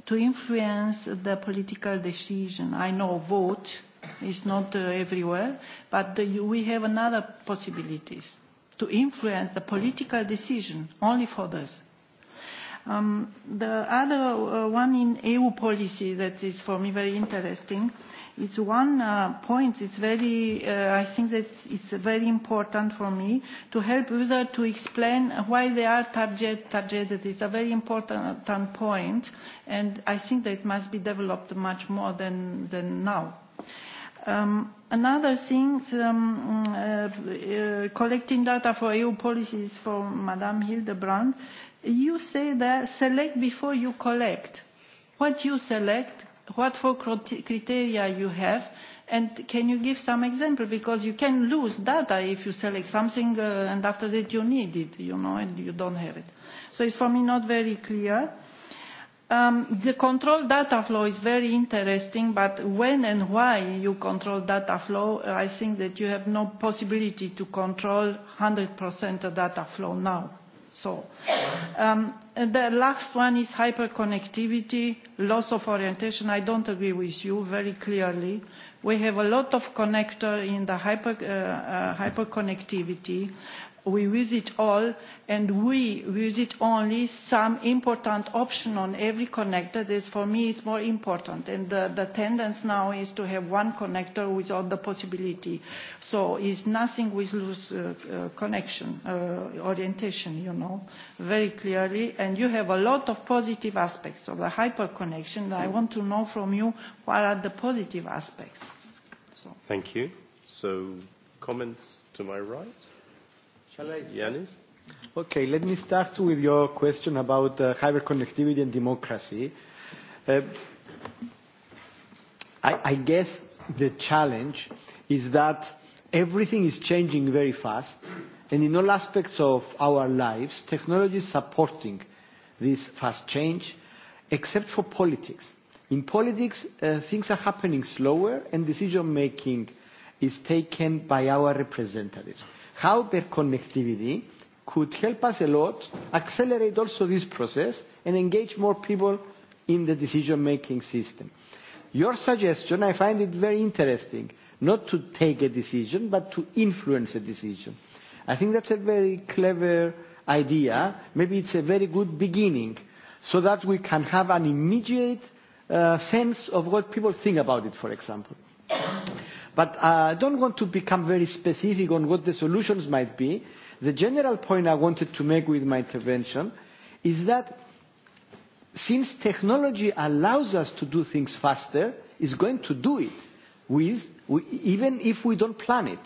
to influence the political decision? I know vote is not uh, everywhere, but uh, you, we have another possibilities to influence the political decision only for this. Um, the other uh, one in EU policy that is for me very interesting, it's one uh, point, it's very, uh, I think that it's very important for me to help users to explain why they are target, targeted. It's a very important point and I think that it must be developed much more than, than now. Uh, Um, another thing, um, uh, uh, collecting data for EU policies for Madame Hildebrand, you say that select before you collect. What you select, what for criteria you have, and can you give some example? Because you can lose data if you select something uh, and after that you need it, you know, and you don't have it. So it's for me not very clear. Uh, Um, the control data flow is very interesting, but when and why you control data flow, I think that you have no possibility to control 100% of data flow now. So, um, and the last one is hyperconnectivity, loss of orientation. I don't agree with you very clearly. We have a lot of connector in the hyper, uh, uh, hyperconnectivity we use it all and we use it only some important option on every connector this for me is more important and the, the tendency now is to have one connector with all the possibility so is nothing with loose uh, uh, connection uh, orientation you know very clearly and you have a lot of positive aspects of the hyper connection I want to know from you what are the positive aspects so. thank you so comments to my right Shall I? Yanis? Okay, let me start with your question about uh, hyperconnectivity and democracy. Uh, I, I guess the challenge is that everything is changing very fast, and in all aspects of our lives, technology is supporting this fast change, except for politics. In politics, uh, things are happening slower, and decision making is taken by our representatives. Uh, hyperconnectivity could help us a lot, accelerate also this process, and engage more people in the decision-making system. Your suggestion, I find it very interesting, not to take a decision, but to influence a decision. I think that's a very clever idea. Maybe it's a very good beginning, so that we can have an immediate uh, sense of what people think about it, for example. But uh, I don't want to become very specific on what the solutions might be. The general point I wanted to make with my intervention is that since technology allows us to do things faster, is going to do it, with, we, even if we don't plan it.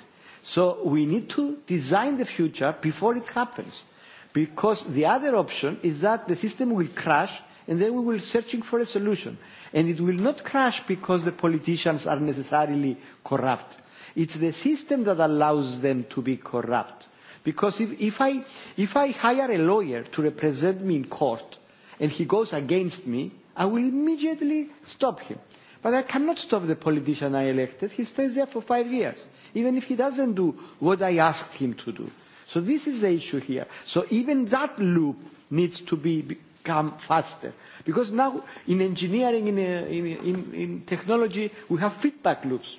So we need to design the future before it happens. Because the other option is that the system will crash and then we will be searching for a solution. And it will not crash because the politicians are necessarily corrupt. It's the system that allows them to be corrupt. Because if, if, I, if I hire a lawyer to represent me in court and he goes against me, I will immediately stop him. But I cannot stop the politician I elected. He stays there for five years, even if he doesn't do what I asked him to do. So this is the issue here. So even that loop needs to be come faster. Because now in engineering, in, uh, in, in, in technology, we have feedback loops.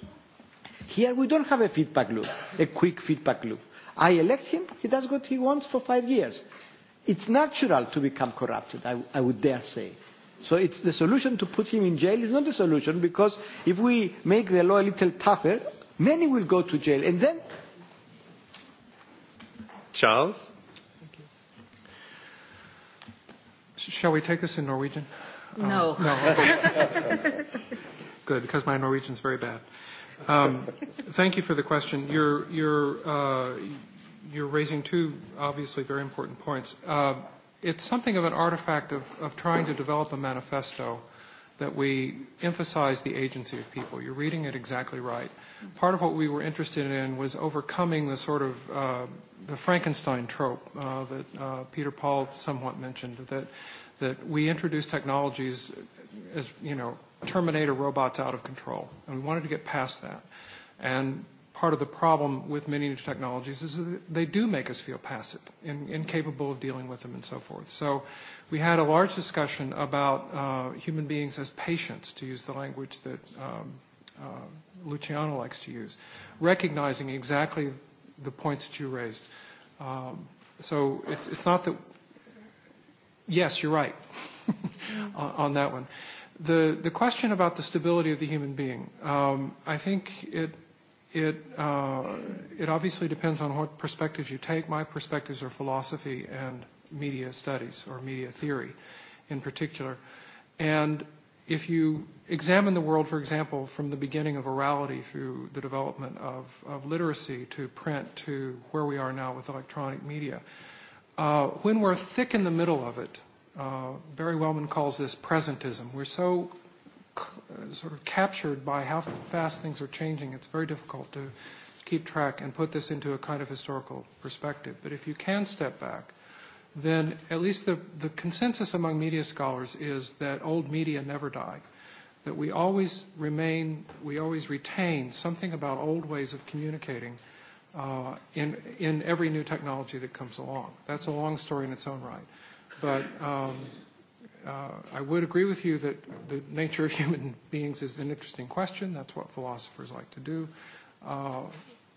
Here we don't have a feedback loop, a quick feedback loop. I elect him, he does what he wants for five years. It's natural to become corrupted, I, I would dare say. So it's the solution to put him in jail is not the solution because if we make the law a little tougher, many will go to jail. And then... Charles? Shall we take this in Norwegian? No. Um, no. Okay. Good, because my Norwegian's very bad. Um, thank you for the question. You're you're uh, you're raising two obviously very important points. Uh, it's something of an artifact of, of trying to develop a manifesto that we emphasize the agency of people. You're reading it exactly right. Part of what we were interested in was overcoming the sort of uh, the Frankenstein trope uh, that uh, Peter Paul somewhat mentioned, that, that we introduce technologies as, you know, Terminator robots out of control. And we wanted to get past that. And part of the problem with many new technologies is that they do make us feel passive and incapable of dealing with them and so forth. So we had a large discussion about uh, human beings as patients, to use the language that um, uh, Luciano likes to use, recognizing exactly the points that you raised. Um, so it's, it's not that, yes, you're right on, on that one. The, the question about the stability of the human being, um, I think it, it, uh, it obviously depends on what perspectives you take. My perspectives are philosophy and media studies or media theory in particular. And if you examine the world, for example, from the beginning of orality through the development of, of literacy to print to where we are now with electronic media, uh, when we're thick in the middle of it, uh, Barry Wellman calls this presentism. We're so c- uh, sort of captured by how fast things are changing, it's very difficult to keep track and put this into a kind of historical perspective. But if you can step back then at least the, the consensus among media scholars is that old media never die, that we always remain, we always retain something about old ways of communicating uh, in, in every new technology that comes along. That's a long story in its own right. But um, uh, I would agree with you that the nature of human beings is an interesting question. That's what philosophers like to do. Uh,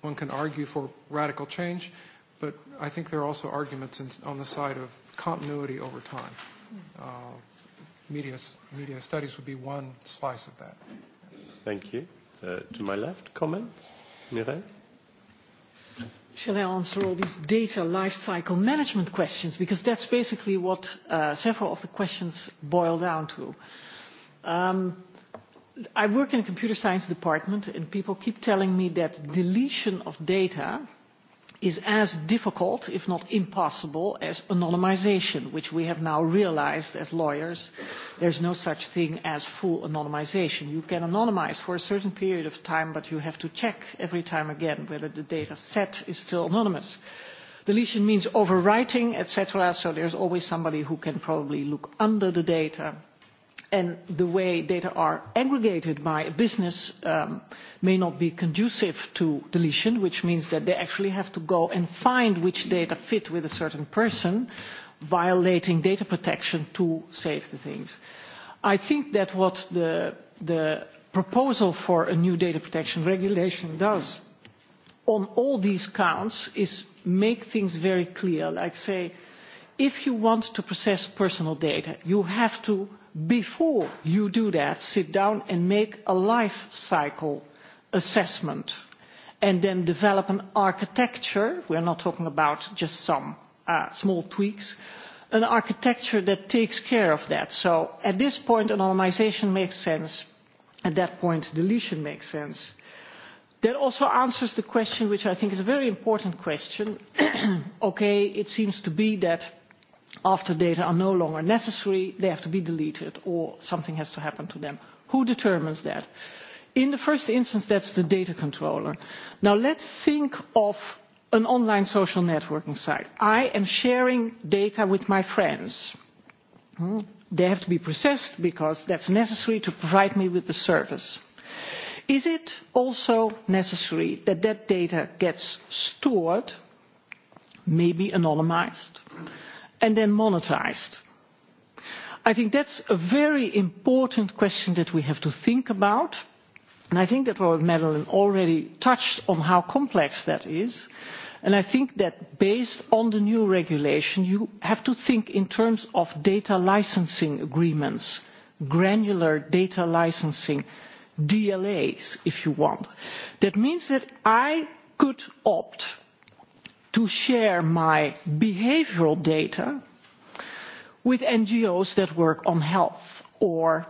one can argue for radical change. Uh, But I think there are also arguments in, on the side of continuity over time. Hmm. Uh, media, media studies would be one slice of that. Thank you. Uh, to my left, comments? Mireille? Shall I answer all these data life cycle management questions? Because that's basically what uh, several of the questions boil down to. Um, I work in a computer science department, and people keep telling me that deletion of data is as difficult, if not impossible, as anonymization, which we have now realized as lawyers. There's no such thing as full anonymization. You can anonymize for a certain period of time, but you have to check every time again whether the data set is still anonymous. Deletion means overwriting, etc., so there's always somebody who can probably look under the data and the way data are aggregated by a business um, may not be conducive to deletion, which means that they actually have to go and find which data fit with a certain person, violating data protection to save the things. I think that what the, the proposal for a new data protection regulation does on all these counts is make things very clear, like say, if you want to process personal data, you have to before you do that, sit down and make a life cycle assessment and then develop an architecture. We're not talking about just some uh, small tweaks, an architecture that takes care of that. So at this point, anonymization makes sense. At that point, deletion makes sense. That also answers the question, which I think is a very important question. okay, it seems to be that after data are no longer necessary, they have to be deleted or something has to happen to them. Who determines that? In the first instance, that's the data controller. Now let's think of an online social networking site. I am sharing data with my friends. Hmm? They have to be processed because that's necessary to provide me with the service. Is it also necessary that that data gets stored, maybe anonymized? Mm-hmm and then monetized? I think that's a very important question that we have to think about. And I think that Robert Madeleine already touched on how complex that is. And I think that based on the new regulation, you have to think in terms of data licensing agreements, granular data licensing, DLAs, if you want. That means that I could opt to share my behavioral data with NGOs that work on health or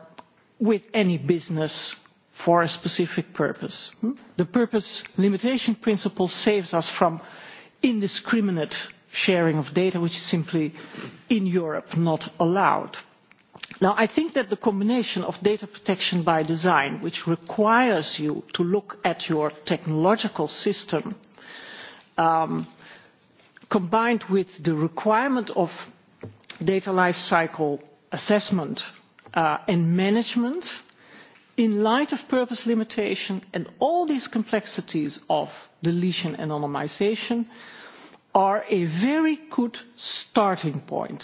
with any business for a specific purpose. Hmm? The purpose limitation principle saves us from indiscriminate sharing of data, which is simply in Europe not allowed. Now, I think that the combination of data protection by design, which requires you to look at your technological system um, combined with the requirement of data life cycle assessment uh, and management in light of purpose limitation and all these complexities of deletion and anonymization are a very good starting point.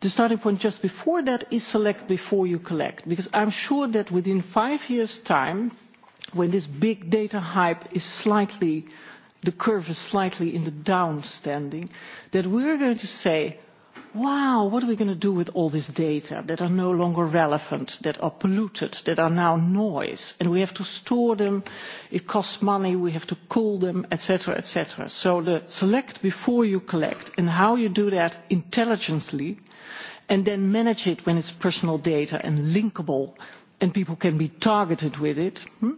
The starting point just before that is select before you collect, because I'm sure that within five years' time, when this big data hype is slightly uh, the curve is slightly in the downstanding, that we're going to say, wow, what are we going to do with all this data that are no longer relevant, that are polluted, that are now noise, and we have to store them, it costs money, we have to cool them, etc., etc. So the select before you collect and how you do that intelligently and then manage it when it's personal data and linkable and people can be targeted with it. Hmm?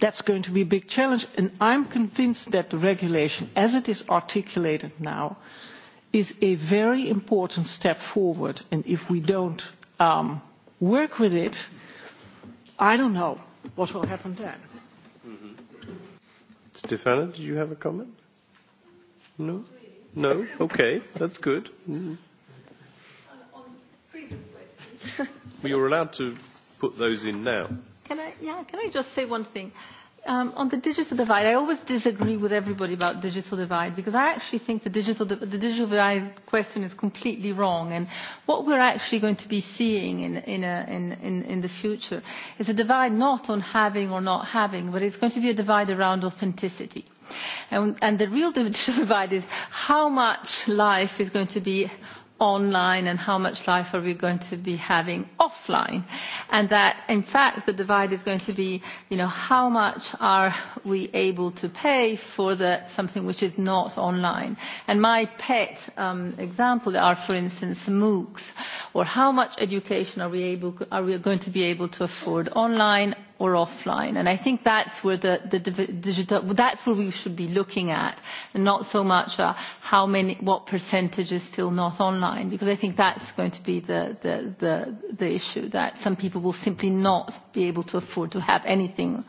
that's going to be a big challenge, and I'm convinced that the regulation, as it is articulated now, is a very important step forward. And if we don't um, work with it, I don't know what will happen then. Mm-hmm. Stefana, did you have a comment? No? No? Okay, that's good. Mm-hmm. Well, you're allowed to put those in now. Can I, yeah, can I just say one thing? Um, on the digital divide, I always disagree with everybody about digital divide because I actually think the digital, the digital divide question is completely wrong. And what we're actually going to be seeing in, in, a, in, in, in the future is a divide not on having or not having, but it's going to be a divide around authenticity. And, and the real digital divide is how much life is going to be online and how much life are we going to be having offline and that in fact the divide is going to be you know how much are we able to pay for the something which is not online and my pet um, example are for instance MOOCs or how much education are we able are we going to be able to afford online or offline. And I think that's where the, the digital, that's where we should be looking at, and not so much uh, how many, what percentage is still not online online? Because I think that's going to be the, the, the, the issue, that some people will simply not be able to afford to have anything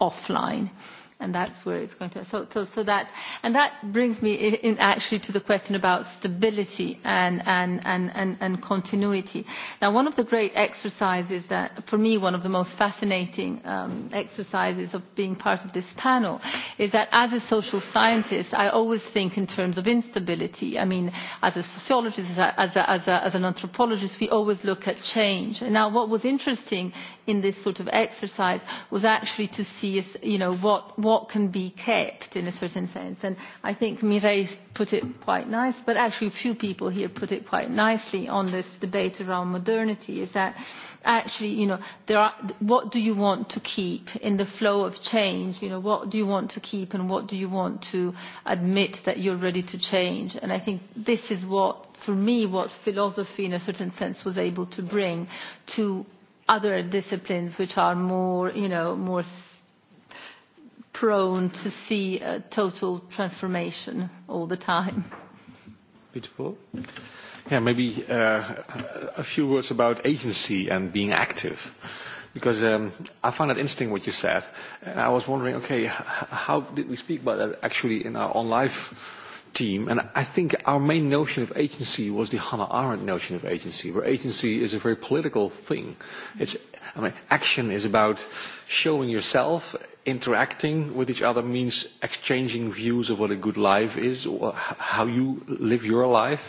offline. Uh, and that's where it's going to. So, so, so that and that brings me in actually to the question about stability and and and and, and continuity. Now, one of the great exercises that, for me, one of the most fascinating um, exercises of being part of this panel is that as a social scientist, I always think in terms of instability. I mean, as a sociologist, as a, as a, as, a, as an anthropologist, we always look at change. And now, what was interesting in this sort of exercise was actually to see you know, what, what can be kept in a certain sense. And I think Mireille put it quite nice, but actually few people here put it quite nicely on this debate around modernity, is that actually, you know, there are, what do you want to keep in the flow of change? You know, what do you want to keep and what do you want to admit that you're ready to change? And I think this is what for me what philosophy in a certain sense was able to bring to other disciplines which are more, you know, more prone to see a total transformation all the time. Beautiful. Yeah, maybe uh, a few words about agency and being active. Because um, I found that interesting what you said. And I was wondering, okay, how did we speak about that actually in our own life? team, and I think our main notion of agency was the Hannah Arendt notion of agency, where agency is a very political thing. It's, I mean, action is about showing yourself, interacting with each other means exchanging views of what a good life is, or how you live your life.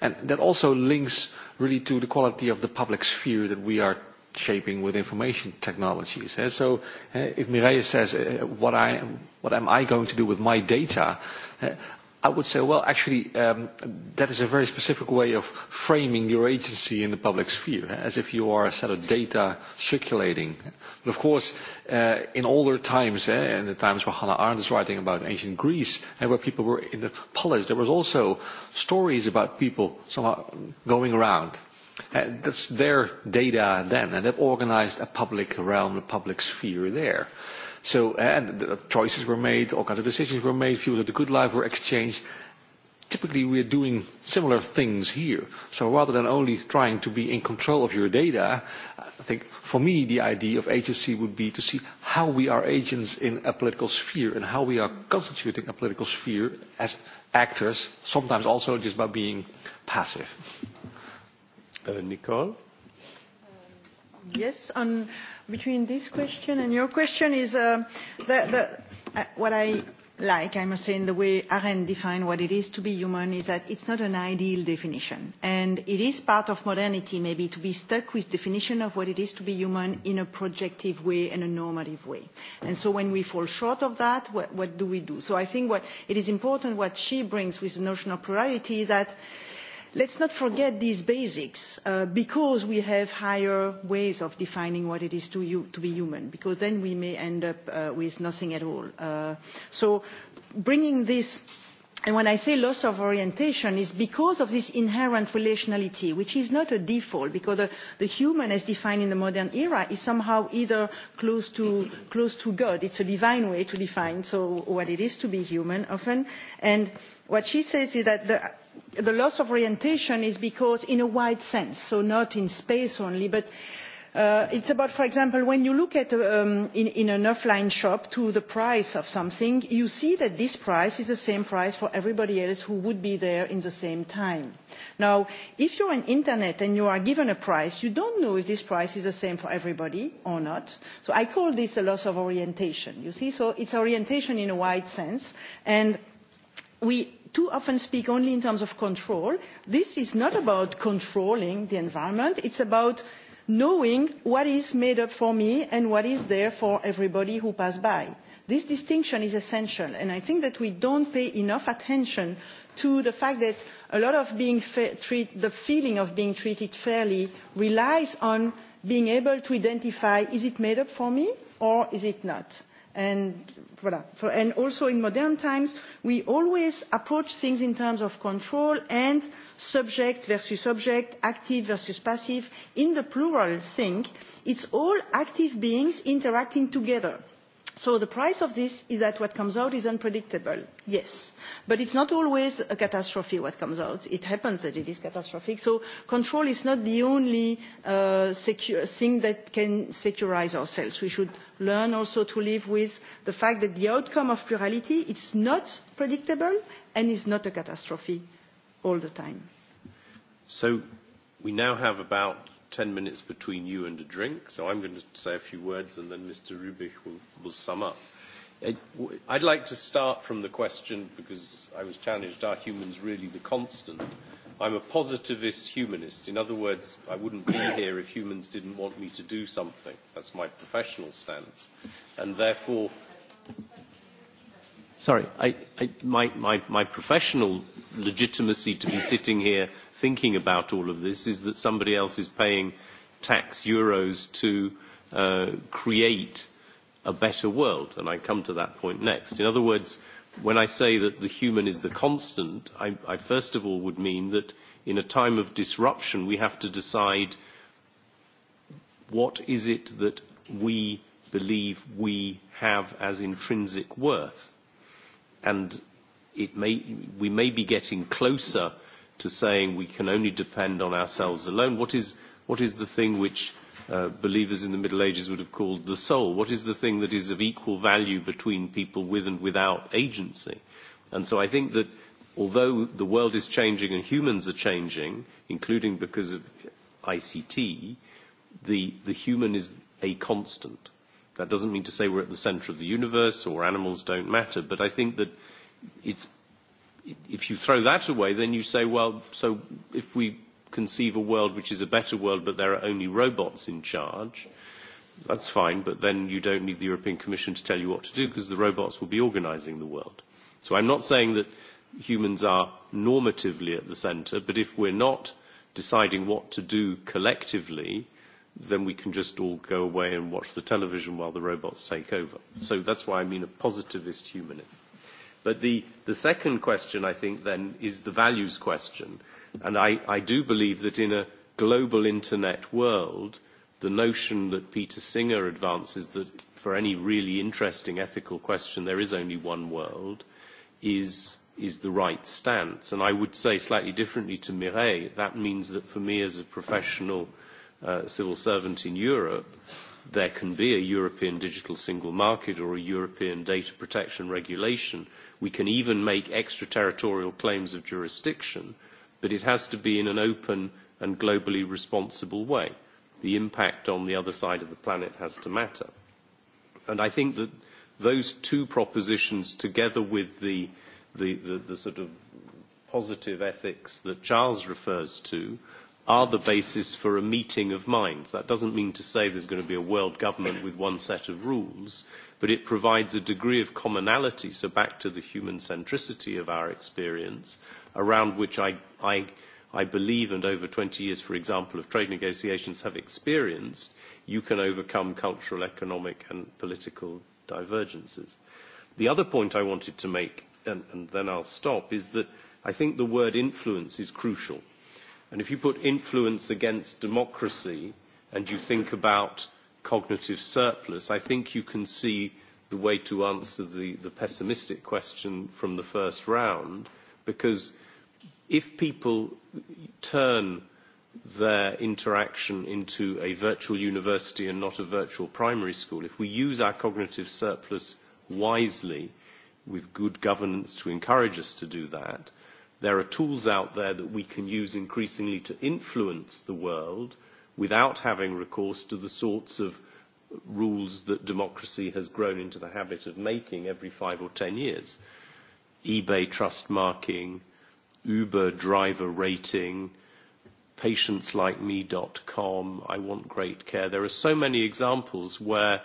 And that also links really to the quality of the public sphere that we are shaping with information technologies. Eh? So eh, if Mireille says, eh, what, I, what am I going to do with my data, eh, I would say, well, actually, um, that is a very specific way of framing your agency in the public sphere, eh, as if you are a set of data circulating. But of course, uh, in older times, eh, in the times where Hannah Arendt is writing about ancient Greece, and where people were in the palace, there was also stories about people somehow going around. And eh, that's their data then, and they've organized a public realm, a public sphere there. Uh, So uh, and the choices were made, all kinds of decisions were made, views of the good life were exchanged. Typically, we are doing similar things here. So rather than only trying to be in control of your data, I think for me the idea of agency would be to see how we are agents in a political sphere and how we are constituting a political sphere as actors, sometimes also just by being passive. Uh, Nicole? Um, yes, on. Um, between this question and your question is uh, the, the, uh, what I like, I must say, in the way Arendt defined what it is to be human, is that it's not an ideal definition. And it is part of modernity, maybe, to be stuck with definition of what it is to be human in a projective way and a normative way. And so when we fall short of that, what, what do we do? So I think what it is important what she brings with the notion of plurality is that uh, let's not forget these basics uh, because we have higher ways of defining what it is to, you, to be human because then we may end up uh, with nothing at all. Uh, so bringing this and when i say loss of orientation it's because of this inherent relationality which is not a default because the, the human as defined in the modern era is somehow either close to, close to god it's a divine way to define so what it is to be human often and uh, what she says is that the, the loss of orientation is because in a wide sense so not in space only but uh, it's about for example when you look at um, in, in an offline shop to the price of something you see that this price is the same price for everybody else who would be there in the same time now if you're on internet and you are given a price you don't know if this price is the same for everybody or not so i call this a loss of orientation you see so it's orientation in a wide sense and we too often speak only in terms of control. this is not about controlling the environment it is about knowing what is made up for me and what is there for everybody who passes by. this distinction is essential and i think that we do not pay enough attention to the fact that a lot of treat, the feeling of being treated fairly relies on being able to identify is it made up for me or is it not? and, voilà. For, and also in modern times we always approach things in terms of control and subject versus object active versus passive in the plural thing it's all active beings interacting together so the price of this is that what comes out is unpredictable yes but it is not always a catastrophe what comes out it happens that it is catastrophic so control is not the only uh, secure thing that can securise ourselves we should learn also to live with the fact that the outcome of plurality is not predictable and is not a catastrophe all the time so we now have about 10 minutes between you and a drink, so I'm going to say a few words and then Mr. Rubich will, will sum up. Uh, I'd like to start from the question, because I was challenged, are humans really the constant? I'm a positivist humanist. In other words, I wouldn't be here if humans didn't want me to do something. That's my professional stance. And therefore, sorry, I, I, my, my, my professional legitimacy to be sitting here thinking about all of this is that somebody else is paying tax euros to uh, create a better world. And I come to that point next. In other words, when I say that the human is the constant, I, I first of all would mean that in a time of disruption, we have to decide what is it that we believe we have as intrinsic worth. And it may, we may be getting closer to saying we can only depend on ourselves alone? What is, what is the thing which uh, believers in the Middle Ages would have called the soul? What is the thing that is of equal value between people with and without agency? And so I think that although the world is changing and humans are changing, including because of ICT, the, the human is a constant. That doesn't mean to say we're at the center of the universe or animals don't matter, but I think that it's if you throw that away, then you say, well, so if we conceive a world which is a better world, but there are only robots in charge, that's fine, but then you don't need the European Commission to tell you what to do because the robots will be organising the world. So I'm not saying that humans are normatively at the centre, but if we're not deciding what to do collectively, then we can just all go away and watch the television while the robots take over. So that's why I mean a positivist humanist. But the, the second question, I think, then, is the values question. And I, I do believe that in a global internet world, the notion that Peter Singer advances that for any really interesting ethical question there is only one world is, is the right stance. And I would say slightly differently to Mireille, that means that for me as a professional uh, civil servant in Europe, there can be a European digital single market or a European data protection regulation, We can even make extraterritorial claims of jurisdiction, but it has to be in an open and globally responsible way. The impact on the other side of the planet has to matter. And I think that those two propositions, together with the, the, the, the sort of positive ethics that Charles refers to, are the basis for a meeting of minds. That doesn't mean to say there's going to be a world government with one set of rules, but it provides a degree of commonality, so back to the human centricity of our experience, around which I, I, I believe, and over 20 years, for example, of trade negotiations have experienced, you can overcome cultural, economic, and political divergences. The other point I wanted to make, and, and then I'll stop, is that I think the word influence is crucial. And if you put influence against democracy and you think about cognitive surplus, I think you can see the way to answer the, the pessimistic question from the first round, because if people turn their interaction into a virtual university and not a virtual primary school, if we use our cognitive surplus wisely with good governance to encourage us to do that, there are tools out there that we can use increasingly to influence the world – without having recourse to the sorts of rules that democracy has grown into the habit of making every five or ten years. eBay trust marking, Uber driver rating, patientslikeme.com, I want great care. There are so many examples where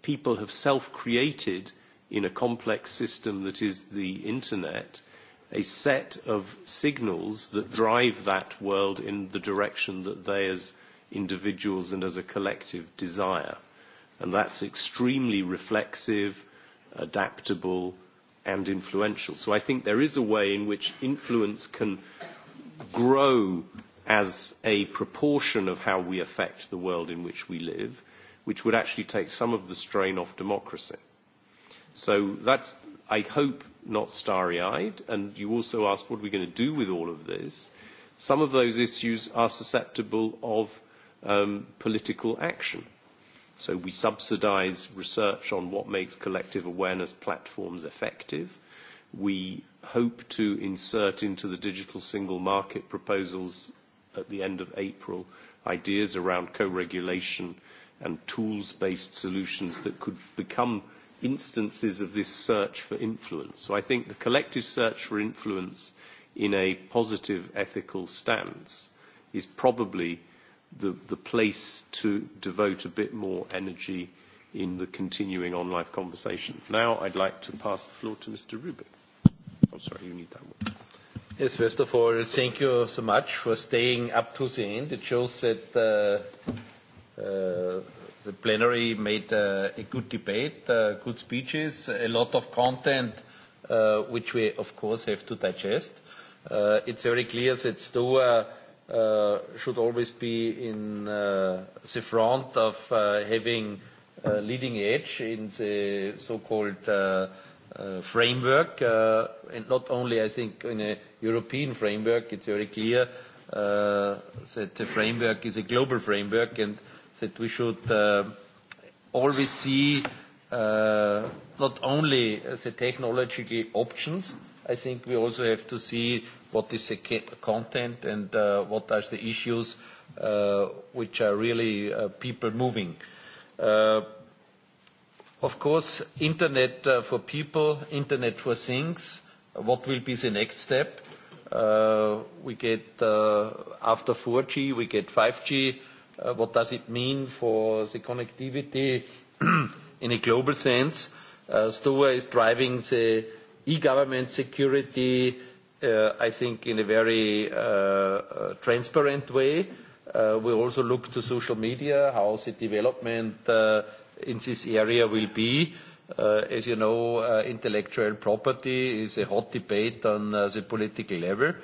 people have self-created in a complex system that is the internet a set of signals that drive that world in the direction that they as individuals and as a collective desire. And that's extremely reflexive, adaptable, and influential. So I think there is a way in which influence can grow as a proportion of how we affect the world in which we live, which would actually take some of the strain off democracy. So that's, I hope, not starry-eyed. And you also asked, what are we going to do with all of this? Some of those issues are susceptible of um, political action. So we subsidize research on what makes collective awareness platforms effective. We hope to insert into the digital single market proposals at the end of April ideas around co-regulation and tools-based solutions that could become instances of this search for influence. So I think the collective search for influence in a positive ethical stance is probably the, the place to devote a bit more energy in the continuing on life conversation. Now I'd like to pass the floor to Mr. Rubik. I'm oh, sorry, you need that one. Yes, first of all, thank you so much for staying up to the end. It shows that uh, uh, the plenary made uh, a good debate, uh, good speeches, a lot of content, uh, which we, of course, have to digest. Uh, it's very clear that STOA uh, should always be in uh, the front of uh, having uh, leading edge in the so-called uh, uh, framework, uh, and not only, I think, in a European framework, it's very clear uh, that the framework is a global framework and that we should uh, always see uh, not only the technological options, uh, I think we also have to see what is the content and uh, what are the issues uh, which are really uh, people moving. Uh, of course, Internet uh, for people, Internet for things, what will be the next step? Uh, we get, uh, after 4G, we get 5G. Uh, what does it mean for the connectivity in a global sense? Uh, Stoa is driving the e-government security, uh, I think, in a very uh, uh, transparent way. Uh, we also look to social media, how the development uh, in this area will be. Uh, as you know, uh, intellectual property is a hot debate on uh, the political level.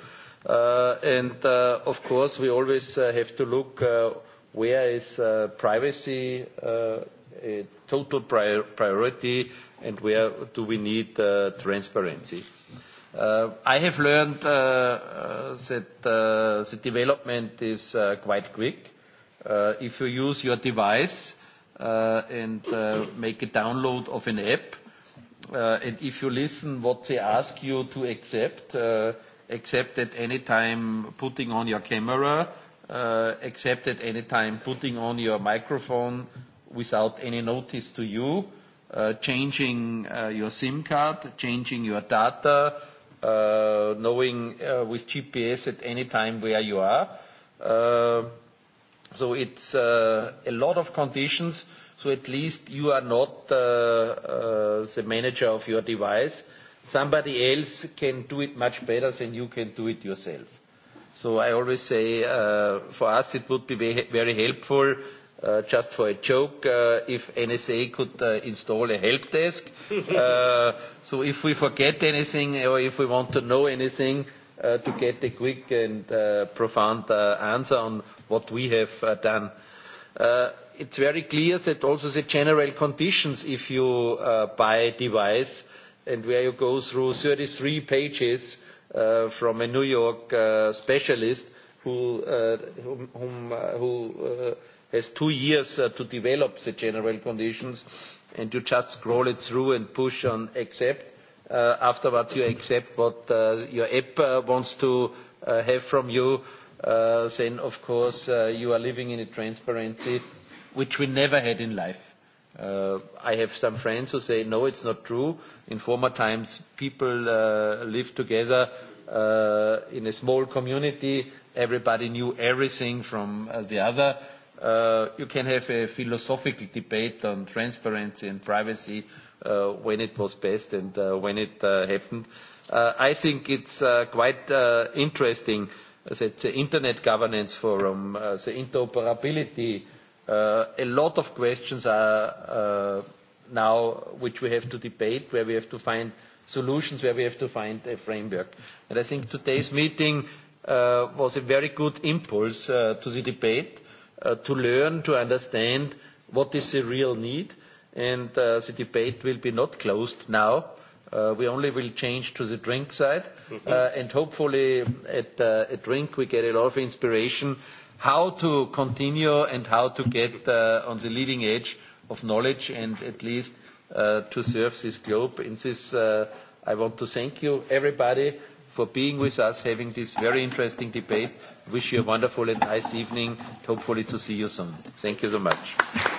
Uh, and, uh, of course, we always uh, have to look uh, where is uh, privacy uh, a total priority and where do we need uh, transparency. Uh, I have learned uh, uh, that uh, the development is uh, quite quick. Uh, if you use your device uh, and uh, make a download of an app, uh, and if you listen what they ask you to accept, uh, accept at any time putting on your camera, uh, accept at any time putting on your microphone, uh, without any notice to you, uh, changing uh, your SIM card, changing your data, uh, knowing uh, with GPS at any time where you are. Uh, so it's uh, a lot of conditions. So at least you are not uh, uh, the manager of your device. Somebody else can do it much better than you can do it yourself. So I always say, uh, for us, it would be very helpful uh, just for a joke, uh, if NSA could uh, install a help desk. uh, so if we forget anything or if we want to know anything, uh, to get a quick and uh, profound uh, answer on what we have uh, done. Uh, it's very clear that also the general conditions, if you uh, buy a device and where you go through 33 pages uh, from a New York uh, specialist who, uh, whom, whom, uh, who uh, has two years uh, to develop the general conditions and you just scroll it through and push on accept. Uh, afterwards you accept what uh, your app uh, wants to uh, have from you. Uh, then of course uh, you are living in a transparency which we never had in life. Uh, I have some friends who say, no, it's not true. In former times, people uh, lived together uh, in a small community. Everybody knew everything from uh, the other. Uh, Uh, you can have a philosophical debate on transparency and privacy, uh, when it was best and uh, when it uh, happened. Uh, I think it's uh, quite uh, interesting that the Internet Governance Forum, uh, the interoperability, uh, a lot of questions are uh, now which we have to debate, where we have to find solutions, where we have to find a framework. And I think today's meeting uh, was a very good impulse uh, to the debate uh, to learn to understand what is the real need and uh, the debate will be not closed now. Uh, we only will change to the drink side mm-hmm. uh, and hopefully at, uh, at drink we get a lot of inspiration how to continue and how to get uh, on the leading edge of knowledge and at least uh, to serve this globe. In this, uh, I want to thank you, everybody, for being with us, having this very interesting debate. Wish you a wonderful and nice evening. Hopefully to see you soon. Thank you so much.